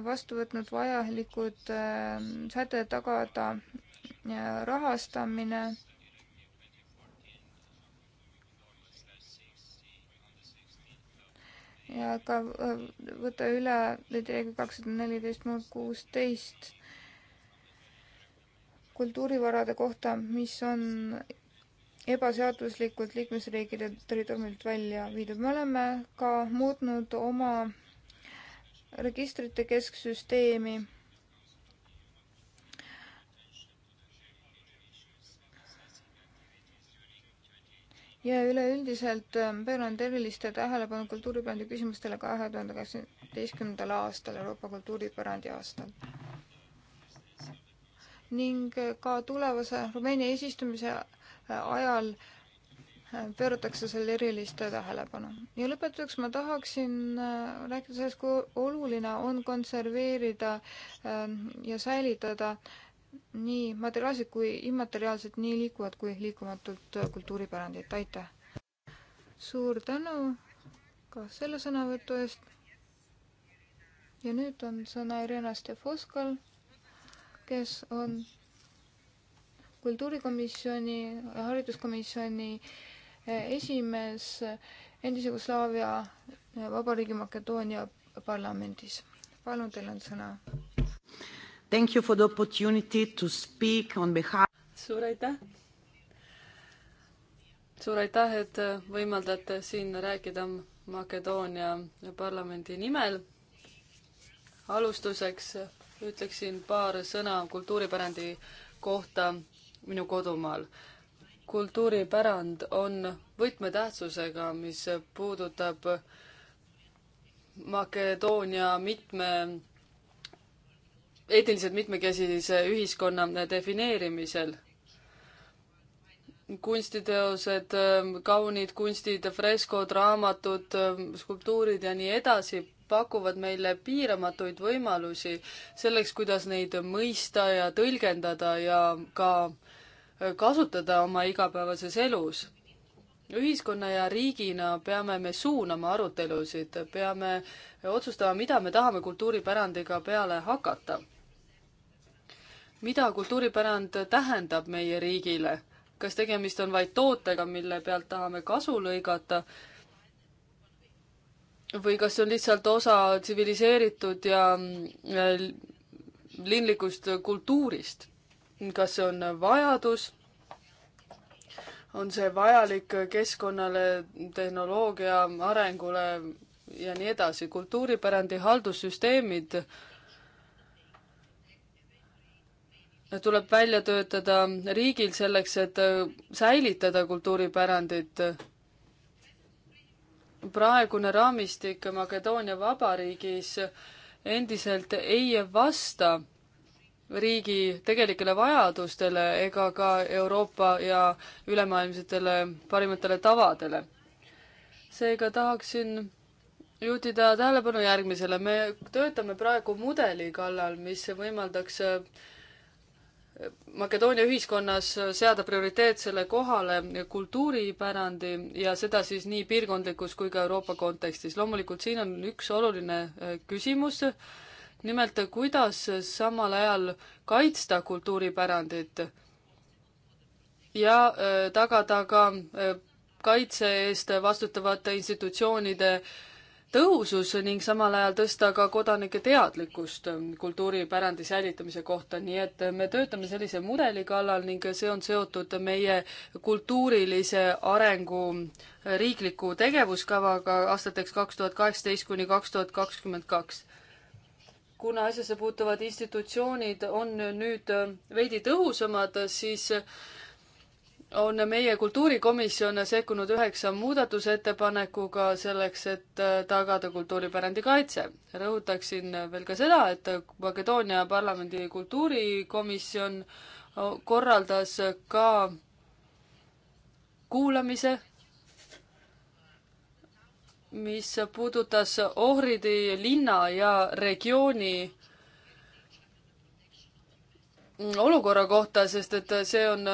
vastu võtnud vajalikud äh, sätted tagada rahastamine ja ka äh, võtta üle teiega kakssada neliteist murd kuusteist kultuurivarade kohta, mis on ebaseaduslikult liikmesriikide territooriumilt välja viidud. me oleme ka muutnud oma registrite kesksüsteemi ja üleüldiselt ähm, pööran tervist ja tähelepanu kultuuripärandi küsimustele kahe tuhande kaheksateistkümnendal aastal, Euroopa kultuuripärandi aastal. ning äh, ka tulevase Rumeenia eesistumise äh, ajal äh, pööratakse selle eriliste tähelepanu. ja lõpetuseks ma tahaksin rääkida sellest, kui oluline on konserveerida ähm, ja säilitada nii materiaalset kui immateriaalset, nii liikuvat kui liikumatut kultuuripärandit, aitäh! suur tänu ka selle sõnavõtu eest. ja nüüd on sõna Irina Stefoskal, kes on kultuurikomisjoni ja hariduskomisjoni eh, esimees endise Jugoslaavia Vabariigi Makedoonia parlamendis. palun, teil on sõna Thank you for the opportunity to speak on behalf. suur aitäh. suur aitäh, et võimaldate siin rääkida Makedoonia parlamendi nimel. alustuseks ütleksin paar sõna kultuuripärandi kohta minu kodumaal. kultuuripärand on võtmetähtsusega, mis puudutab Makedoonia mitme etniliselt mitmekesise ühiskonna defineerimisel. kunstiteosed, kaunid kunstid, freskod, raamatud, skulptuurid ja nii edasi pakuvad meile piiramatuid võimalusi selleks, kuidas neid mõista ja tõlgendada ja ka kasutada oma igapäevases elus ühiskonna ja riigina peame me suunama arutelusid, peame otsustama, mida me tahame kultuuripärandiga peale hakata mida kultuuripärand tähendab meie riigile? kas tegemist on vaid tootega, mille pealt tahame kasu lõigata või kas see on lihtsalt osa tsiviliseeritud ja mm, linlikust kultuurist? kas see on vajadus? on see vajalik keskkonnale, tehnoloogia arengule ja nii edasi? kultuuripärandi haldussüsteemid äh, tuleb välja töötada riigil selleks, et äh, säilitada kultuuripärandit. praegune raamistik Makedoonia Vabariigis endiselt ei vasta riigi tegelikele vajadustele ega ka Euroopa ja ülemaailmsetele parimatele tavadele. seega tahaksin juhtida tähelepanu järgmisele, me töötame praegu mudeli kallal, mis võimaldaks Makedoonia ühiskonnas seada prioriteetsele kohale kultuuripärandi ja seda siis nii piirkondlikus kui ka Euroopa kontekstis. loomulikult siin on üks oluline äh, küsimus, nimelt kuidas samal ajal kaitsta kultuuripärandit ja äh, tagada ka äh, kaitse eest vastutavate institutsioonide äh, tõhusus ning samal ajal tõsta ka kodanike teadlikkust kultuuripärandi säilitamise kohta, nii et me töötame sellise mudeli kallal ning see on seotud meie kultuurilise arengu riikliku tegevuskavaga aastateks kaks tuhat kaheksateist kuni kaks tuhat kakskümmend kaks kuna asjasse puutuvad institutsioonid on nüüd veidi tõhusamad, siis on meie kultuurikomisjon sekkunud üheksa muudatusettepanekuga selleks, et äh, tagada kultuuripärandi kaitse. rõhutaksin veel ka seda, et Makedoonia parlamendi kultuurikomisjon äh, korraldas ka kuulamise, mis puudutas Ohridi linna ja regiooni olukorra kohta, sest et see on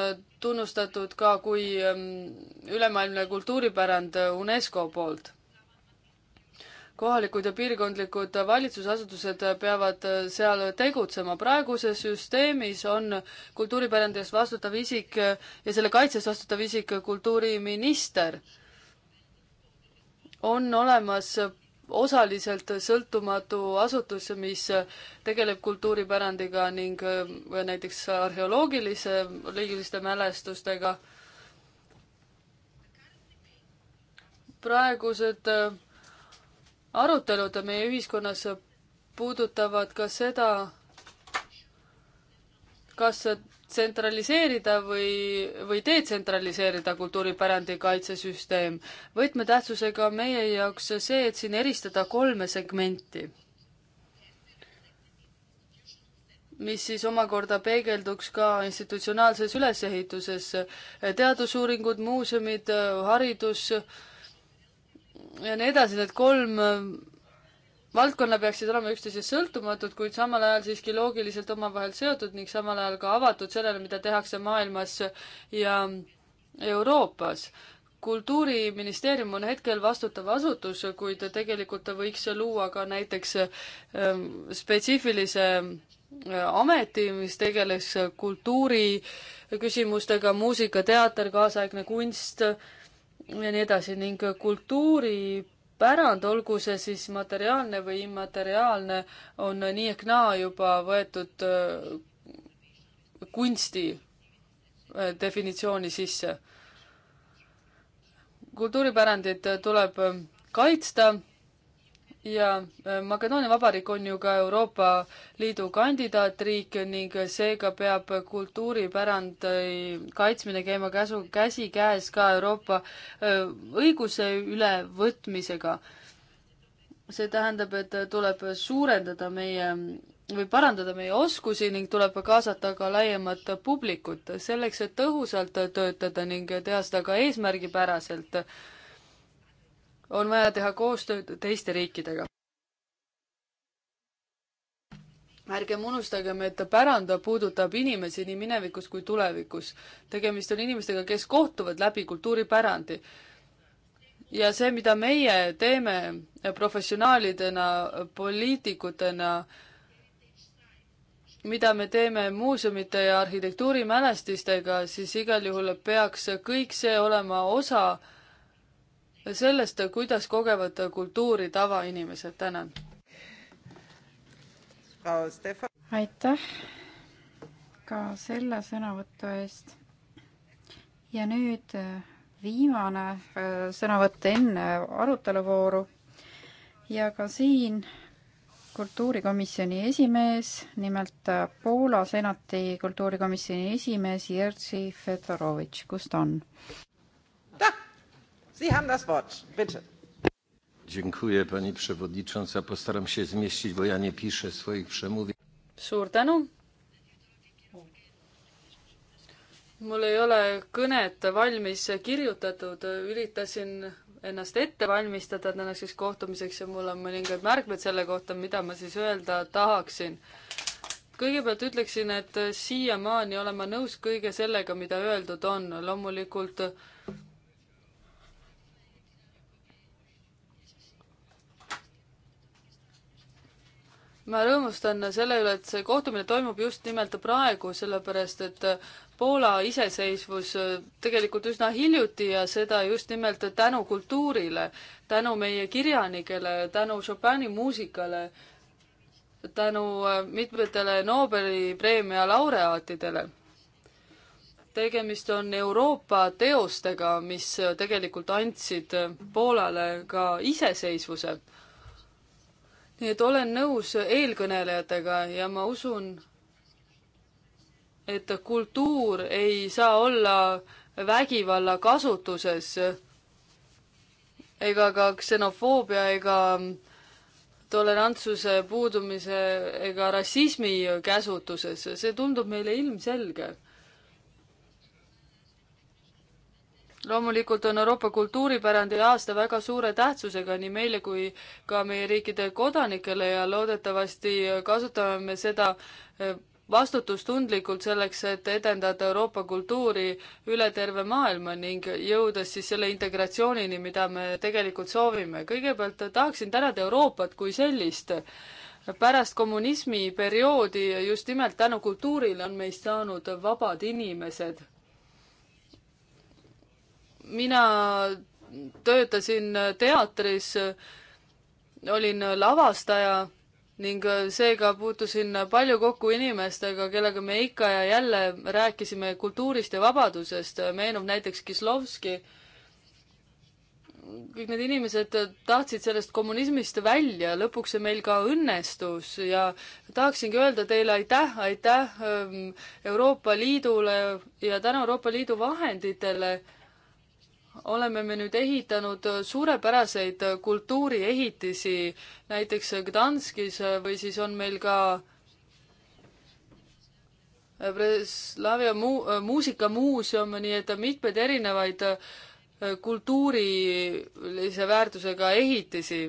tunnustatud ka kui mm, ülemaailmne kultuuripärand UNESCO poolt. kohalikud ja piirkondlikud valitsusasutused peavad seal tegutsema. praeguses süsteemis on kultuuripärandi eest vastutav isik ja selle kaitses vastutav isik kultuuriminister. on olemas osaliselt sõltumatu asutus, mis tegeleb kultuuripärandiga ning näiteks arheoloogilise, liigiliste mälestustega. praegused äh, arutelud meie ühiskonnas puudutavad ka seda, kas tsentraliseerida või, või detsentraliseerida kultuuripärandi kaitsesüsteem. võtmetähtsusega on meie jaoks see, et siin eristada kolme segmenti, mis siis omakorda peegelduks ka institutsionaalses ülesehituses. teadusuuringud, muuseumid, haridus ja nii edasi, need kolm valdkonna peaksid olema üksteisest sõltumatud, kuid samal ajal siiski loogiliselt omavahel seotud ning samal ajal ka avatud sellele, mida tehakse maailmas ja Euroopas. kultuuriministeerium on hetkel vastutav asutus, kuid tegelikult ta võiks luua ka näiteks ähm, spetsiifilise äh, ameti, mis tegeles kultuuri küsimustega, muusika, teater, kaasaegne kunst ja nii edasi ning kultuuri pärand, olgu see siis materiaalne või immateriaalne, on nii ehk naa juba võetud äh, kunsti äh, definitsiooni sisse. kultuuripärandit tuleb äh, kaitsta ja äh, Makedoonia Vabariik on ju ka Euroopa Liidu kandidaatriik ning seega peab kultuuripärandi äh, kaitsmine käima käsu, käsikäes ka Euroopa äh, õiguse ülevõtmisega. see tähendab, et tuleb suurendada meie või parandada meie oskusi ning tuleb kaasata ka laiemat publikut selleks, et tõhusalt töötada ning teha seda ka eesmärgipäraselt on vaja teha koostööd teiste riikidega. ärgem unustagem, et pärand puudutab inimesi nii minevikus kui tulevikus. tegemist on inimestega, kes kohtuvad läbi kultuuripärandi. ja see, mida meie teeme professionaalidena, poliitikutena, mida me teeme muuseumite ja arhitektuurimälestistega, siis igal juhul peaks kõik see olema osa äh, sellest, kuidas kogevad kultuuri tavainimesed, tänan. aitäh ka selle sõnavõtu eest. ja nüüd viimane äh, sõnavõtt enne aruteluvooru ja ka siin kultuurikomisjoni esimees, nimelt Poola senati kultuurikomisjoni esimees Jerzy Fedorovitš, kus ta on? Sie haben das Wort, bitte. Dziękuję pani przewodnicząca. Postaram się zmieścić, bo ja nie piszę swoich przemówień. Suur tänu. Mul ei ole kõnet valmis kirjutatud, üritasin ennast ette valmistada tänaseks kohtumiseks ja mul on mõningad märkmed selle kohta, mida ma siis öelda tahaksin. kõigepealt ütleksin, et siiamaani olen ma nõus kõige sellega, mida öeldud on. loomulikult äh, ma rõõmustan selle üle, et see kohtumine toimub just nimelt praegu, sellepärast et Poola iseseisvus tegelikult üsna hiljuti ja seda just nimelt tänu kultuurile, tänu meie kirjanikele, tänu Chopini muusikale, tänu äh, mitmetele Nobeli preemia laureaatidele. tegemist on Euroopa teostega, mis tegelikult andsid Poolale ka iseseisvuse nii et olen nõus eelkõnelejatega ja ma usun, et kultuur ei saa olla vägivalla kasutuses ega ka ksenofoobia ega tolerantsuse puudumise ega rassismi käsutuses, see tundub meile ilmselge loomulikult on Euroopa kultuuripärandi aasta väga suure tähtsusega nii meile kui ka meie riikide kodanikele ja loodetavasti kasutame me seda eh, vastutustundlikult selleks, et edendada Euroopa kultuuri üle terve maailma ning jõudes siis selle integratsioonini, mida me tegelikult soovime. kõigepealt tahaksin tänada Euroopat kui sellist. pärast kommunismi perioodi just nimelt tänu kultuurile on meist saanud vabad inimesed mina töötasin teatris, olin lavastaja ning seega puutusin palju kokku inimestega, kellega me ikka ja jälle rääkisime kultuurist ja vabadusest, meenub näiteks Kislovski. kõik need inimesed tahtsid sellest kommunismist välja, lõpuks see meil ka õnnestus ja tahaksingi öelda teile aitäh, aitäh ähm, Euroopa Liidule ja tänu Euroopa Liidu vahenditele oleme me nüüd ehitanud suurepäraseid kultuuriehitisi, näiteks Gdanskis või siis on meil ka Breslavia mu-, muusikamuuseum, nii et mitmeid erinevaid kultuurilise väärtusega ehitisi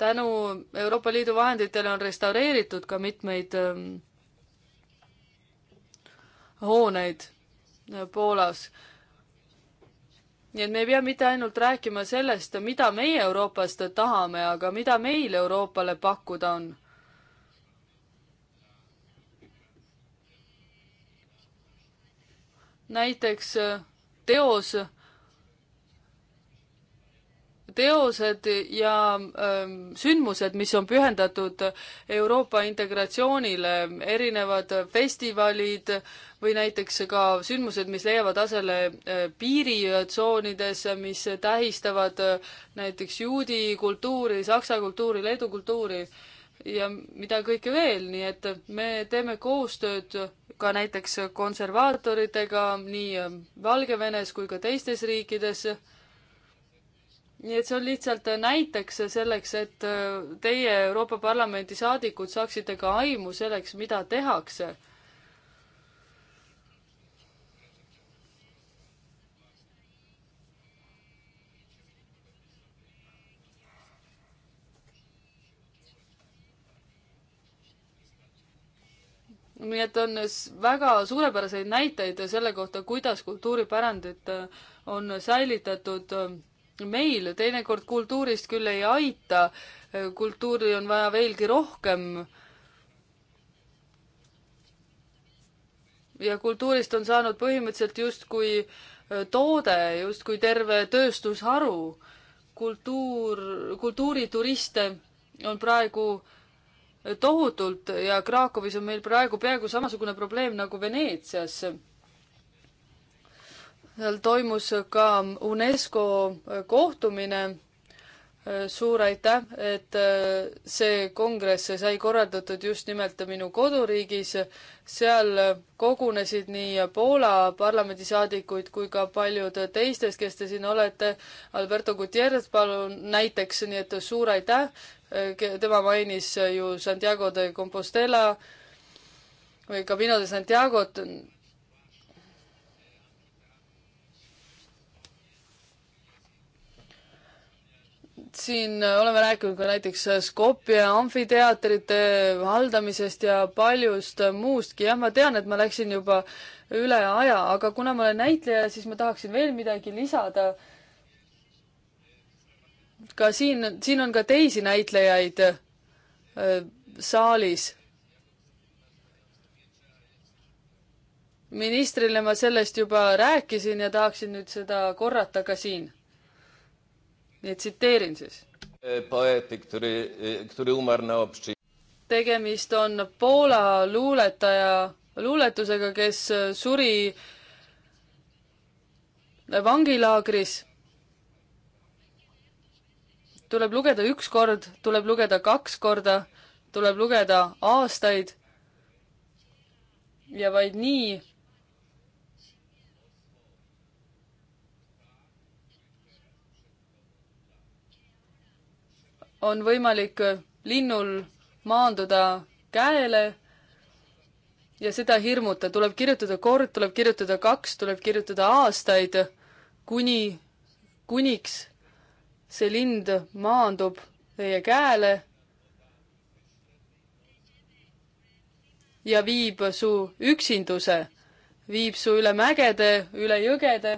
tänu Euroopa Liidu vahenditele on restaureeritud ka mitmeid ähm, hooneid äh, Poolas. nii et me ei pea mitte ainult rääkima sellest, mida meie Euroopast tahame, aga mida meil Euroopale pakkuda on näiteks äh, teos teosed ja ähm, sündmused, mis on pühendatud Euroopa integratsioonile, erinevad festivalid või näiteks ka sündmused, mis leiavad asele äh, piiritsoonides, mis tähistavad äh, näiteks juudi kultuuri, saksa kultuuri, leedu kultuuri ja mida kõike veel, nii et me teeme koostööd ka näiteks konservaatoritega nii Valgevenes kui ka teistes riikides nii et see on lihtsalt äh, näiteks selleks, et äh, teie Euroopa Parlamendi saadikud saaksite ka aimu selleks, mida tehakse. nii et on väga suurepäraseid näiteid selle kohta, kuidas kultuuripärandit äh, on säilitatud meil teinekord kultuurist küll ei aita, kultuuri on vaja veelgi rohkem. ja kultuurist on saanud põhimõtteliselt justkui äh, toode, justkui terve tööstusharu. kultuur, kultuurituriste on praegu äh, tohutult ja Krakowis on meil praegu peaaegu samasugune probleem nagu Veneetsias seal toimus ka UNESCO kohtumine. suur aitäh, et äh, see kongress sai korraldatud just nimelt minu koduriigis. seal kogunesid nii Poola parlamendisaadikuid kui ka paljud teistest, kes te siin olete. Alberto Gutierrez, palun näiteks, nii et suur aitäh. tema mainis ju Santiago de Compostela või Camino de Santiago't siin oleme rääkinud ka näiteks Skopje amfiteatrite haldamisest ja paljust muustki. jah, ma tean, et ma läksin juba üle aja, aga kuna ma olen näitleja, siis ma tahaksin veel midagi lisada. ka siin, siin on ka teisi näitlejaid äh, saalis. ministrile ma sellest juba rääkisin ja tahaksin nüüd seda korrata ka siin nii et tsiteerin siis. E, e, tegemist on Poola luuletaja luuletusega, kes suri vangilaagris. tuleb lugeda üks kord, tuleb lugeda kaks korda, tuleb lugeda aastaid. ja vaid nii on võimalik linnul maanduda käele ja seda hirmuta, tuleb kirjutada kord, tuleb kirjutada kaks, tuleb kirjutada aastaid, kuni, kuniks see lind maandub teie käele ja viib su üksinduse, viib su üle mägede, üle jõgede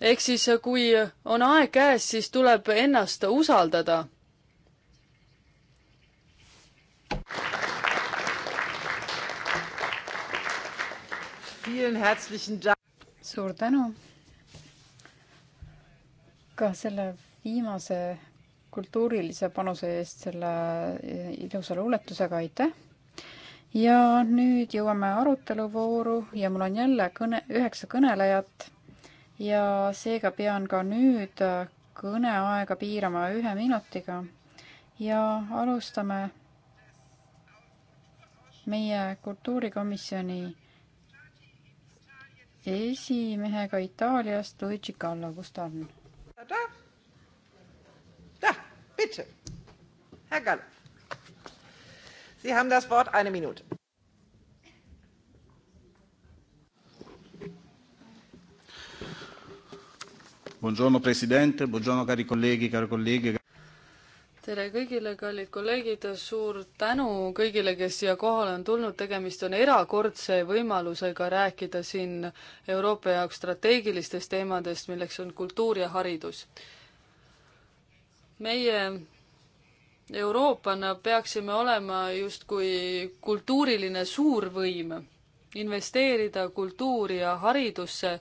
ehk siis, äh, kui on aeg käes, siis tuleb ennast usaldada. suur tänu ka selle viimase kultuurilise panuse eest selle eh, ilusa luuletusega, aitäh! ja nüüd jõuame aruteluvooru ja mul on jälle kõne, üheksa kõnelejat ja seega pean ka nüüd kõneaega piirama ühe minutiga ja alustame meie kultuurikomisjoni esimehega Itaaliast, Luigi Kallo, kus ta on? Bitte, Herr Gallo. Sie haben das Wort eine Minute Buongiorno presidente, buongiorno cari colleghi, cari colleghi. tere kõigile, kallid kolleegid, suur tänu kõigile, kes siia kohale on tulnud, tegemist on erakordse võimalusega rääkida siin Euroopa jaoks strateegilistest teemadest, milleks on kultuur ja haridus. meie Euroopana peaksime olema justkui kultuuriline suurvõim. investeerida kultuuri ja haridusse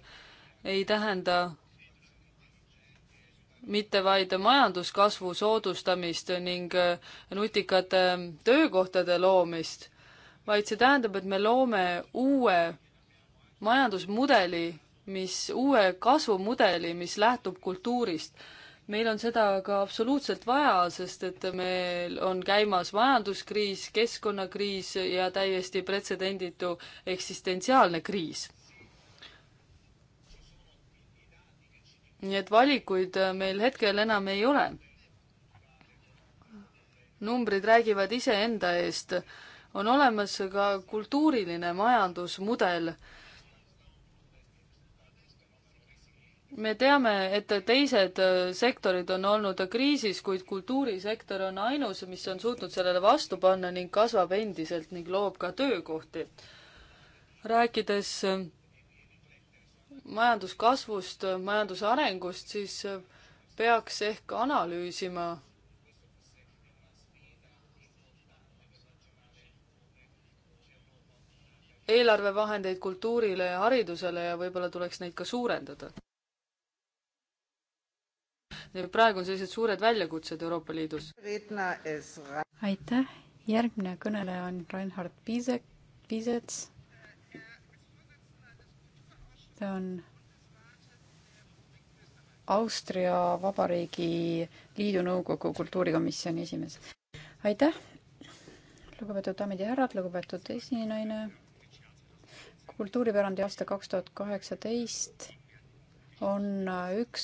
ei tähenda mitte vaid majanduskasvu soodustamist ning äh, nutikate äh, töökohtade loomist, vaid see tähendab, et me loome uue majandusmudeli, mis, uue kasvumudeli, mis lähtub kultuurist. meil on seda ka absoluutselt vaja, sest et meil on käimas majanduskriis, keskkonnakriis ja täiesti pretsedenditu eksistentsiaalne kriis nii et valikuid äh, meil hetkel enam ei ole. numbrid räägivad iseenda eest. on olemas ka kultuuriline majandusmudel. me teame, et teised äh, sektorid on olnud kriisis, kuid kultuurisektor on ainus, mis on suutnud sellele vastu panna ning kasvab endiselt ning loob ka töökohti. rääkides äh, majanduskasvust, majanduse arengust, siis peaks ehk analüüsima eelarvevahendeid kultuurile ja haridusele ja võib-olla tuleks neid ka suurendada. praegu on sellised suured väljakutsed Euroopa Liidus. aitäh, järgmine kõneleja on Reinhard Piisek, Piisets ta on Austria Vabariigi Liidu Nõukogu kultuurikomisjoni esimees. aitäh, lugupeetud daamid ja härrad, lugupeetud esinaine. kultuuripärandi aasta kaks tuhat kaheksateist on üks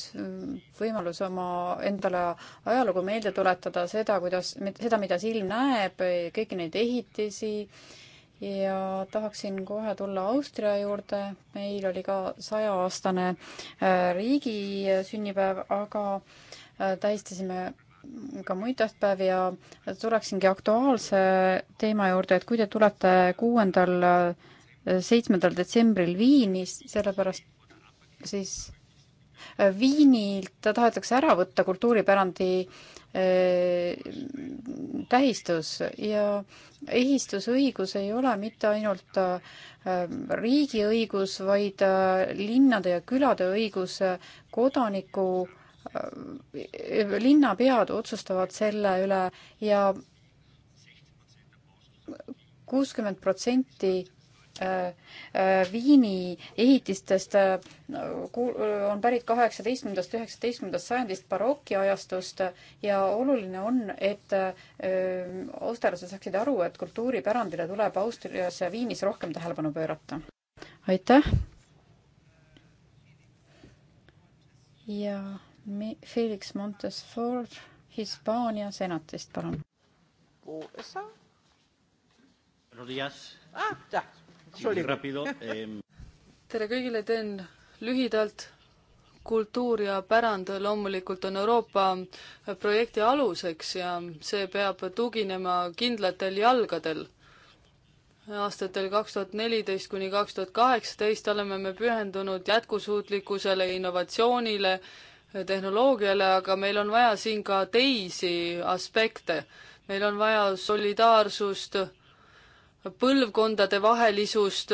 võimalus oma endale ajalugu meelde tuletada, seda, kuidas, seda, mida silm näeb, kõiki neid ehitisi ja tahaksin kohe tulla Austria juurde. meil oli ka sajaaastane äh, riigi äh, sünnipäev, aga äh, tähistasime ka muid tähtpäevi ja tuleksingi aktuaalse teema juurde, et kui te tulete kuuendal, seitsmendal detsembril Viini, sellepärast siis Viinilt tahetakse ära võtta kultuuripärandi äh, Äh, tähistus ja ehistusõigus ei ole mitte ainult äh, riigi õigus, vaid äh, linnade ja külade õigus kodaniku linnapead otsustavad selle üle ja kuuskümmend protsenti Äh, äh, Viini ehitistest äh, on pärit kaheksateistkümnendast, üheksateistkümnendast sajandist barokiajastust ja oluline on, et austerlased saaksid aru, et kultuuripärandile tuleb Austrias ja Viinis rohkem tähelepanu pöörata. aitäh! ja Felix Montesfort Hispaania senatist, palun. Ah, ya. tere kõigile, teen lühidalt. kultuur ja pärand loomulikult on Euroopa projekti aluseks ja see peab tuginema kindlatel jalgadel aastatel kaks tuhat neliteist kuni kaks tuhat kaheksateist oleme me pühendunud jätkusuutlikkusele, innovatsioonile, tehnoloogiale, aga meil on vaja siin ka teisi aspekte. meil on vaja solidaarsust põlvkondade vahelisust.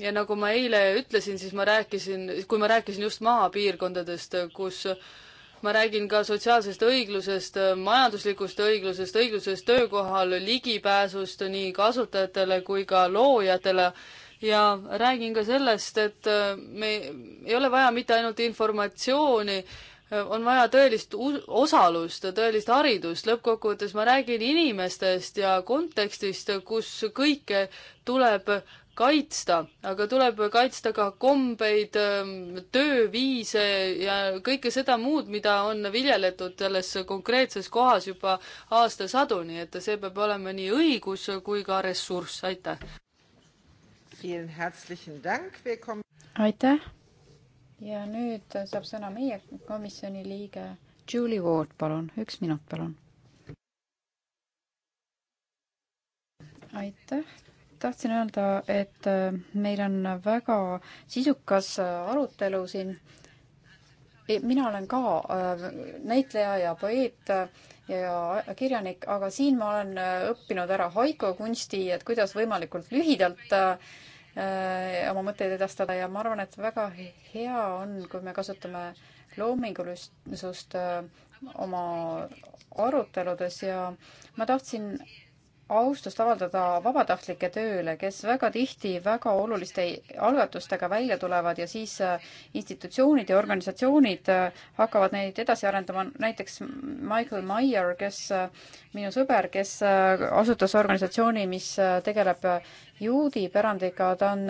ja nagu ma eile ütlesin, siis ma rääkisin, kui ma rääkisin just maapiirkondadest, kus ma räägin ka sotsiaalsest õiglusest, majanduslikust õiglusest, õiglusest töökohal, ligipääsust nii kasutajatele kui ka loojatele ja räägin ka sellest, et me, ei ole vaja mitte ainult informatsiooni, on vaja tõelist osalust, tõelist haridust, lõppkokkuvõttes ma räägin inimestest ja kontekstist, kus kõike tuleb kaitsta, aga tuleb kaitsta ka kombeid, ähm, tööviise ja kõike seda muud, mida on viljeletud selles konkreetses kohas juba aastasadu, nii et see peab olema nii õigus kui ka ressurss, aitäh! aitäh! ja nüüd saab sõna meie komisjoni liige Julie Ward, palun, üks minut, palun. aitäh, tahtsin öelda, et äh, meil on väga sisukas äh, arutelu siin. E, mina olen ka äh, näitleja ja poeet ja kirjanik, aga siin ma olen õppinud ära haikukunsti, et kuidas võimalikult lühidalt äh, Äh, oma mõtteid edastada ja ma arvan, et väga hea on, kui me kasutame loomingulisust äh, oma aruteludes ja ma tahtsin austust avaldada vabatahtlike tööle, kes väga tihti väga oluliste algatustega välja tulevad ja siis äh, institutsioonid ja organisatsioonid äh, hakkavad neid edasi arendama, näiteks Michael Meyer, kes, äh, minu sõber, kes asutas organisatsiooni, mis tegeleb juudi pärandiga, ta on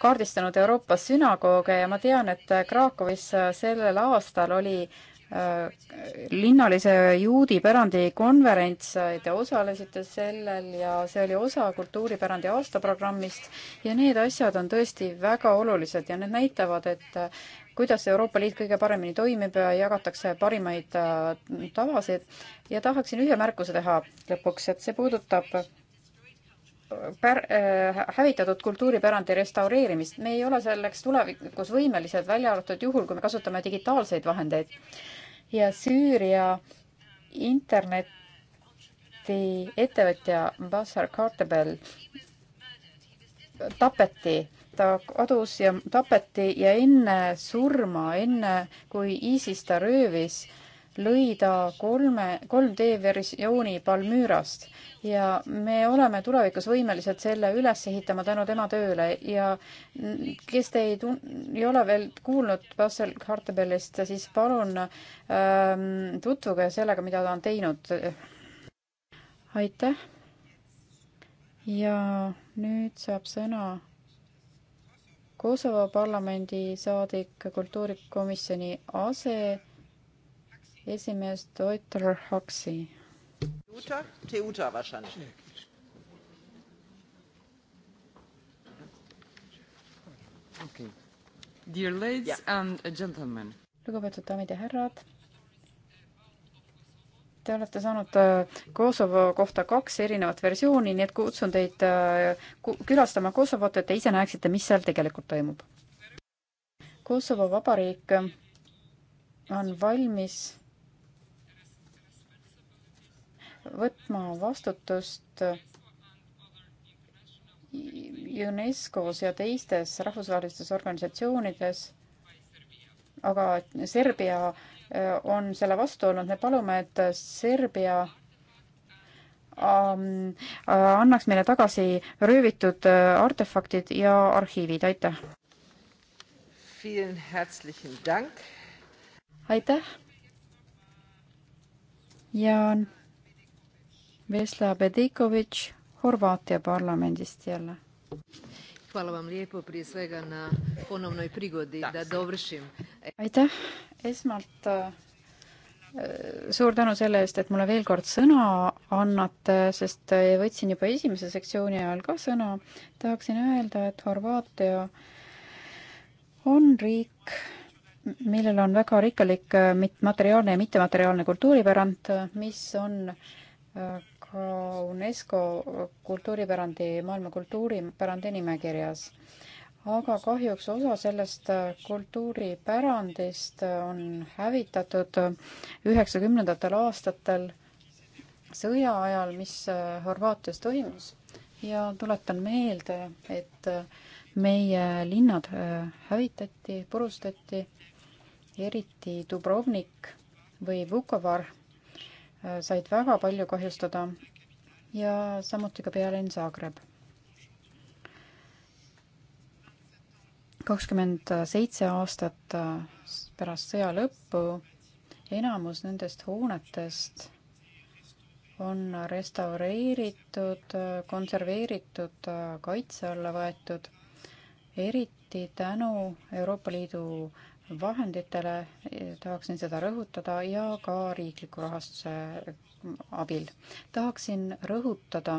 kaardistanud Euroopas sünagooge ja ma tean, et Krakowis sellel aastal oli äh, Äh, linnalise juudi pärandi konverents, te osalesite sellel ja see oli osa kultuuripärandi aastaprogrammist ja need asjad on tõesti väga olulised ja need näitavad, et äh, kuidas Euroopa Liit kõige paremini toimib ja jagatakse parimaid äh, tavasid ja tahaksin ühe märkuse teha lõpuks, et see puudutab pär- äh,, hävitatud kultuuripärandi restaureerimist. me ei ole selleks tulevikus võimelised, välja arvatud juhul, kui me kasutame digitaalseid vahendeid ja Süüria interneti ettevõtja Bassar Kartebel tapeti, ta kadus ja tapeti ja enne surma, enne kui ISIS ta röövis, lõida kolme, 3D versiooni Palmüürast ja me oleme tulevikus võimelised selle üles ehitama tänu tema tööle ja kes te ei tun-, ei ole veel kuulnud Basel Hartebellist, siis palun ähm, tutvuge sellega, mida ta on teinud. aitäh. ja nüüd saab sõna Kosovo parlamendi saadik, kultuurikomisjoni ase esimees Deuter Haksi. Teuta, Teuta wahrscheinlich. Okay. Dear ladies yeah. and gentlemen. lugupeetud daamid ja härrad. Te olete saanud äh, Kosovo kohta kaks erinevat versiooni, nii et kutsun teid äh, külastama Kosovot, et te ise näeksite, mis seal tegelikult toimub. Kosovo Vabariik on valmis võtma vastutust UNESCO-s ja teistes rahvusvahelistes organisatsioonides, aga Serbia äh, on selle vastu olnud, me palume, et Serbia ähm, äh, annaks meile tagasi röövitud äh, artefaktid ja arhiivid, aitäh! aitäh! ja Vesla Bediković Horvaatia parlamendist jälle. Hvala vam lijepo prije svega na ponovnoj prigodi da dovršim. aitäh, esmalt äh, äh, suur tänu selle eest, et mulle veel kord sõna annate, sest äh, võtsin juba esimese sektsiooni ajal ka sõna. tahaksin öelda, et Horvaatia on riik, millel on väga rikkalik materiaalne ja mittemateriaalne kultuuripärand, mis on UNESCO kultuuripärandi, maailma kultuuripärandi nimekirjas. aga kahjuks osa sellest kultuuripärandist on hävitatud üheksakümnendatel aastatel sõja ajal, mis Horvaatias toimus ja tuletan meelde, et meie linnad hävitati, purustati, eriti Dubrovnik või Vukovar said väga palju kahjustada ja samuti ka pealinn Zagreb. kakskümmend seitse aastat äh, pärast sõja lõppu enamus nendest hoonetest on restaureeritud, konserveeritud, kaitse alla võetud, eriti tänu Euroopa Liidu äh, vahenditele, tahaksin seda rõhutada, ja ka riikliku rahastuse abil. tahaksin rõhutada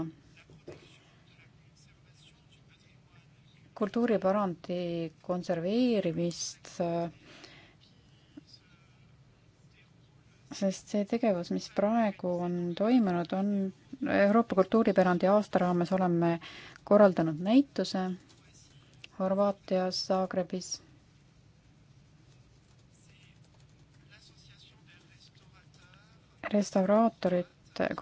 kultuuripärandi konserveerimist, sest see tegevus, mis praegu on toimunud, on Euroopa kultuuripärandi aasta raames oleme korraldanud näituse Horvaatias, Zagrebis restauraatorite,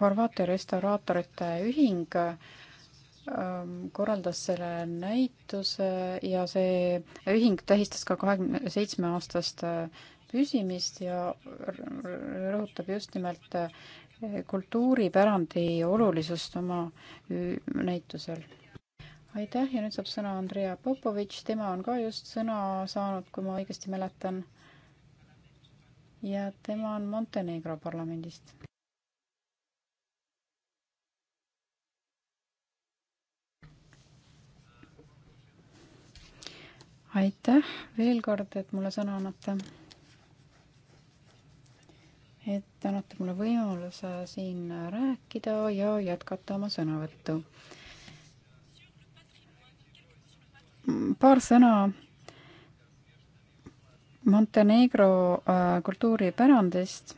Horvaatia restauraatorite ühing ähm, korraldas selle näituse ja see ühing tähistas ka kahekümne seitsme aastast äh, püsimist ja rõhutab just nimelt äh, kultuuripärandi olulisust oma näitusel. aitäh ja nüüd saab sõna Andrea Popovitš, tema on ka just sõna saanud, kui ma õigesti mäletan ja tema on Montenegro parlamendist. aitäh veel kord, et mulle sõna annate. et annate mulle võimaluse siin rääkida ja jätkata oma sõnavõttu. paar sõna Montenegro äh, kultuuripärandist.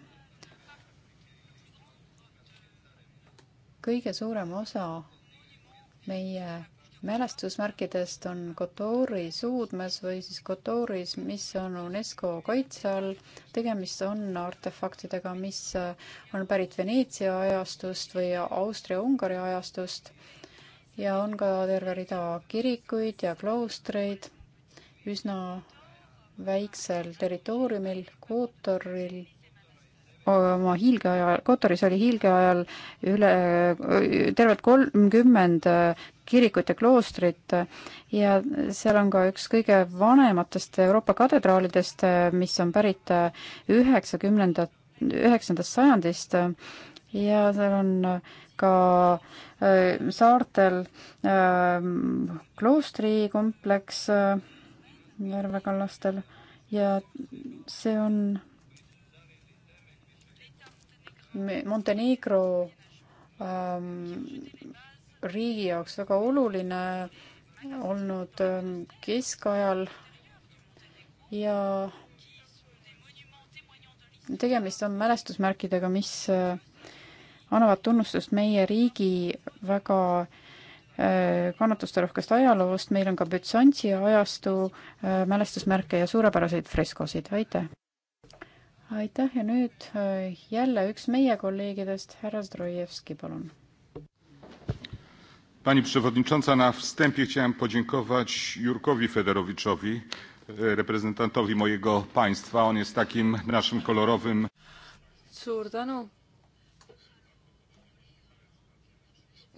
kõige suurem osa meie mälestusmärkidest on Kotori suudmes või siis Kotoris, mis on UNESCO kaitse all. tegemist on artefaktidega, mis äh, on pärit Veneetsia ajastust või Austria-Ungari ajastust ja on ka terve rida kirikuid ja kloostreid, üsna väiksel territooriumil, Kootoril oma hiilgeajal, Kotoris oli hiilgeajal üle tervelt kolmkümmend kirikut ja kloostrit ja seal on ka üks kõige vanematest Euroopa katedraalidest, mis on pärit üheksakümnenda, üheksandast sajandist ja seal on ka äh, saartel kloostrikompleks äh, järvekallastel ja see on Montenegro ähm, riigi jaoks väga oluline olnud ähm, keskajal ja tegemist on mälestusmärkidega, mis äh, annavad tunnustust meie riigi väga äh, Äh, kannatusterohkest ajaloost, meil on ka Bütsantsi ajastu äh, mälestusmärke ja suurepäraseid freskosid, aitäh! aitäh ja nüüd äh, jälle üks meie kolleegidest, härra Zdrojevski, palun. Pani przewodnicząca, na wstępie chciałem podziękować Jurkowi Federowiczowi, e, reprezentantowi mojego państwa. On jest takim naszym kolorowym. Suur tänu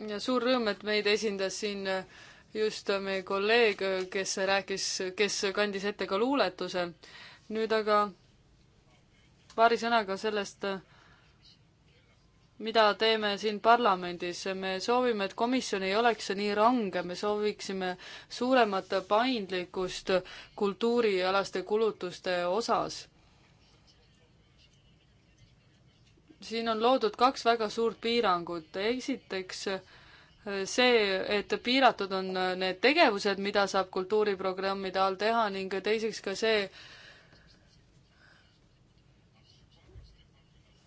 ja suur rõõm, et meid esindas siin äh, just äh, meie kolleeg, äh, kes rääkis, kes kandis ette ka luuletuse. nüüd aga paari sõnaga sellest, mida teeme siin parlamendis. me soovime, et komisjon ei oleks nii range, me sooviksime suuremat paindlikkust kultuurialaste kulutuste osas siin on loodud kaks väga suurt piirangut. esiteks eh, see, et piiratud on eh, need tegevused, mida saab kultuuriprogrammide all teha ning teiseks ka see,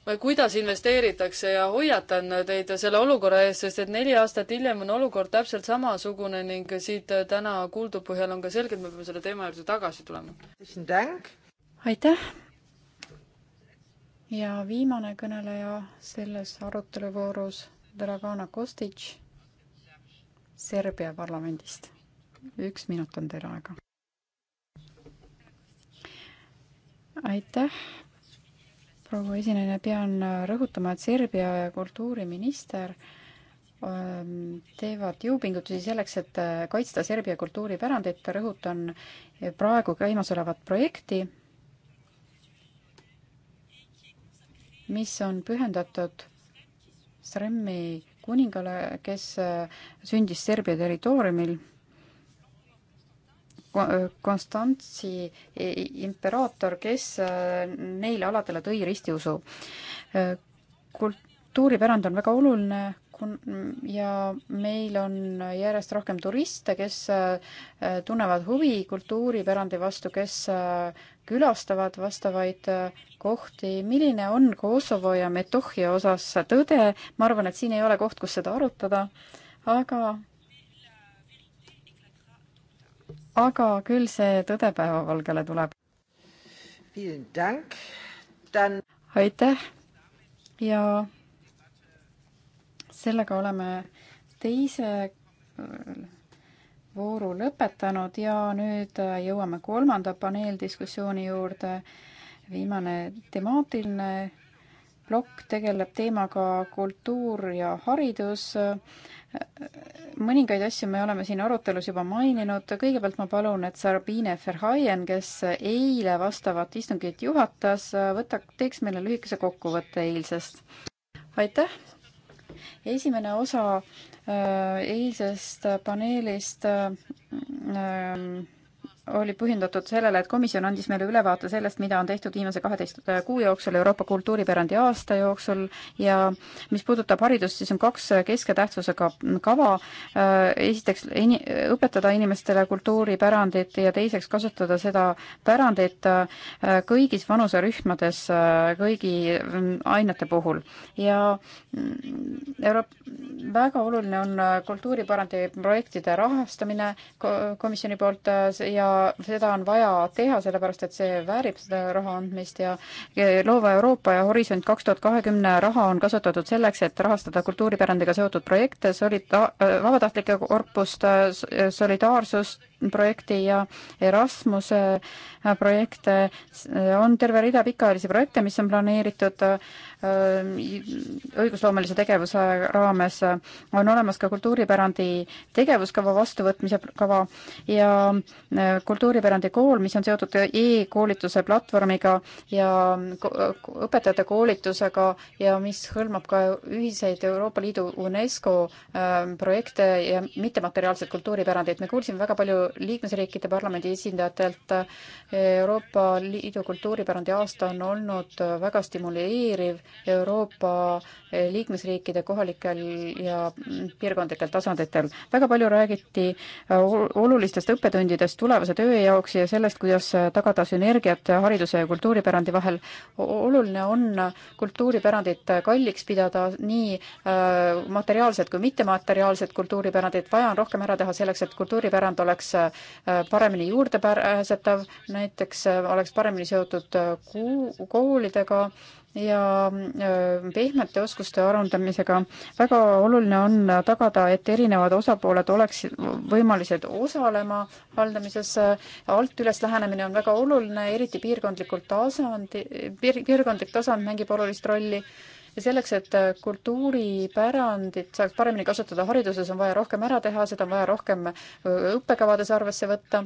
või kuidas investeeritakse ja hoiatan teid selle olukorra eest, sest et neli aastat hiljem on olukord täpselt samasugune ning siit täna kuuldu põhjal on ka selge, et me peame selle teema juurde tagasi tulema. aitäh! ja viimane kõneleja selles aruteluvoorus, Dragana Kostic Serbia parlamendist. üks minut on teil aega. aitäh, proua esineja, pean rõhutama, et Serbia kultuuriminister ähm, teevad jõupingutusi selleks, et kaitsta Serbia kultuuripärandit, rõhutan praegu käimasolevat projekti mis on pühendatud Sremmi kuningale, kes äh, sündis Serbia territooriumil äh, Konstantsi imperaator, kes äh, neile aladele tõi ristiusu. kultuuripärand on väga oluline, kun-, ja meil on järjest rohkem turiste, kes äh, tunnevad huvi kultuuripärandi vastu, kes äh, külastavad vastavaid äh, kohti. milline on Kosovo ja Metohhi osas tõde? ma arvan, et siin ei ole koht, kus seda arutada, aga aga küll see tõde päevavalgele tuleb. aitäh ja sellega oleme teise äh, vooru lõpetanud ja nüüd äh, jõuame kolmanda paneeldiskussiooni juurde. viimane temaatiline plokk tegeleb teemaga kultuur ja haridus. mõningaid asju me oleme siin arutelus juba maininud. kõigepealt ma palun, et Sarabine Ferhaien, kes eile vastavat istungit juhatas, võta, teeks meile lühikese kokkuvõtte eilsest. aitäh esimene osa äh, eilsest paneelist äh, oli põhjendatud sellele, et komisjon andis meile ülevaate sellest, mida on tehtud viimase kaheteist äh, kuu jooksul Euroopa kultuuripärandi aasta jooksul ja mis puudutab haridust, siis on kaks äh, keskse tähtsusega kava. Äh, esiteks in-, õpetada inimestele kultuuripärandit ja teiseks kasutada seda pärandit kõigis vanuserühmades, kõigi mm, ainete puhul. ja mm, Euroop-, väga oluline on kultuuripärandi projektide rahastamine komisjoni poolt ja seda on vaja teha, sellepärast et see väärib seda raha andmist ja Loova Euroopa ja Horisont kaks tuhat kahekümne raha on kasutatud selleks, et rahastada kultuuripärandiga seotud projekte, solid-, vabatahtlike korpust, solidaarsust, projekti ja Erasmuse äh, projekte. Äh, on terve rida pikaajalisi projekte, mis on planeeritud äh, õigusloomelise tegevuse raames. on olemas ka kultuuripärandi tegevuskava vastuvõtmise kava ja kultuuripärandi kool, mis on seotud e-koolituse platvormiga ja õpetajate koolitusega ja mis hõlmab ka ühiseid Euroopa Liidu UNESCO projekte ja mittemateriaalset kultuuripärandit. me kuulsime väga palju liikmesriikide parlamendi esindajatelt. Euroopa Liidu kultuuripärandi aasta on olnud väga stimuleeriv Euroopa liikmesriikide kohalikel ja piirkondlikel tasanditel. väga palju räägiti olulistest õppetundidest tulevase töö jaoks ja sellest, kuidas tagada sünergiat hariduse ja kultuuripärandi vahel. oluline on kultuuripärandit kalliks pidada, nii äh, materiaalset kui mittemateriaalset kultuuripärandit, vaja on rohkem ära teha selleks, et kultuuripärand oleks Äh, paremini juurdepääsetav, näiteks äh, oleks paremini seotud äh, kuu, koolidega ja pehmete oskuste arendamisega. väga oluline on tagada, et erinevad osapooled oleksid võimelised osalema haldamises. alt üles lähenemine on väga oluline, eriti piirkondlikul tasandi, piirkondlik tasand mängib olulist rolli ja selleks, et äh, kultuuripärandit saaks paremini kasutada hariduses, on vaja rohkem ära teha, seda on vaja rohkem õppekavades arvesse võtta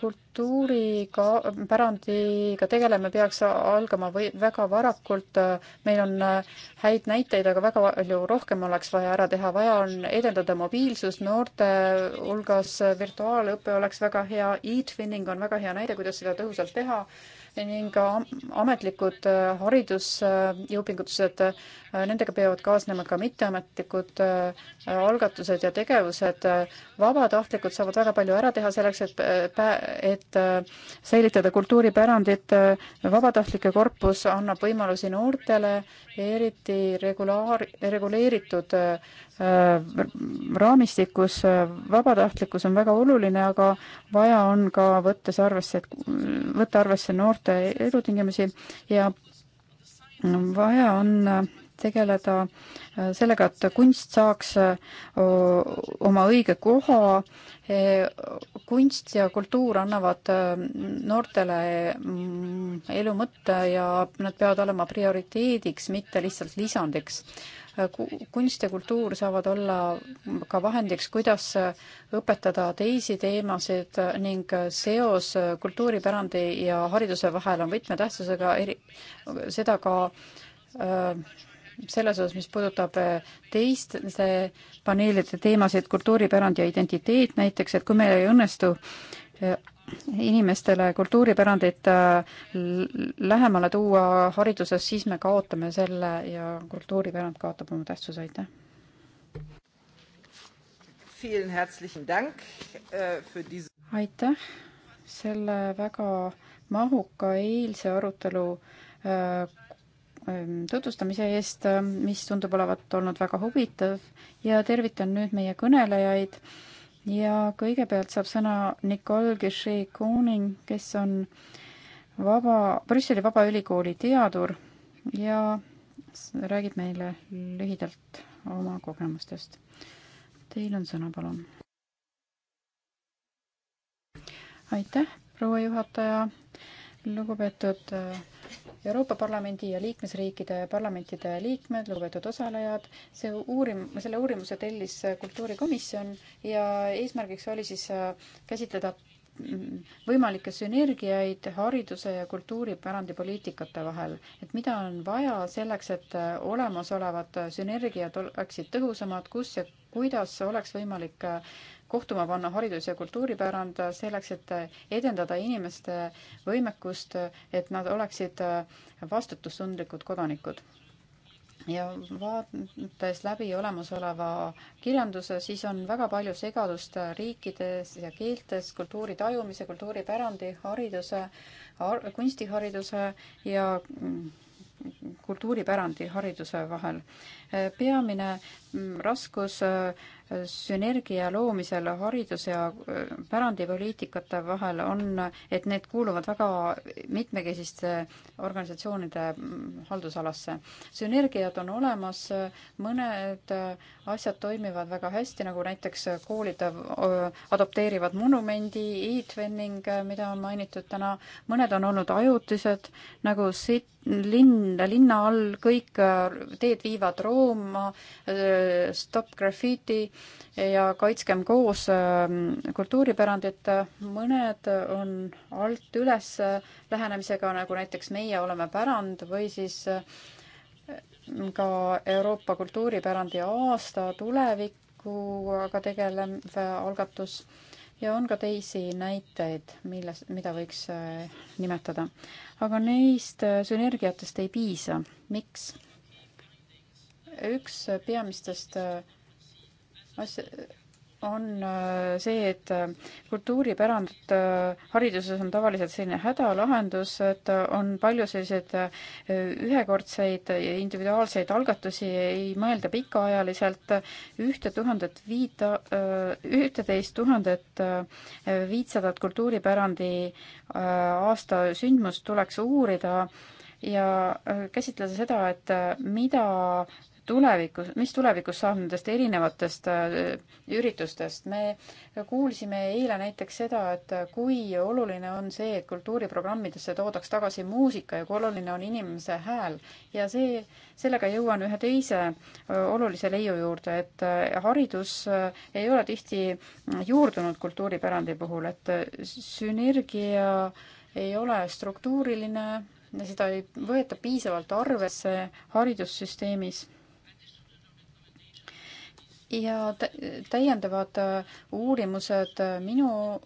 kultuuriga, pärandiga tegeleme, peaks algama või väga varakult. Äh, meil on äh, häid näiteid, aga väga palju rohkem oleks vaja ära teha. vaja on edendada mobiilsust noorte hulgas, virtuaalõpe oleks väga hea e, e-twinning on väga hea näide, kuidas seda tõhusalt teha ning ametlikud äh, haridusjõupingutused, äh, nendega peavad kaasnema ka mitteametlikud äh, algatused ja tegevused. vabatahtlikud saavad väga palju ära teha selleks, et, et säilitada kultuuripärandit. vabatahtlike korpus annab võimalusi noortele, eriti regulaar, reguleeritud Äh, raamistikus äh, vabatahtlikkus on väga oluline, aga vaja on ka võttes arvesse, et võtta arvesse noorte elutingimusi ja vaja on äh, tegeleda sellega, et kunst saaks oma õige koha. E-, kunst ja kultuur annavad noortele mm, elu mõtte ja nad peavad olema prioriteediks, mitte lihtsalt lisandiks kunst ja kultuur saavad olla ka vahendiks, kuidas õpetada teisi teemasid ning seos kultuuripärandi ja hariduse vahel on võtmetähtsusega, eri, seda ka äh, selles osas, mis puudutab äh, teiste paneelide teemasid, kultuuripärand ja identiteet näiteks, et kui meil ei õnnestu äh, inimestele kultuuripärandit äh, lähemale tuua hariduses, siis me kaotame selle ja kultuuripärand kaotab oma tähtsuse, aitäh. Äh, aitäh selle väga mahuka eilse arutelu äh, ähm, tutvustamise eest, mis tundub olevat olnud väga huvitav ja tervitan nüüd meie kõnelejaid ja kõigepealt saab sõna Nicole Gichet-Koning, kes on vaba, Brüsseli Vabaülikooli teadur ja räägib meile lühidalt oma kogemustest. Teil on sõna, palun. aitäh, proua juhataja, lugupeetud äh, Euroopa Parlamendi ja liikmesriikide parlamentide liikmed, lugupeetud osalejad, see uurim-, selle uurimuse tellis kultuurikomisjon ja eesmärgiks oli siis äh, käsitleda mm, võimalikke sünergiaid hariduse ja kultuuripärandipoliitikate vahel, et mida on vaja selleks, et äh, olemasolevad sünergiad oleksid tõhusamad, kus ja kuidas oleks võimalik äh, kohtuma panna haridus- ja kultuuripärand selleks, et edendada inimeste võimekust, et nad oleksid vastutustundlikud kodanikud. ja vaadates läbi olemasoleva kirjanduse, siis on väga palju segadust riikides ja keeltes, kultuuri tajumise, kultuuripärandi, hariduse, kunstihariduse ja kultuuripärandi hariduse vahel. peamine mm, raskus sünergia loomisel haridus- ja äh, pärandipoliitikate vahel on, et need kuuluvad väga mitmekesiste organisatsioonide mm, haldusalasse. sünergiad on olemas, mõned äh, asjad toimivad väga hästi, nagu näiteks koolid äh, adopteerivad monumendi e-twinning, mida on mainitud täna, mõned on olnud ajutised, nagu SIT, linn, linna all, kõik äh, teed viivad Rooma, äh, Stop Graffiti ja Kaitskem koos äh, kultuuripärandit. mõned on alt üles lähenemisega, nagu näiteks Meie oleme pärand või siis ka Euroopa kultuuripärandi aasta tulevikuga tegelev algatus ja on ka teisi näiteid, milles, mida võiks äh, nimetada. aga neist äh, sünergiatest ei piisa. miks? üks äh, peamistest asja, on äh, see, et äh, kultuuripärand äh, hariduses on tavaliselt selline hädalahendus, et on palju selliseid ühekordseid ja individuaalseid algatusi, ei mõelda pikaajaliselt ühte tuhandet viit, ühteteist tuhandet viitsadat kultuuripärandi aasta sündmust tuleks uurida ja käsitleda seda, et mida tulevikus, mis tulevikus saab nendest erinevatest äh, üritustest? me kuulsime eile näiteks seda, et kui oluline on see, et kultuuriprogrammidesse toodaks tagasi muusika ja kui oluline on inimese hääl ja see, sellega jõuan ühe teise äh, olulise leiu juurde, et äh, haridus ei ole tihti juurdunud kultuuripärandi puhul, et sünergia ei ole struktuuriline, seda ei võeta piisavalt arvesse haridussüsteemis ja täiendavad äh, uurimused äh, minu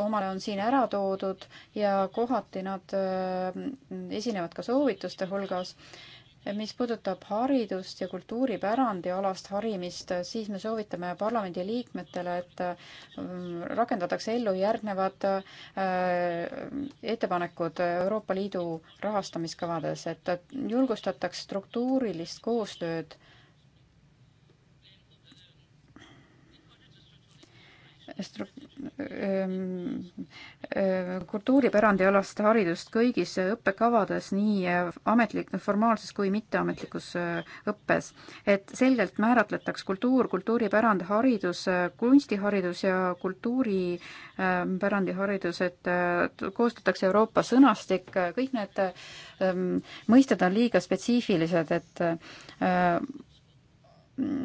omale on siin ära toodud ja kohati nad äh, esinevad ka soovituste hulgas. mis puudutab haridust ja kultuuripärandi alast harimist, siis me soovitame parlamendi liikmetele, et rakendatakse ellu järgnevad ettepanekud Euroopa Liidu rahastamiskavades, et julgustataks struktuurilist koostööd kultuuripärandialast haridust kõigis õppekavades, nii äh, ametlik, formaalses kui mitteametlikus äh, õppes. et selgelt määratletaks kultuur, kultuuripärand, haridus, äh, kunstiharidus ja kultuuripärandiharidus, et koostatakse Euroopa sõnastik, kõik need ähm, mõisted on liiga spetsiifilised, et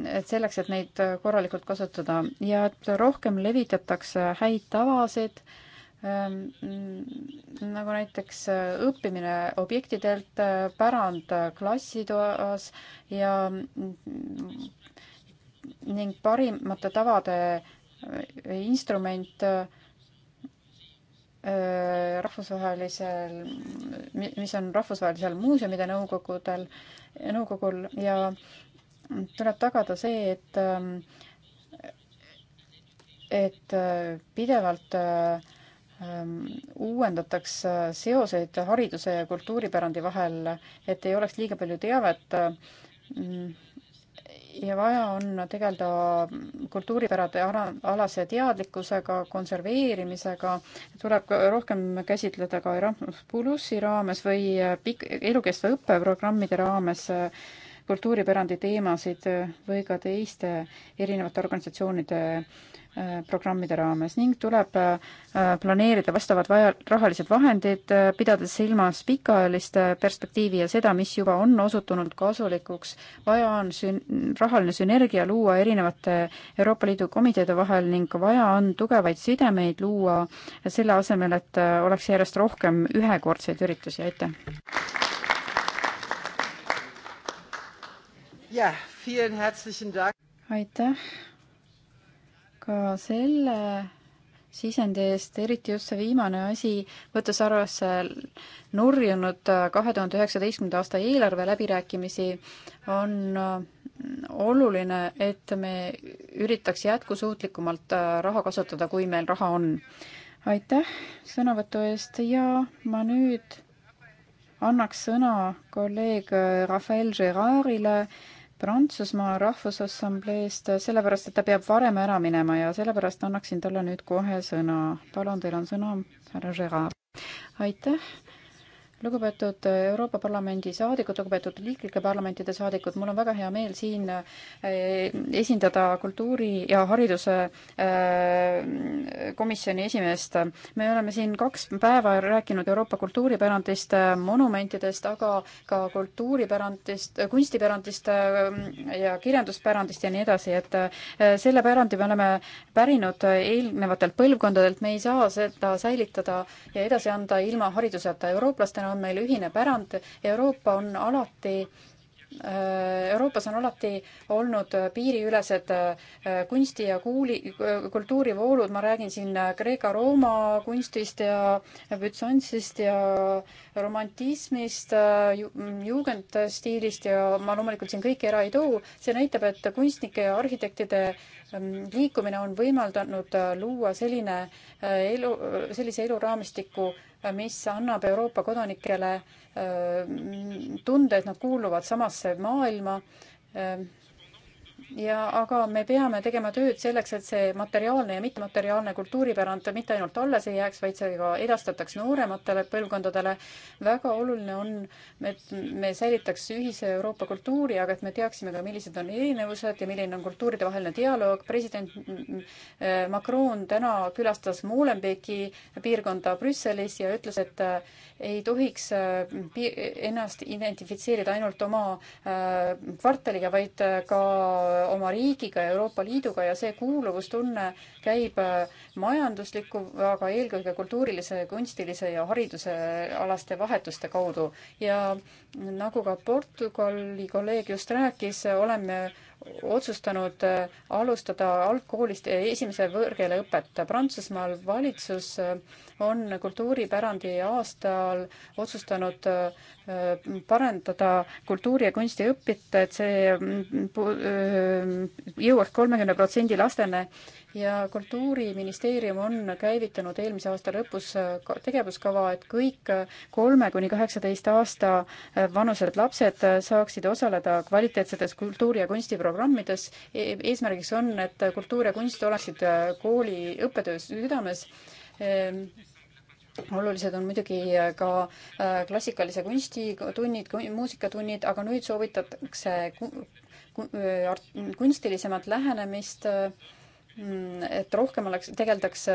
et selleks, et neid korralikult kasutada ja et rohkem levitatakse häid tavasid, ähm, nagu näiteks äh, õppimine objektidelt, äh, pärand äh, klassitoas ja mm, ning parimate tavade instrument rahvusvahelisel, mis on rahvusvahelisel muuseumide nõukogudel, nõukogul ja äh, tuleb tagada see, et ähm, et äh, pidevalt äh, ähm, uuendataks seoseid hariduse ja kultuuripärandi vahel, et ei oleks liiga palju teavet. Äh, ja vaja on tegeleda kultuuripärade alase teadlikkusega, konserveerimisega, tuleb rohkem käsitleda ka Erasmus plussi raames või pik-, elukestva õppe programmide raames äh, kultuuripärandi teemasid äh, või ka teiste erinevate organisatsioonide äh, programmide raames ning tuleb äh, planeerida vastavad vaja, rahalised vahendid, pidades silmas pikaajalist perspektiivi ja seda, mis juba on osutunud kasulikuks. vaja on sün-, rahaline sünergia luua erinevate Euroopa Liidu komiteede vahel ning vaja on tugevaid sidemeid luua selle asemel, et oleks järjest rohkem ühekordseid üritusi, aitäh! aitäh ka selle sisendi eest, eriti just see viimane asi, võttes arvesse nurjunud äh, kahe tuhande üheksateistkümnenda aasta eelarve läbirääkimisi, on äh, oluline, et me üritaks jätkusuutlikumalt äh, raha kasutada, kui meil raha on. aitäh sõnavõtu eest ja ma nüüd annaks sõna kolleeg Rafael Gerardile, Prantsusmaa Rahvusassambleest, sellepärast et ta peab varem ära minema ja sellepärast annaksin talle nüüd kohe sõna. palun, teil on sõna, härra Gerard. aitäh lugupeetud Euroopa Parlamendi saadikud, lugupeetud riiklike parlamentide saadikud, mul on väga hea meel siin eh, esindada kultuuri- ja hariduskomisjoni eh, esimeest. me oleme siin kaks päeva rääkinud Euroopa kultuuripärandist, eh, monumentidest, aga ka kultuuripärandist, kunstipärandist ja kirjanduspärandist ja nii edasi, et selle pärandi me oleme pärinud eelnevatelt põlvkondadelt, me ei saa seda säilitada ja edasi anda ilma hariduseta. eurooplastena on meil ühine pärand. Euroopa on alati äh, Euroopas on alati olnud piiriülesed äh, kunsti ja kuuli, kultuurivoolud, ma räägin siin Kreeka-Rooma kunstist ja bütsantsist ja romantismist, äh, juugendstiilist ja ma loomulikult siin kõike ära ei too, see näitab, et kunstnike ja arhitektide ähm, liikumine on võimaldanud luua selline elu, sellise eluraamistiku, mis annab Euroopa kodanikele äh, tunde, et nad kuuluvad samasse maailma äh, ja aga me peame tegema tööd selleks, et see materiaalne ja mittemateriaalne kultuuripärand mitte ainult alles ei jääks, vaid see ka edastataks noorematele põlvkondadele. väga oluline on, et me säilitaks ühise Euroopa kultuuri, aga et me teaksime ka, millised on erinevused ja milline on kultuuridevaheline dialoog. president mm, mm, Macron täna külastas Molenbeeki piirkonda Brüsselis ja ütles, et äh, ei tohiks äh, ennast identifitseerida ainult oma äh, kvartaliga, vaid ka oma riigiga ja Euroopa Liiduga ja see kuuluvustunne käib äh, majandusliku, aga eelkõige kultuurilise, kunstilise ja haridusealaste vahetuste kaudu. ja nagu ka Portugali kolleeg just rääkis, oleme otsustanud äh, alustada algkoolist äh, esimese võõrkeele õpet. Prantsusmaal valitsus on kultuuripärandi aastal otsustanud Äh, parendada kultuuri ja kunsti õpit, et see mm, äh, jõuaks kolmekümne protsendi lastele ja Kultuuriministeerium on käivitanud eelmise aasta lõpus äh, tegevuskava, et kõik kolme kuni kaheksateist aasta vanused lapsed saaksid osaleda kvaliteetsetes kultuuri- ja kunstiprogrammides. E-, eesmärgiks on, et kultuur ja kunst oleksid kooli õppetöö südames ehm, olulised on muidugi äh, ka äh, klassikalise kunsti tunnid, muusikatunnid, aga nüüd soovitatakse äh, kunstilisemat lähenemist äh, et rohkem oleks, tegeldakse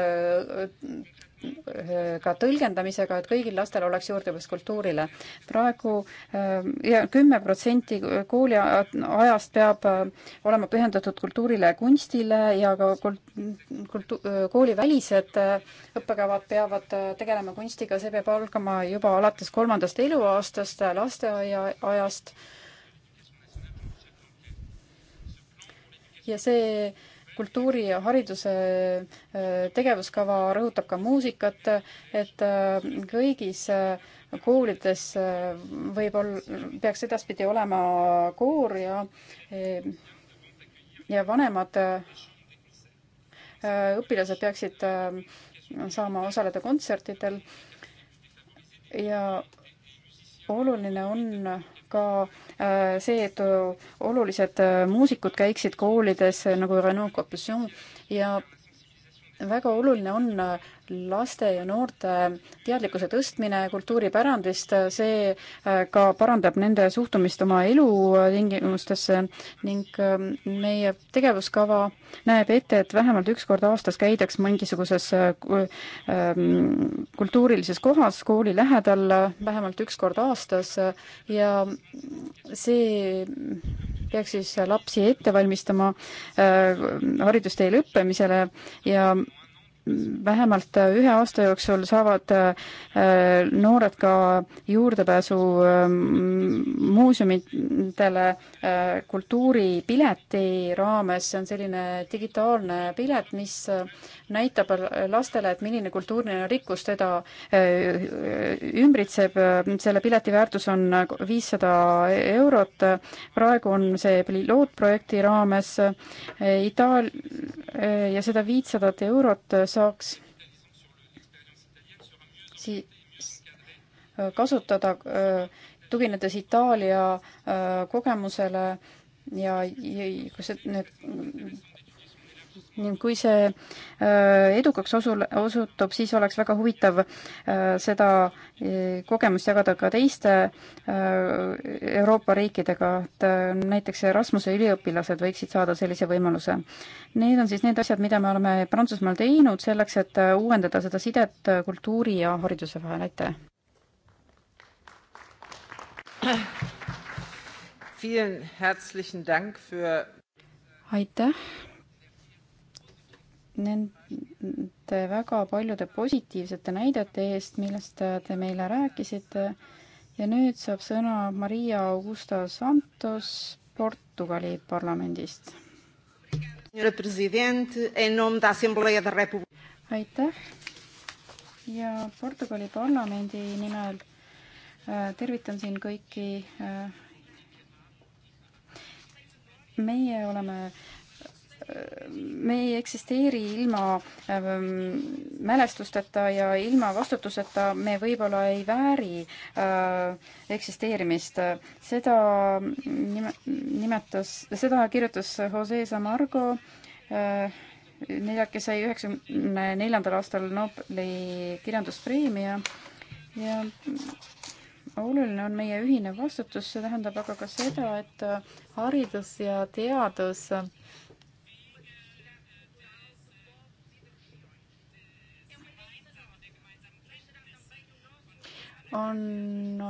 äh, ka tõlgendamisega, et kõigil lastel oleks juurdepääs kultuurile. praegu äh, ja kümme protsenti kooli ajast peab äh, olema pühendatud kultuurile ja kunstile ja ka kultu-, koolivälised õppekavad peavad tegelema kunstiga, see peab algama juba alates kolmandast eluaastast, lasteaia ajast. ja see kultuuri ja hariduse äh, tegevuskava rõhutab ka muusikat, et äh, kõigis äh, koolides võib-olla peaks edaspidi olema koor ja, ja vanemad õpilased peaksid saama osaleda kontsertidel ja oluline on ka äh, see, et äh, olulised äh, muusikud käiksid koolides nagu Renaud Capuçon ja väga oluline on laste ja noorte teadlikkuse tõstmine kultuuripärandist, see äh, ka parandab nende suhtumist oma elutingimustesse ning ähm, meie tegevuskava näeb ette, et vähemalt üks kord aastas käidaks mingisuguses äh, ähm, kultuurilises kohas kooli lähedal vähemalt üks kord aastas ja see peaks siis lapsi ette valmistama äh, haridustee lõppemisele ja vähemalt äh, ühe aasta jooksul saavad äh, noored ka juurdepääsu ähm, muuseumidele äh, kultuuripileti raames, see on selline digitaalne pilet, mis näitab lastele, et milline kultuuriline rikkus teda ümbritseb, selle pileti väärtus on viissada eurot, praegu on see pilootprojekti raames Itaal- ja seda viitsadat eurot saaks siis kasutada, tuginedes Itaalia äh, kogemusele ja kui see, need kui see äh, edukaks osul-, osutub, siis oleks väga huvitav äh, seda äh, kogemust jagada ka teiste Euroopa riikidega, et näiteks Erasmuse üliõpilased võiksid saada sellise võimaluse. Need on siis need asjad, mida me oleme Prantsusmaal teinud selleks, et uuendada seda sidet kultuuri ja hariduse vahel, aitäh! aitäh nende väga paljude positiivsete näidete eest, millest te meile rääkisite. ja nüüd saab sõna Maria Augusta Santos Portugali parlamendist. aitäh ja Portugali parlamendi nimel äh, tervitan siin kõiki äh, meie oleme me ei eksisteeri ilma ähm, mälestusteta ja ilma vastutuseta me võib-olla ei vääri äh, eksisteerimist. seda nimetas, seda kirjutas Jose Samargo äh, neljakesi sai üheksakümne neljandal aastal Nobeli kirjanduspreemia ja oluline on meie ühine vastutus, see tähendab aga ka seda, et haridus ja teadus äh, on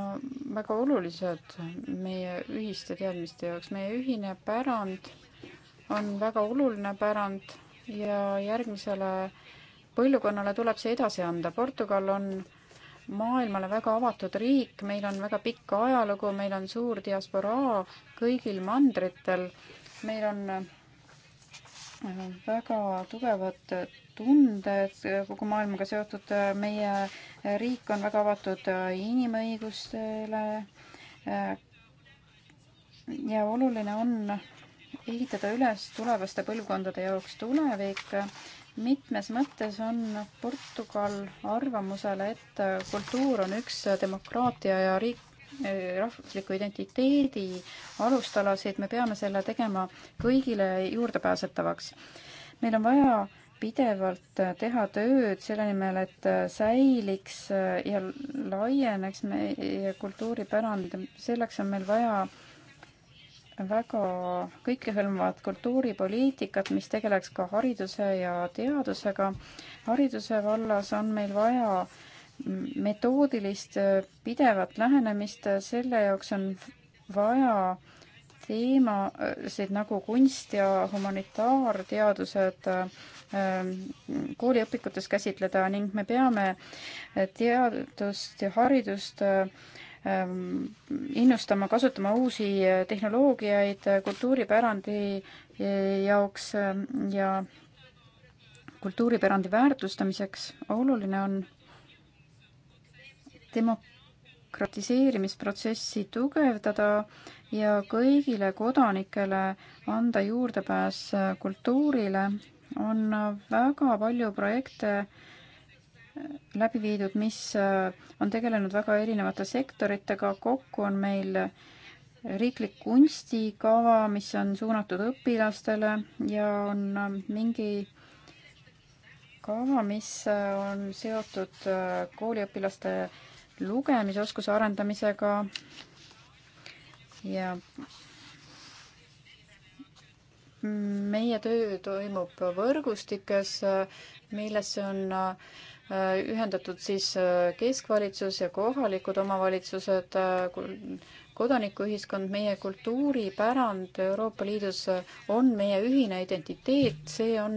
väga olulised meie ühiste teadmiste jaoks. meie ühine pärand on väga oluline pärand ja järgmisele põlvkonnale tuleb see edasi anda. Portugal on maailmale väga avatud riik, meil on väga pikk ajalugu, meil on suur diasporaa kõigil mandritel, meil on äh, väga tugevad tunded kogu maailmaga seotud. meie riik on väga avatud inimõigustele. ja oluline on ehitada üles tulevaste põlvkondade jaoks tulevik. mitmes mõttes on Portugal arvamusel, et kultuur on üks demokraatia ja riik, rahvusliku identiteedi alustalasid, me peame selle tegema kõigile juurdepääsetavaks. meil on vaja pidevalt äh, teha tööd selle nimel, et äh, säiliks äh, ja laieneks meie kultuuripärand, selleks on meil vaja väga kõikehõlmavat kultuuripoliitikat, mis tegeleks ka hariduse ja teadusega. hariduse vallas on meil vaja metoodilist pidevat lähenemist, selle jaoks on vaja teemasid nagu kunst ja humanitaarteadused Ähm, kooliõpikutes käsitleda ning me peame äh, teadust ja haridust ähm, innustama kasutama uusi äh, tehnoloogiaid äh, kultuuripärandi jaoks ähm, ja kultuuripärandi väärtustamiseks. oluline on demokratiseerimisprotsessi tugevdada ja kõigile kodanikele anda juurdepääs kultuurile on väga palju projekte läbi viidud, mis äh, on tegelenud väga erinevate sektoritega, kokku on meil riiklik kunstikava, mis on suunatud õpilastele ja on äh, mingi kava, mis äh, on seotud kooliõpilaste lugemisoskuse arendamisega ja meie töö toimub võrgustikes, millesse on äh, ühendatud siis äh, keskvalitsus ja kohalikud omavalitsused, äh, kodanikuühiskond, meie kultuuripärand Euroopa Liidus on meie ühine identiteet, see on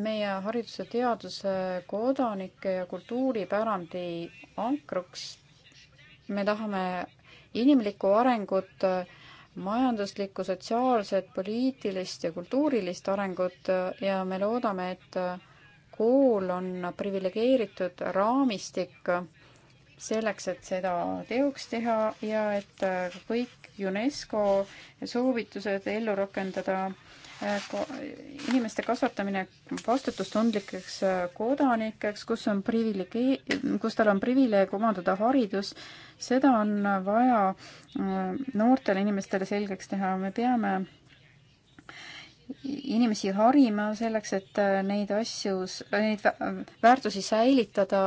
meie hariduse, teaduse, kodanike ja kultuuripärandi ankruks. me tahame inimlikku arengut, majanduslikku, sotsiaalset, poliitilist ja kultuurilist arengut ja me loodame, et kool on priviligeeritud raamistik selleks, et seda teoks teha ja et kõik UNESCO soovitused ellu rakendada Äh, inimeste kasvatamine vastutustundlikeks äh, kodanikeks, kus on privilegee-, kus tal on privileeg omandada haridus, seda on vaja äh, noortele inimestele selgeks teha, me peame inimesi harima selleks, et äh, neid asju, neid väärtusi säilitada,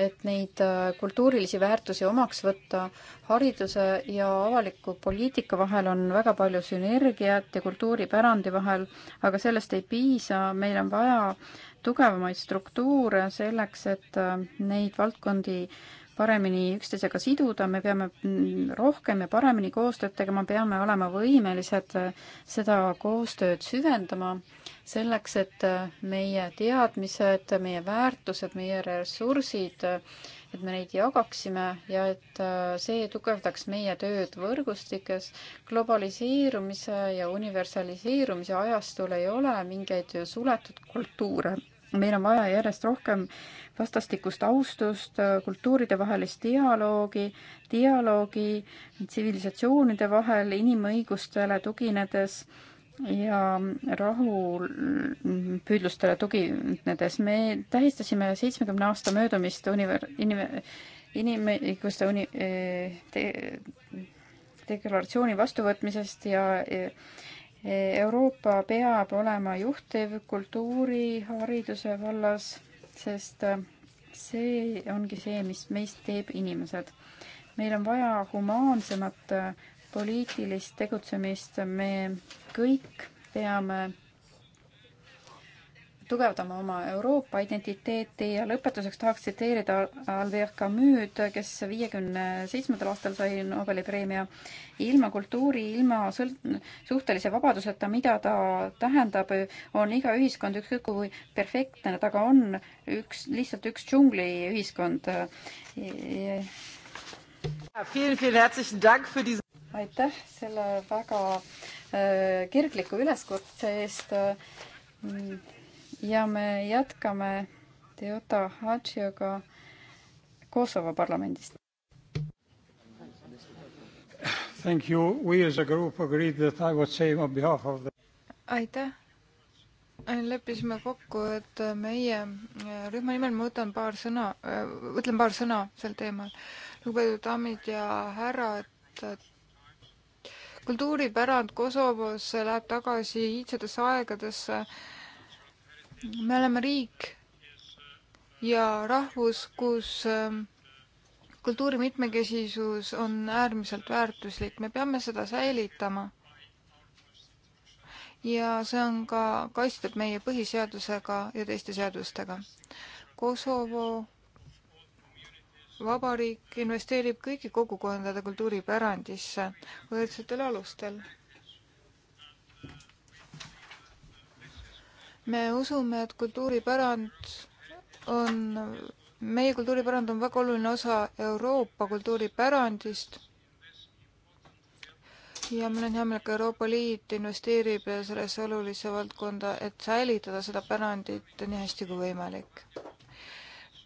et neid äh, kultuurilisi väärtusi omaks võtta. hariduse ja avaliku poliitika vahel on väga palju sünergiat ja kultuuripärandi vahel, aga sellest ei piisa, meil on vaja tugevamaid struktuure selleks, et äh, neid valdkondi äh, paremini üksteisega siduda, me peame rohkem ja paremini koostööd tegema, peame olema võimelised seda koostööd süvendama, selleks et meie teadmised, meie väärtused, meie ressursid, et me neid jagaksime ja et see tugevdaks meie tööd võrgustikes. globaliseerumise ja universaliseerumise ajastul ei ole mingeid suletud kultuure meil on vaja järjest rohkem vastastikust austust, kultuuridevahelist dialoogi, dialoogi tsivilisatsioonide vahel inimõigustele tuginedes ja rahupüüdlustele tuginedes. me tähistasime seitsmekümne aasta möödumist univer-, inim-, inimõiguste uni-, eh, te-, deklaratsiooni vastuvõtmisest ja eh, Euroopa peab olema juhtiv kultuuri, hariduse vallas, sest äh, see ongi see, mis meist teeb inimesed. meil on vaja humaansemat äh, poliitilist tegutsemist, me kõik peame tugevdama oma Euroopa identiteeti ja lõpetuseks tahaks tsiteerida Albert Camus'd, kes viiekümne seitsmendal aastal sai Nobeli preemia. ilma kultuuri, ilma sõlt-, suhtelise vabaduseta, mida ta tähendab, on iga ühiskond ükskõik kui perfektne ta ka on, üks, lihtsalt üks džungliühiskond. aitäh selle väga äh, kirgliku üleskutse eest mm ja me jätkame Teota Hadžioga Kosovo parlamendist. Thank you, we as a group agreed that I would say on behalf of the aitäh! leppisime kokku, et meie rühma nimel ma võtan paar sõna, ütlen paar sõna sel teemal. lugupeetud daamid ja härrad, kultuuripärand Kosovos läheb tagasi iidsetesse aegadesse äh, me oleme riik ja rahvus, kus ähm, kultuuri mitmekesisus on äärmiselt väärtuslik, me peame seda säilitama. ja see on ka kaitstud meie põhiseadusega ja teiste seadustega. Kosovo Vabariik investeerib kõigi kogukondade kultuuripärandisse võrdsetel alustel me usume, et kultuuripärand on, meie kultuuripärand on väga oluline osa Euroopa kultuuripärandist ja mul on hea meel, et ka Euroopa Liit investeerib sellesse olulisse valdkonda, et säilitada seda pärandit nii hästi kui võimalik.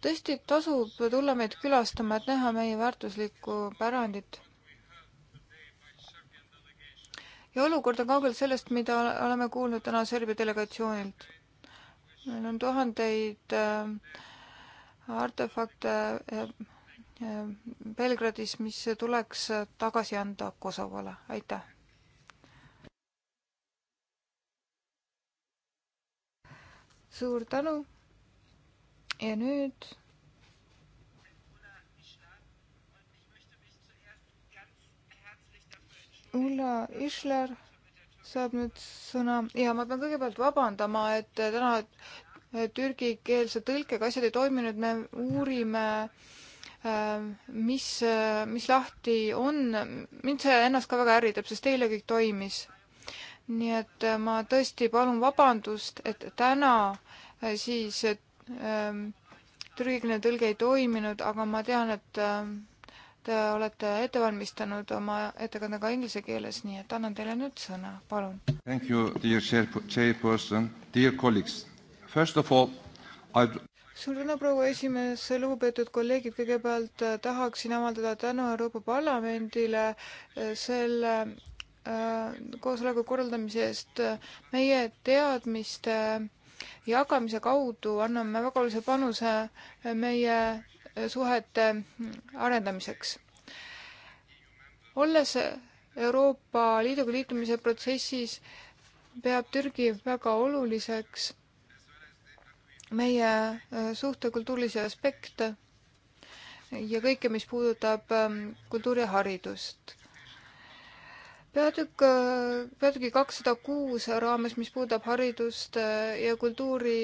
tõesti tasub tulla meid külastama, et näha meie väärtuslikku pärandit. ja olukord on kaugel sellest, mida oleme kuulnud täna Serbia delegatsioonilt. meil on tuhandeid äh, artefakte äh, äh, Belgradis, mis tuleks tagasi anda Kosovole, aitäh! suur tänu ja nüüd Ulla Isler saab nüüd sõna ja ma pean kõigepealt vabandama, et täna türgikeelse tõlkega asjad ei toiminud, me uurime, ähm, mis, mis lahti on. mind see ennast ka väga ärritab, sest eile kõik toimis. nii et äh, ma tõesti palun vabandust, et täna äh, siis ähm, türgikeelne tõlge ei toiminud, aga ma tean, et ähm, te äh, olete ette valmistanud oma ettekande ka inglise keeles, nii et annan teile nüüd sõna, palun. Thank you, dear chairperson, dear colleagues. First of all, I suur tänu, proua esimees, lugupeetud kolleegid, kõigepealt äh, tahaksin avaldada tänu Euroopa Parlamendile äh, selle äh, koosoleku korraldamise eest. meie teadmiste jagamise kaudu anname väga olulise panuse meie suhete arendamiseks. olles Euroopa Liiduga liitumise protsessis, peab Türgi väga oluliseks meie äh, suhtekultuurilisi aspekte ja kõike, mis puudutab ähm, kultuuriharidust. peatükk, äh, peatüki kakssada kuus raames, mis puudutab haridust äh, ja kultuuri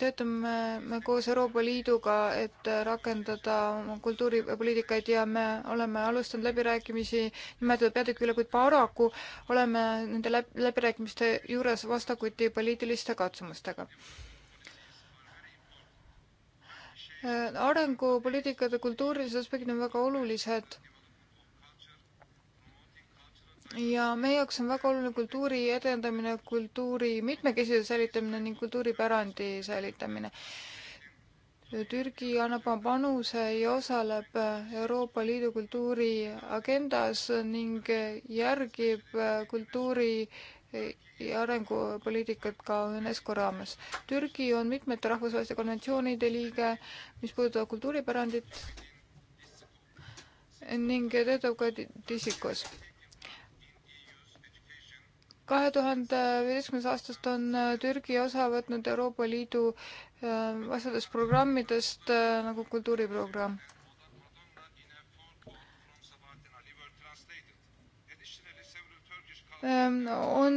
töötame me koos Euroopa Liiduga, et rakendada oma kultuuripoliitikaid ja me oleme alustanud läbirääkimisi nimetatud peatüki üle, kuid paraku oleme nende läbirääkimiste juures vastakuti poliitiliste katsumustega. Äh, arengupoliitikad ja kultuurilised aspektid on väga olulised ja meie jaoks on väga oluline kultuuri edendamine, kultuuri mitmekesisuse säilitamine ning kultuuripärandi säilitamine. Türgi annab oma panuse ja osaleb Euroopa Liidu kultuuriagendas ning järgib kultuuri ja arengupoliitikat ka UNESCO raames. Türgi on mitmete rahvusvaheliste konventsioonide liige, mis puudutavad kultuuripärandit ning töötab ka Tisikos kahe tuhande viieteistkümnendast aastast on äh, Türgi osa võtnud Euroopa Liidu äh, asjadest programmidest äh, nagu kultuuriprogramm. Ähm, on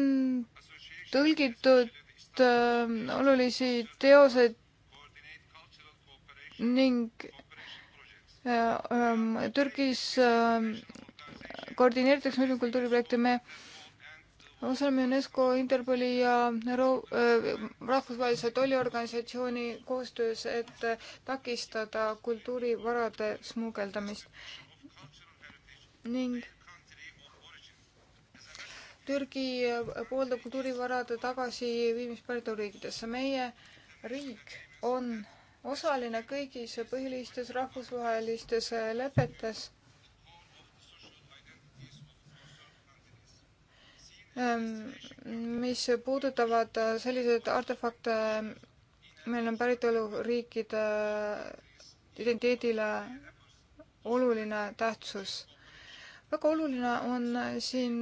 tõlgitud ähm, olulisi teoseid ning ähm, Türgis koordineeritakse muidu kultuuriprojekte, me osaleme UNESCO, Interpoli ja Euro-, äh, rahvusvahelise tolliorganisatsiooni koostöös, et äh, takistada kultuurivarade smugeldamist. ning Türgi äh, pooldab kultuurivarade tagasiviimist päritoluriikidesse. meie riik on osaline kõigis põhilistes rahvusvahelistes lepetes Ähm, mis puudutavad äh, selliseid artefakte, meil on päritoluriikide äh, identiteedile oluline tähtsus. väga oluline on äh, siin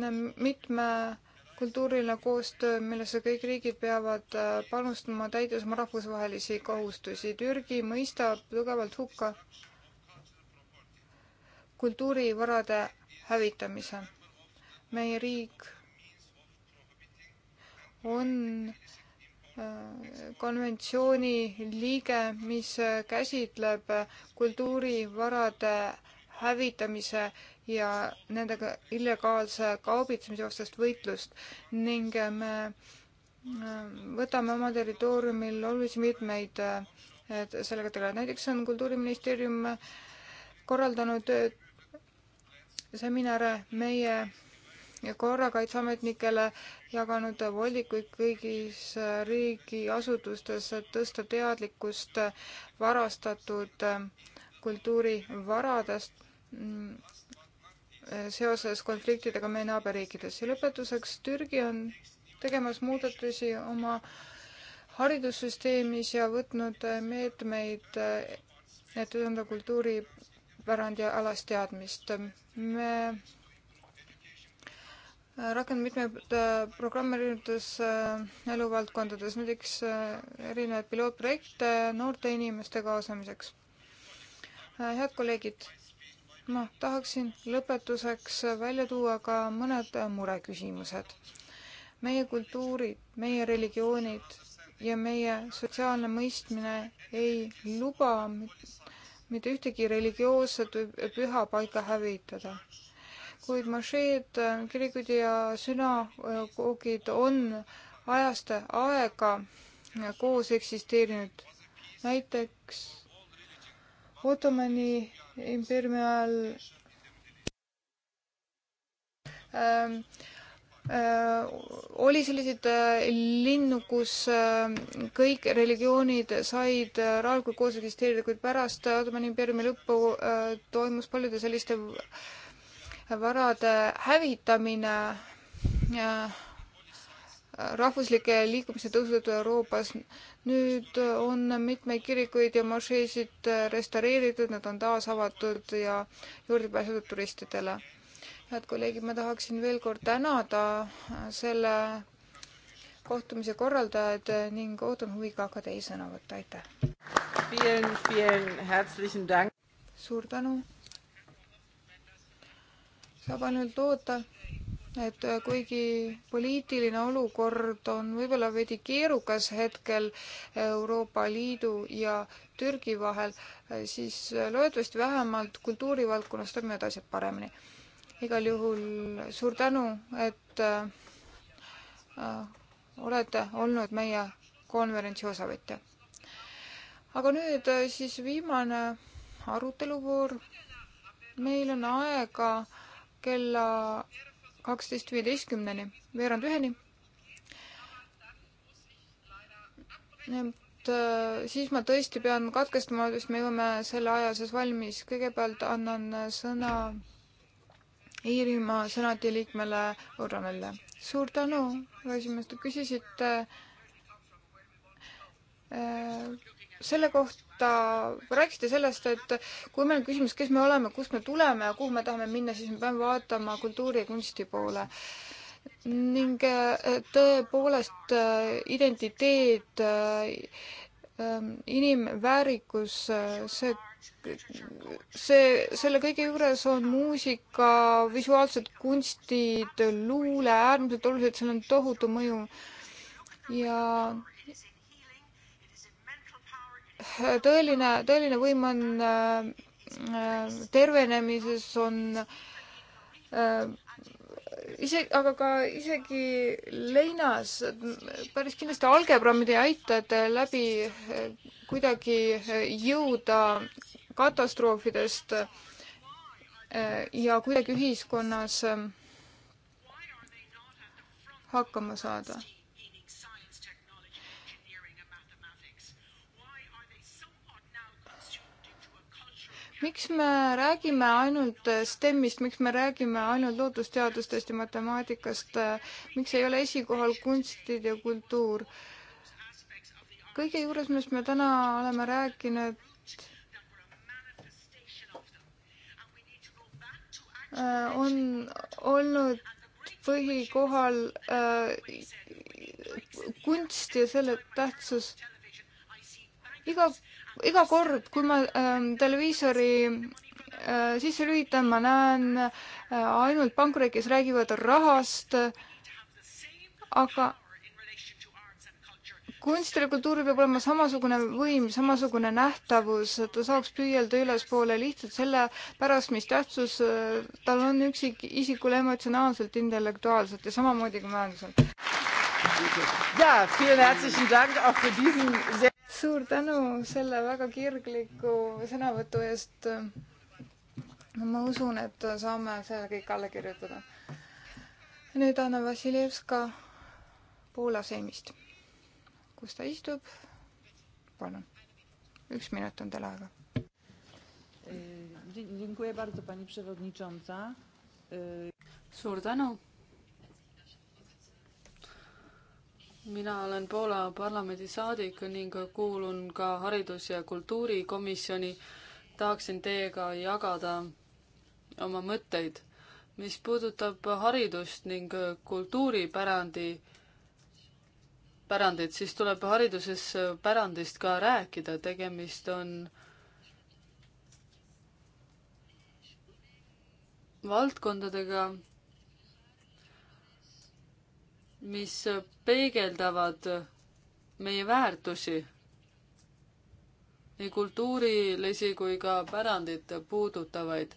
mitmekultuuriline koostöö, millesse kõik riigid peavad panustama, täides oma rahvusvahelisi kohustusi. Türgi mõistab tugevalt hukka kultuurivarade hävitamise. meie riik on äh, konventsiooni liige, mis käsitleb kultuurivarade hävitamise ja nendega illegaalse kaubitsemise vastast võitlust ning äh, me äh, võtame oma territooriumil olulisi meetmeid, et sellega tegeleda. näiteks on Kultuuriministeerium korraldanud seminare meie ja korrakaitseametnikele jaganud voldikuid kõigis riigiasutustes, et tõsta teadlikkust varastatud kultuurivaradest mm, seoses konfliktidega meie naaberriikides. ja lõpetuseks, Türgi on tegemas muudatusi oma haridussüsteemis ja võtnud meetmeid, et edendada kultuuripärandi alast teadmist. me rakendanud mitmeid äh, programme erinevates äh, eluvaldkondades, näiteks äh, erinevaid pilootprojekte noorte inimeste kaasamiseks. head kolleegid, ma tahaksin lõpetuseks välja tuua ka mõned mureküsimused. meie kultuurid, meie religioonid ja meie sotsiaalne mõistmine ei luba mitte ühtegi religioosset või püha paika hävitada kuid mašeed, kirikudi ja sünagoogid on ajast aega koos eksisteerinud. näiteks Ottomani impeeriumi ajal ähm, äh, oli selliseid äh, linnu, kus äh, kõik religioonid said äh, rahulikult koos eksisteerida, kuid pärast äh, Ottomani impeeriumi lõppu äh, toimus paljude selliste äh, varade hävitamine äh, rahvuslike liikumise tõusutõttu Euroopas. nüüd on mitmeid kirikuid ja mošeesid restaureeritud, nad on taas avatud ja juurdepääsetud turistidele. head kolleegid, ma tahaksin veel kord tänada selle kohtumise korraldajad ning ootan huviga ka teie sõnavõtte, aitäh! suur tänu! saab ainult loota, et kuigi poliitiline olukord on võib-olla veidi keerukas hetkel Euroopa Liidu ja Türgi vahel, siis loodetavasti vähemalt kultuurivaldkonnas toimivad asjad paremini. igal juhul suur tänu, et äh, olete olnud meie konverentsi osavõtja. aga nüüd äh, siis viimane aruteluvoor. meil on aega äh, kella kaksteist viieteistkümneni, veerand üheni. et äh, siis ma tõesti pean katkestama, sest me jõuame selle aja sees valmis. kõigepealt annan sõna Iirimaa senati liikmele Urranele. suur tänu, esimees, te küsisite äh, selle kohta, rääkisite sellest, et kui meil on küsimus, kes me oleme, kust me tuleme ja kuhu me tahame minna, siis me peame vaatama kultuuri ja kunsti poole. ning äh, tõepoolest äh, identiteet, äh, ähm, inimväärikus, see, see, selle kõige juures on muusika, visuaalsed kunstid, luule äärmiselt olulised, seal on tohutu mõju ja tõeline, tõeline võim on äh, äh, tervenemises, on äh, ise, aga ka isegi leinas, päris kindlasti algebra meid ei aita, et läbi kuidagi jõuda katastroofidest ja kuidagi ühiskonnas hakkama saada miks me räägime ainult STEM-ist, miks me räägime ainult loodusteadustest ja matemaatikast, miks ei ole esikohal kunstid ja kultuur? kõige juures, millest me täna oleme rääkinud, äh, on olnud põhikohal äh, kunst ja selle tähtsus. iga iga kord, kui ma ähm, televiisori äh, sisse lülitan, ma näen äh, ainult pankureid, kes räägivad rahast äh,, aga kunstil ja kultuuril peab olema samasugune võim, samasugune nähtavus, et ta saaks püüelda ülespoole lihtsalt selle pärast, mis tähtsus äh, tal on üksikisikule emotsionaalselt, intellektuaalselt ja samamoodi ka majanduselt suur tänu selle väga kirgliku sõnavõtu eest. ma usun, et saame selle kõik alla kirjutada. nüüd Anna Vassiljevska Poola seimist. kus ta istub? palun, üks minut on teil aega. suur tänu mina olen Poola parlamendi saadik ning kuulun ka haridus- ja kultuurikomisjoni. tahaksin teiega jagada oma mõtteid, mis puudutab haridust ning kultuuripärandi, pärandit, siis tuleb hariduses pärandist ka rääkida, tegemist on valdkondadega mis peegeldavad meie väärtusi, nii kultuurilisi kui ka pärandit puudutavaid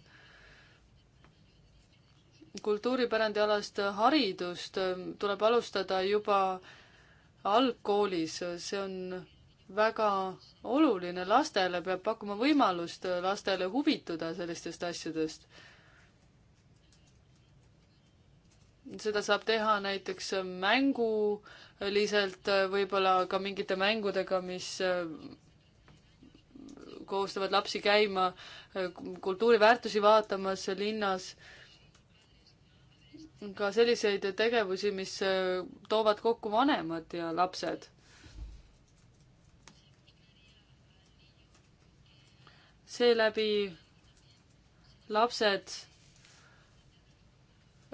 kultuuripärandialast haridust tuleb alustada juba algkoolis, see on väga oluline lastele, peab pakkuma võimalust lastele huvituda sellistest asjadest. seda saab teha näiteks mänguliselt, võib-olla ka mingite mängudega, mis äh, kohustavad lapsi käima äh, kultuuriväärtusi vaatamas linnas. ka selliseid tegevusi, mis äh, toovad kokku vanemad ja lapsed. seeläbi lapsed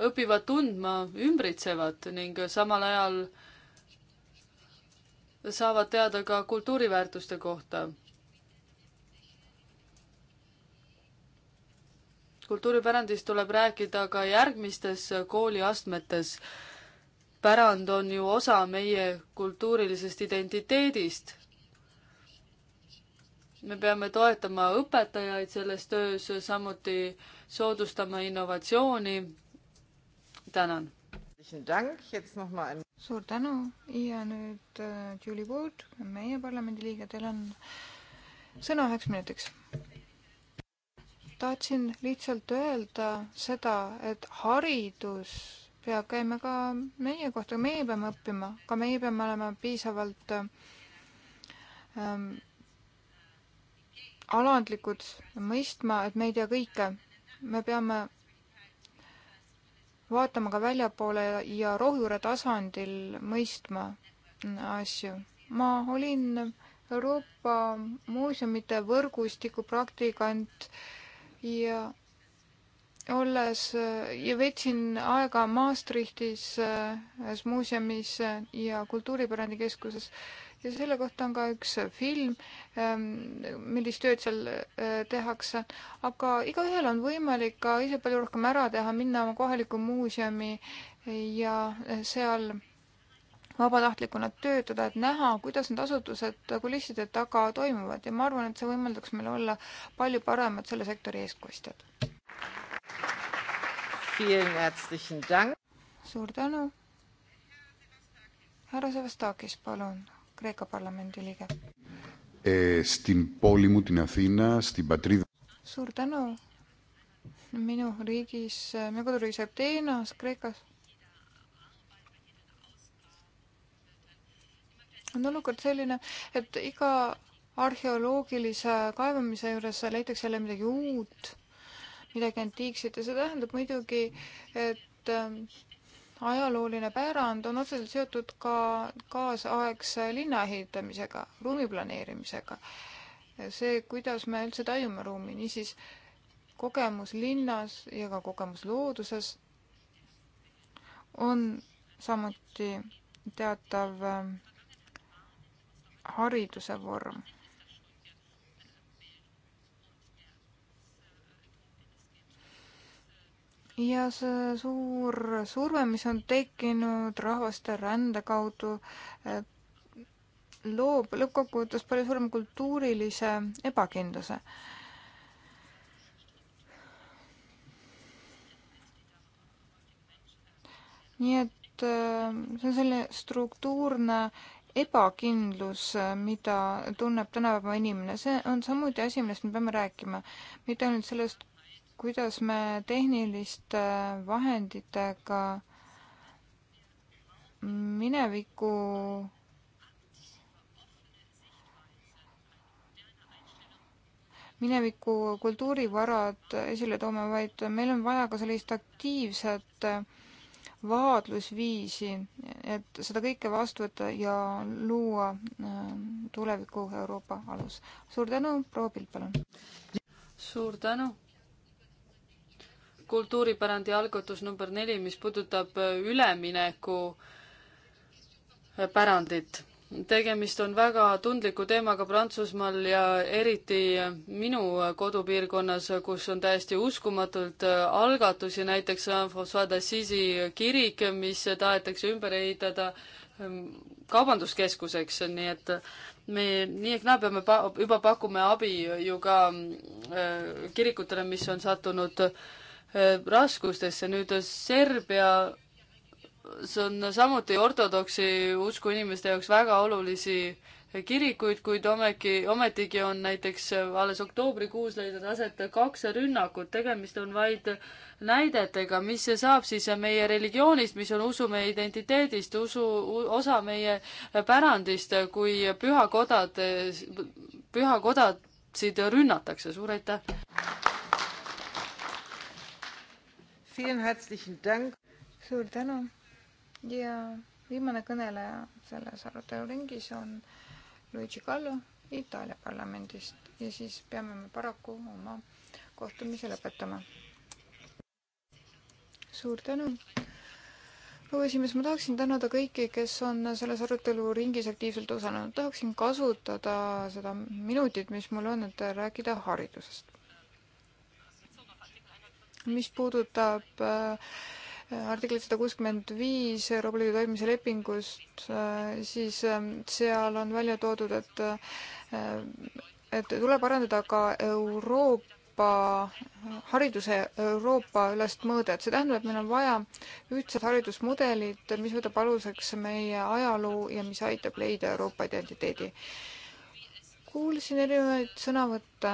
õpivad tundma ümbritsevat ning samal ajal saavad teada ka kultuuriväärtuste kohta. kultuuripärandist tuleb rääkida ka järgmistes kooliastmetes. pärand on ju osa meie kultuurilisest identiteedist. me peame toetama õpetajaid selles töös, samuti soodustama innovatsiooni tänan. suur tänu ja nüüd äh, Julie Wood, meie parlamendiliige, teil on sõna üheks minutiks. tahtsin lihtsalt öelda seda, et haridus peab käima ka meie kohta, meie peame õppima, ka meie peame olema piisavalt ähm, alandlikud, mõistma, et me ei tea kõike. me peame vaatama ka väljapoole ja rohujuure tasandil mõistma asju. ma olin Euroopa muuseumide võrgustiku praktikant ja olles ja veetsin aega Maastrichtis äh, ühes muuseumis äh, ja kultuuripärandikeskuses äh, ja selle kohta on ka üks äh, film, ähm, millist tööd seal äh, tehakse, aga igaühel on võimalik ka ise palju rohkem ära teha, minna oma kohalikku muuseumi ja äh, seal vabatahtlikuna töötada, et näha, kuidas need asutused kulisside taga toimuvad ja ma arvan, et see võimaldaks meil olla palju paremad selle sektori eeskostjad. suur tänu. härra Sevastakis, palun Kreeka parlamendi liige. Στην πόλη μου, την Αθήνα, στην πατρίδα. Suur tänu minu riigis, äh, minu koduriigis Ateenas, Kreekas. on olukord selline, et iga arheoloogilise kaevamise juures leitakse jälle midagi uut, midagi antiikset ja see tähendab muidugi, et ähm, ajalooline pärand on otseselt seotud ka kaasaegse linna ehitamisega, ruumiplaneerimisega. see, kuidas me üldse tajume ruumi, niisiis kogemus linnas ja ka kogemus looduses on samuti teatav äh, hariduse vorm ja see suur surve, mis on tekkinud rahvaste rände kaudu, eh, loob lõppkokkuvõttes palju suurema kultuurilise ebakindluse. nii et eh, see on selline struktuurne ebakindlus, eh, mida tunneb tänapäeva inimene, see on samuti asi, millest me peame rääkima. mitte ainult sellest, kuidas me tehniliste vahenditega mineviku mineviku kultuurivarad esile toome, vaid meil on vaja ka sellist aktiivset vaadlusviisi, et seda kõike vastu võtta ja luua äh, tuleviku Euroopa alus. suur tänu, proua Pilt, palun! suur tänu! kultuuripärandi algatus number neli, mis puudutab äh, ülemineku äh, pärandit. tegemist on väga tundliku teemaga Prantsusmaal ja eriti äh, minu kodupiirkonnas, kus on täiesti uskumatult algatusi, näiteks Saint-François d'Assisi kirik, mis tahetakse ümber ehitada ähm, kaubanduskeskuseks, nii et me nii ehk naa peame pa-, juba pakume abi ju ka kirikutele, mis on sattunud äh, Äh, raskustesse. nüüd äh, Serbia, see on samuti ortodoksi usku inimeste jaoks väga olulisi äh, kirikuid, kuid ometi, ometigi on näiteks alles oktoobrikuus leidnud aset kaks rünnakut, tegemist on vaid näidetega, mis saab siis meie religioonist, mis on usu meie identiteedist, usu, osa meie pärandist, kui pühakodad, pühakodasid rünnatakse, suur aitäh! suur tänu ja viimane kõneleja selles aruteluringis on Luigi Kallo Itaalia parlamendist ja siis peame me paraku oma kohtumise lõpetama. suur tänu. proua esimees, ma tahaksin tänada kõiki, kes on selles aruteluringis aktiivselt osalenud. tahaksin kasutada seda minutit, mis mul on, et rääkida haridusest mis puudutab äh, artiklit sada kuuskümmend viis Euroopa Liidu toimimise lepingust, äh, siis äh, seal on välja toodud, et et tuleb arendada ka Euroopa hariduse Euroopa ülest mõõdet, see tähendab, et meil on vaja ühtset haridusmudelit, mis võtab aluseks meie ajaloo ja mis aitab leida Euroopa identiteedi. kuulsin erinevaid sõnavõtte,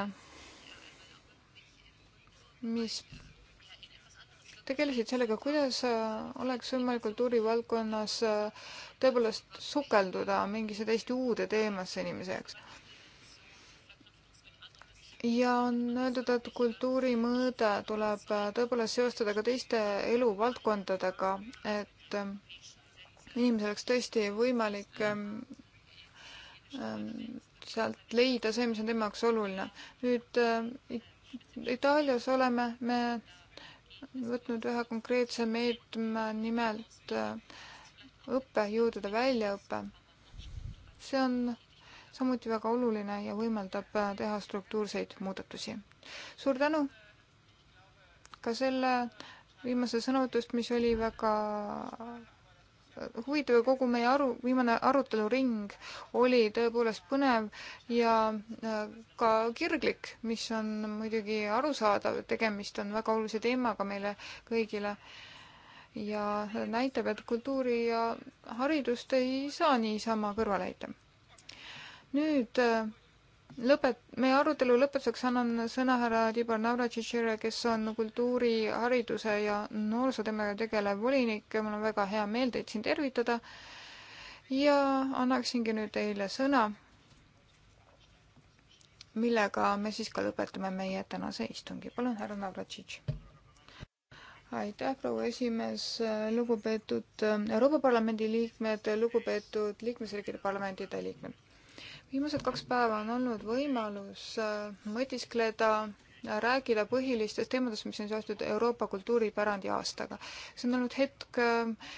mis tegelesid sellega, kuidas äh, oleks võimalik kultuurivaldkonnas äh, tõepoolest sukelduda mingisse täiesti uude teemasse inimese jaoks. ja on öeldud, et kultuurimõõde tuleb äh, tõepoolest seostada ka teiste eluvaldkondadega, et inimesel oleks tõesti võimalik ähm, ähm, sealt leida see, mis on tema jaoks oluline. nüüd Itaalias oleme me võtnud ühe konkreetse meetme, nimelt äh, õppejõudude väljaõpe. see on samuti väga oluline ja võimaldab äh, teha struktuurseid muudatusi. suur tänu ka selle viimase sõnavõtust, mis oli väga huvitav ja kogu meie aru, viimane aruteluring oli tõepoolest põnev ja äh, ka kirglik, mis on muidugi arusaadav, tegemist on väga olulise teemaga meile kõigile. ja näitab, et kultuuri ja haridust ei saa niisama kõrvale heita. nüüd äh, lõpet-, meie arutelu lõpetuseks annan sõna härra Tibor Navratšišile, kes on kultuuri, hariduse ja noorsooteemaga tegelev volinik. mul on väga hea meel teid siin tervitada ja annaksingi nüüd teile sõna, millega me siis ka lõpetame meie tänase istungi. palun, härra Navratšiš. aitäh, proua esimees, lugupeetud Euroopa Parlamendi liikmed, lugupeetud liikmesriikide parlamentide liikmed viimased kaks päeva on olnud võimalus äh, mõtiskleda, äh, räägida põhilistest teemadest, mis on seotud Euroopa kultuuripärandi aastaga. see on olnud hetk, äh,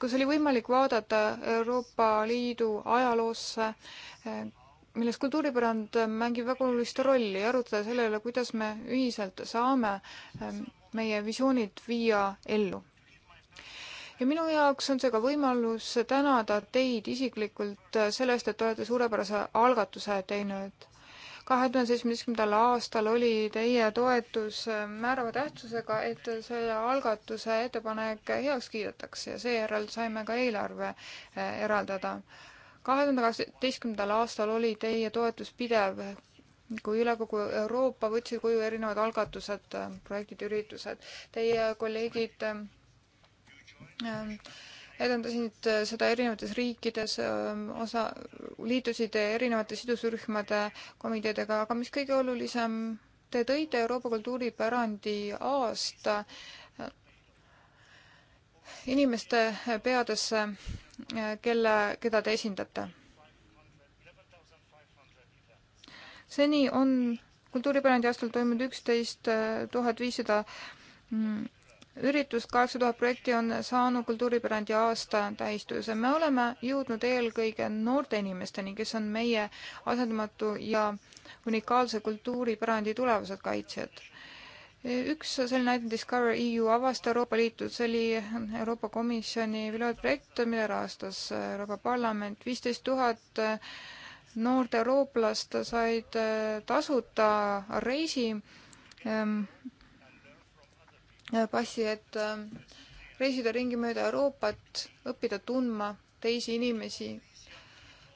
kus oli võimalik vaadata Euroopa Liidu ajaloosse, milles kultuuripärand mängib väga olulist rolli ja arutleda selle üle, kuidas me ühiselt saame meie visioonid viia ellu ja minu jaoks on see ka võimalus tänada teid isiklikult selle eest, et olete suurepärase algatuse teinud. kahe tuhande seitsmeteistkümnendal aastal oli teie toetus määrava tähtsusega, et selle algatuse ettepanek heaks kiidetakse ja seejärel saime ka eelarve eh, eraldada. kahe tuhande kaheksateistkümnendal aastal oli teie toetus pidev kui üle kogu Euroopa võtsid kuju erinevad algatused, projektid, üritused. Teie kolleegid Ähm, edendasid äh, seda erinevates riikides, ähm, osa, liitusid erinevate sidusrühmade komiteedega, aga mis kõige olulisem, te tõite Euroopa kultuuripärandi aasta äh, inimeste peadesse, äh, kelle, keda te esindate. seni on kultuuripärandi aastal toimunud üksteist tuhat viissada mm, üritus, kaheksa tuhat projekti on saanud kultuuripärandi aasta tähistuse. me oleme jõudnud eelkõige noorte inimesteni, kes on meie asendamatu ja unikaalse kultuuripärandi tulevased kaitsjad. üks selline näide on Discover EU avasta Euroopa Liitu, see oli Euroopa Komisjoni pilootprojekt, mille rahastas Euroopa Parlament, viisteist tuhat noort eurooplast said tasuta reisi ehm, passi, et ähm, reisida ringi mööda Euroopat, õppida tundma teisi inimesi,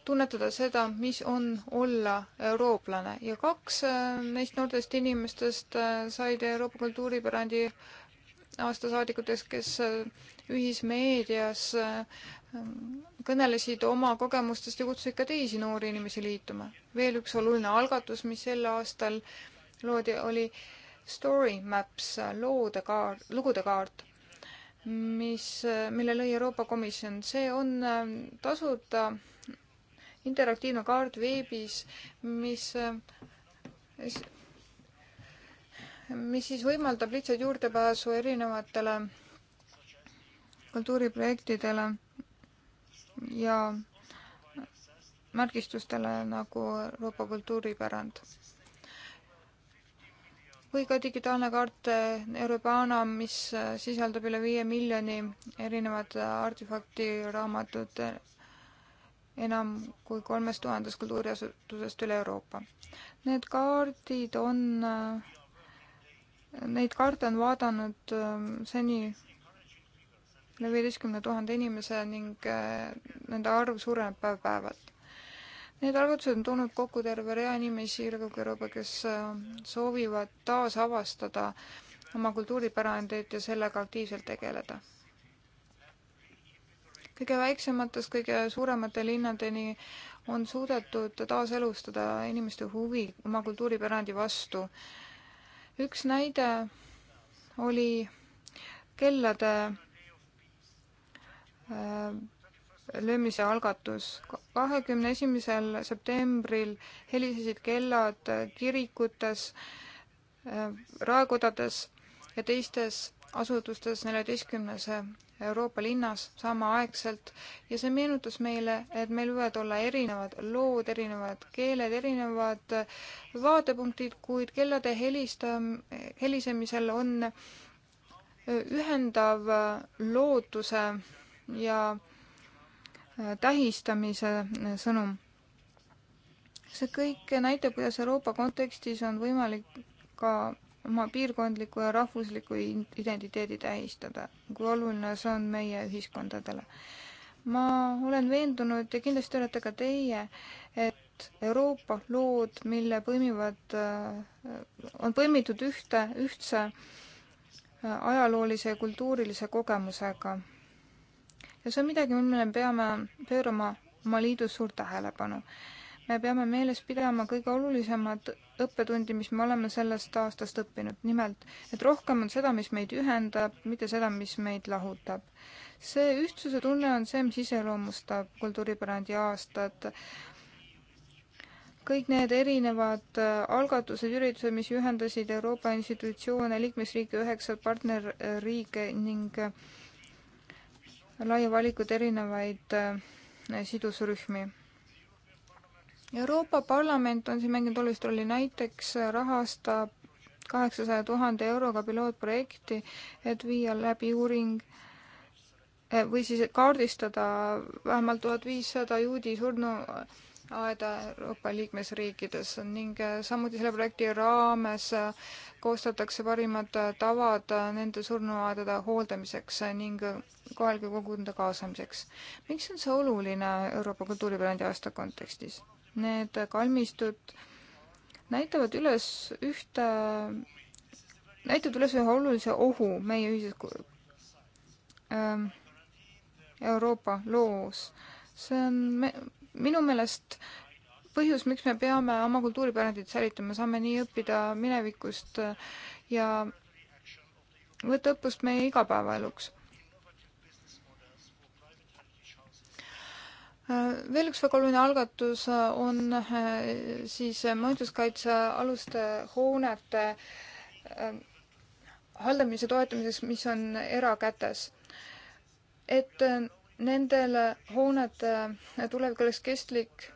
tunnetada seda, mis on olla eurooplane ja kaks äh, neist noortest inimestest äh, said Euroopa kultuuripärandi aastasaadikutest, kes äh, ühismeedias kõnelesid oma kogemustest ja kutsusid ka teisi noori inimesi liituma. veel üks oluline algatus, mis sel aastal loodi, oli story maps, loode kaart, lugude kaart, mis, mille lõi Euroopa Komisjon, see on ähm, tasuta interaktiivne kaart veebis, mis äh, mis siis võimaldab lihtsalt juurdepääsu erinevatele kultuuriprojektidele ja märgistustele nagu Euroopa kultuuripärand või ka digitaalne kaart eh, Eurobana, mis eh, sisaldab üle viie miljoni erinevat eh, artefakti, raamatut enam kui kolmest tuhandest kultuuriasutusest üle Euroopa. Need kaardid on, neid kaarte on vaadanud seni üle viieteistkümne tuhande inimese ning nende arv suureneb päev-päevalt Need algatused on toonud kokku terve rea inimesi üle kogu Euroopa, kes äh, soovivad taasavastada oma kultuuripärandit ja sellega aktiivselt tegeleda. kõige väiksematest kõige suuremate linnadeni on suudetud taaselustada inimeste huvi oma kultuuripärandi vastu. üks näide oli kellade äh, löömise algatus. kahekümne esimesel septembril helisesid kellad kirikutes, äh, raekodades ja teistes asutustes neljateistkümnes Euroopa linnas samaaegselt ja see meenutas meile, et meil võivad olla erinevad lood, erinevad keeled, erinevad vaatepunktid, kuid kellade helista-, helisemisel on ühendav lootuse ja äh, tähistamise eh, sõnum. see kõik näitab, kuidas Euroopa kontekstis on võimalik ka oma piirkondlikku ja rahvuslikku identiteedi tähistada, kui oluline see on meie ühiskondadele. ma olen veendunud ja kindlasti olete ka teie, et Euroopa lood, mille põimivad, eh, on põimitud ühte, ühtse eh, ajaloolise ja kultuurilise kogemusega ja see on midagi, millele me peame pöörama oma liidus suurt tähelepanu. me peame meeles pidama kõige olulisemat õppetundi, mis me oleme sellest aastast õppinud, nimelt, et rohkem on seda, mis meid ühendab, mitte seda, mis meid lahutab. see ühtsuse tunne on see, mis iseloomustab kultuuripärandi aastat kõik need erinevad äh, algatused, üritused, mis ühendasid Euroopa institutsioone, liikmesriike, üheksa partnerriike ning äh, laia valikut erinevaid äh, sidusrühmi. Euroopa Parlament on siin mänginud olulist rolli, näiteks äh, rahastab kaheksasaja tuhande euroga pilootprojekti, et viia läbi uuring äh, või siis kaardistada vähemalt tuhat viissada juudi surnu aeda Euroopa liikmesriikides ning äh, samuti selle projekti raames äh, koostatakse parimad äh, tavad nende surnuaedade hooldamiseks ning kohalike kogukonda kaasamiseks. miks on see oluline Euroopa kultuuripärandi aasta kontekstis? Need kalmistud näitavad üles ühte, näitavad üles ühe olulise ohu meie ühises ähm, Euroopa loos. see on minu meelest põhjus, miks me peame oma kultuuripärandit säilitama, saame nii õppida minevikust ja võtta õppust meie igapäevaeluks. veel üks väga oluline algatus on äh, siis majanduskaitsealuste hoonete äh, haldamise toetamiseks, mis on erakätes. et äh, nendele hoonete tulevik oleks kestlik.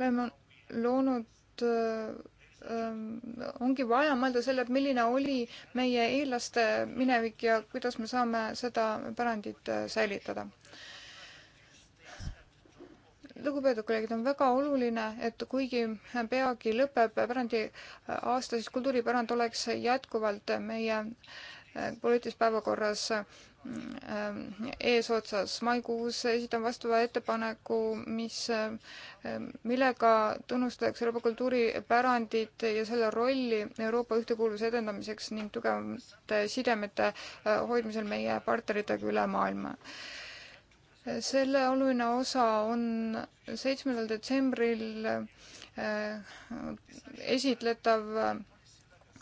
oleme loonud ähm, ongi vaja mõelda selle, et milline oli meie eellaste minevik ja kuidas me saame seda pärandit äh, säilitada. lugupeetud kolleegid, on väga oluline, et kuigi peagi lõpeb pärandi äh, aasta, siis kultuuripärand oleks jätkuvalt meie poliitilises päevakorras mm, äh, eesotsas. maikuus esitan vastava ettepaneku, mis, äh, millega tunnustatakse Euroopa kultuuripärandit ja selle rolli Euroopa ühtekuuluvuse edendamiseks ning tugevate sidemete äh, hoidmisel meie partneritega üle maailma. selle oluline osa on seitsmendal detsembril esitletav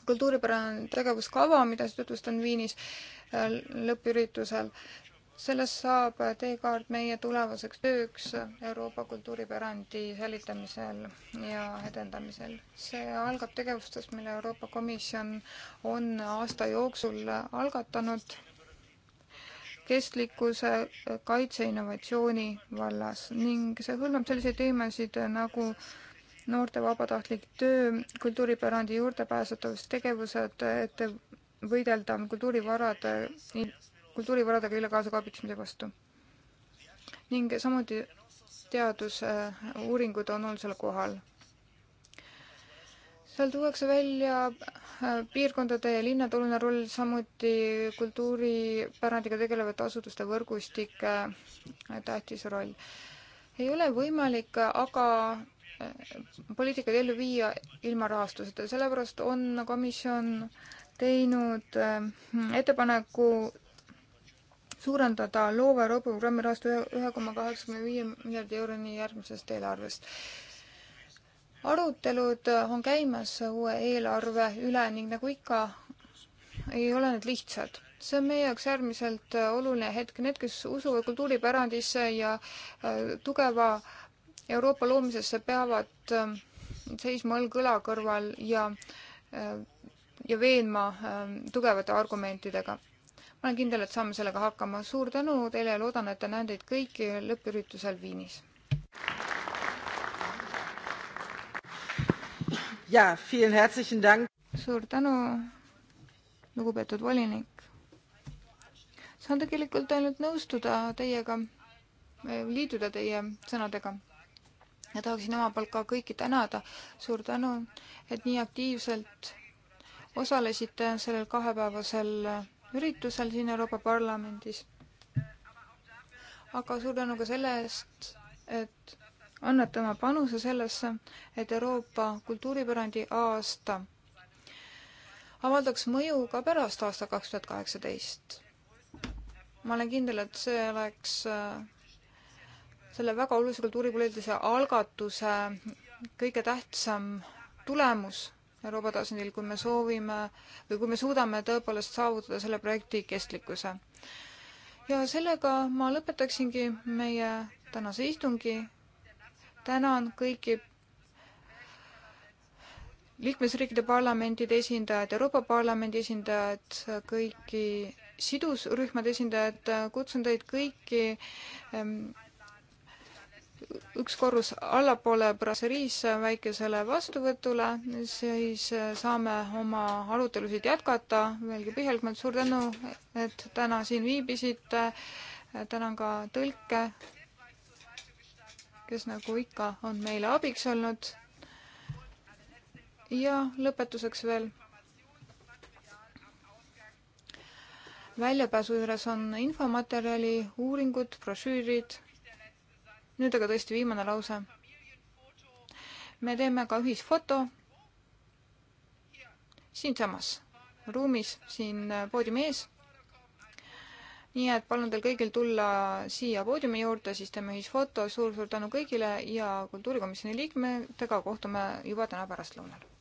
kultuuripärane tegevuskava, mida siis tutvustan Viinis äh, lõppüritusel. sellest saab teekaart meie tulevaseks tööks Euroopa kultuuripärandi säilitamisel ja edendamisel. see algab tegevustest, mille Euroopa Komisjon on aasta jooksul algatanud kestlikkuse, kaitse, innovatsiooni vallas ning see hõlmab selliseid teemasid nagu äh, noorte vabatahtlik töö, kultuuripärandi juurdepääsetavustegevused, et võidelda kultuurivarade, kultuurivaradega illegaalse kaubitsemise vastu. ning samuti teadusuuringud äh, on olulisel kohal. seal tuuakse välja äh, piirkondade ja linnade oluline roll, samuti kultuuripärandiga tegelevate asutuste võrgustike äh, tähtis roll. ei ole võimalik aga poliitikaid ellu viia ilma rahastuseta, sellepärast on komisjon teinud äh, ettepaneku suurendada loova Euroopa programmi rahastu ühe koma kaheksakümne viie miljardi euroni järgmisest eelarvest. arutelud on käimas uue eelarve üle ning nagu ikka, ei ole need lihtsad. see on meie jaoks äärmiselt oluline hetk, need, kes usuvad kultuuripärandisse ja äh, tugeva äh, Euroopa loomisesse peavad ähm, seisma õlg õla kõrval ja, äh, ja veenma ähm, tugevate argumentidega. ma olen kindel, et saame sellega hakkama. suur tänu teile ja loodan, et näen teid kõiki lõppüritusel Viinis. jaa, vielen herzlichen Dank. suur tänu, lugupeetud volinik. saan tegelikult ainult nõustuda teiega, liituda teie sõnadega ja tahaksin oma poolt ka kõiki tänada. suur tänu, et nii aktiivselt osalesite sellel kahepäevasel üritusel siin Euroopa Parlamendis. aga suur tänu ka selle eest, et annate oma panuse sellesse, et Euroopa kultuuripärandi aasta avaldaks mõju ka pärast aasta kaks tuhat kaheksateist. ma olen kindel, et see oleks selle väga olulise kultuuripoliitilise algatuse kõige tähtsam tulemus Euroopa tasandil, kui me soovime või kui me suudame tõepoolest saavutada selle projekti kestlikkuse. ja sellega ma lõpetaksingi meie tänase istungi. tänan kõiki liikmesriikide parlamentide esindajad, Euroopa Parlamendi esindajad, kõiki sidusrühmade esindajad, kutsun teid kõiki üks korrus allapoole brasseriisse väikesele vastuvõtule, siis äh, saame oma arutelusid jätkata veelgi põhjalikumalt. suur tänu, et täna siin viibisite. tänan ka tõlke, kes nagu ikka on meile abiks olnud. ja lõpetuseks veel väljapääsu juures on infomaterjali, uuringud, brošüürid nüüd aga tõesti viimane lause. me teeme ka ühisfoto siinsamas ruumis, siin poodiumi ees. nii et palun teil kõigil tulla siia poodiumi juurde, siis teeme ühisfoto suur,, suur-suur tänu kõigile ja kultuurikomisjoni liikmetega kohtume juba täna pärastlõunal.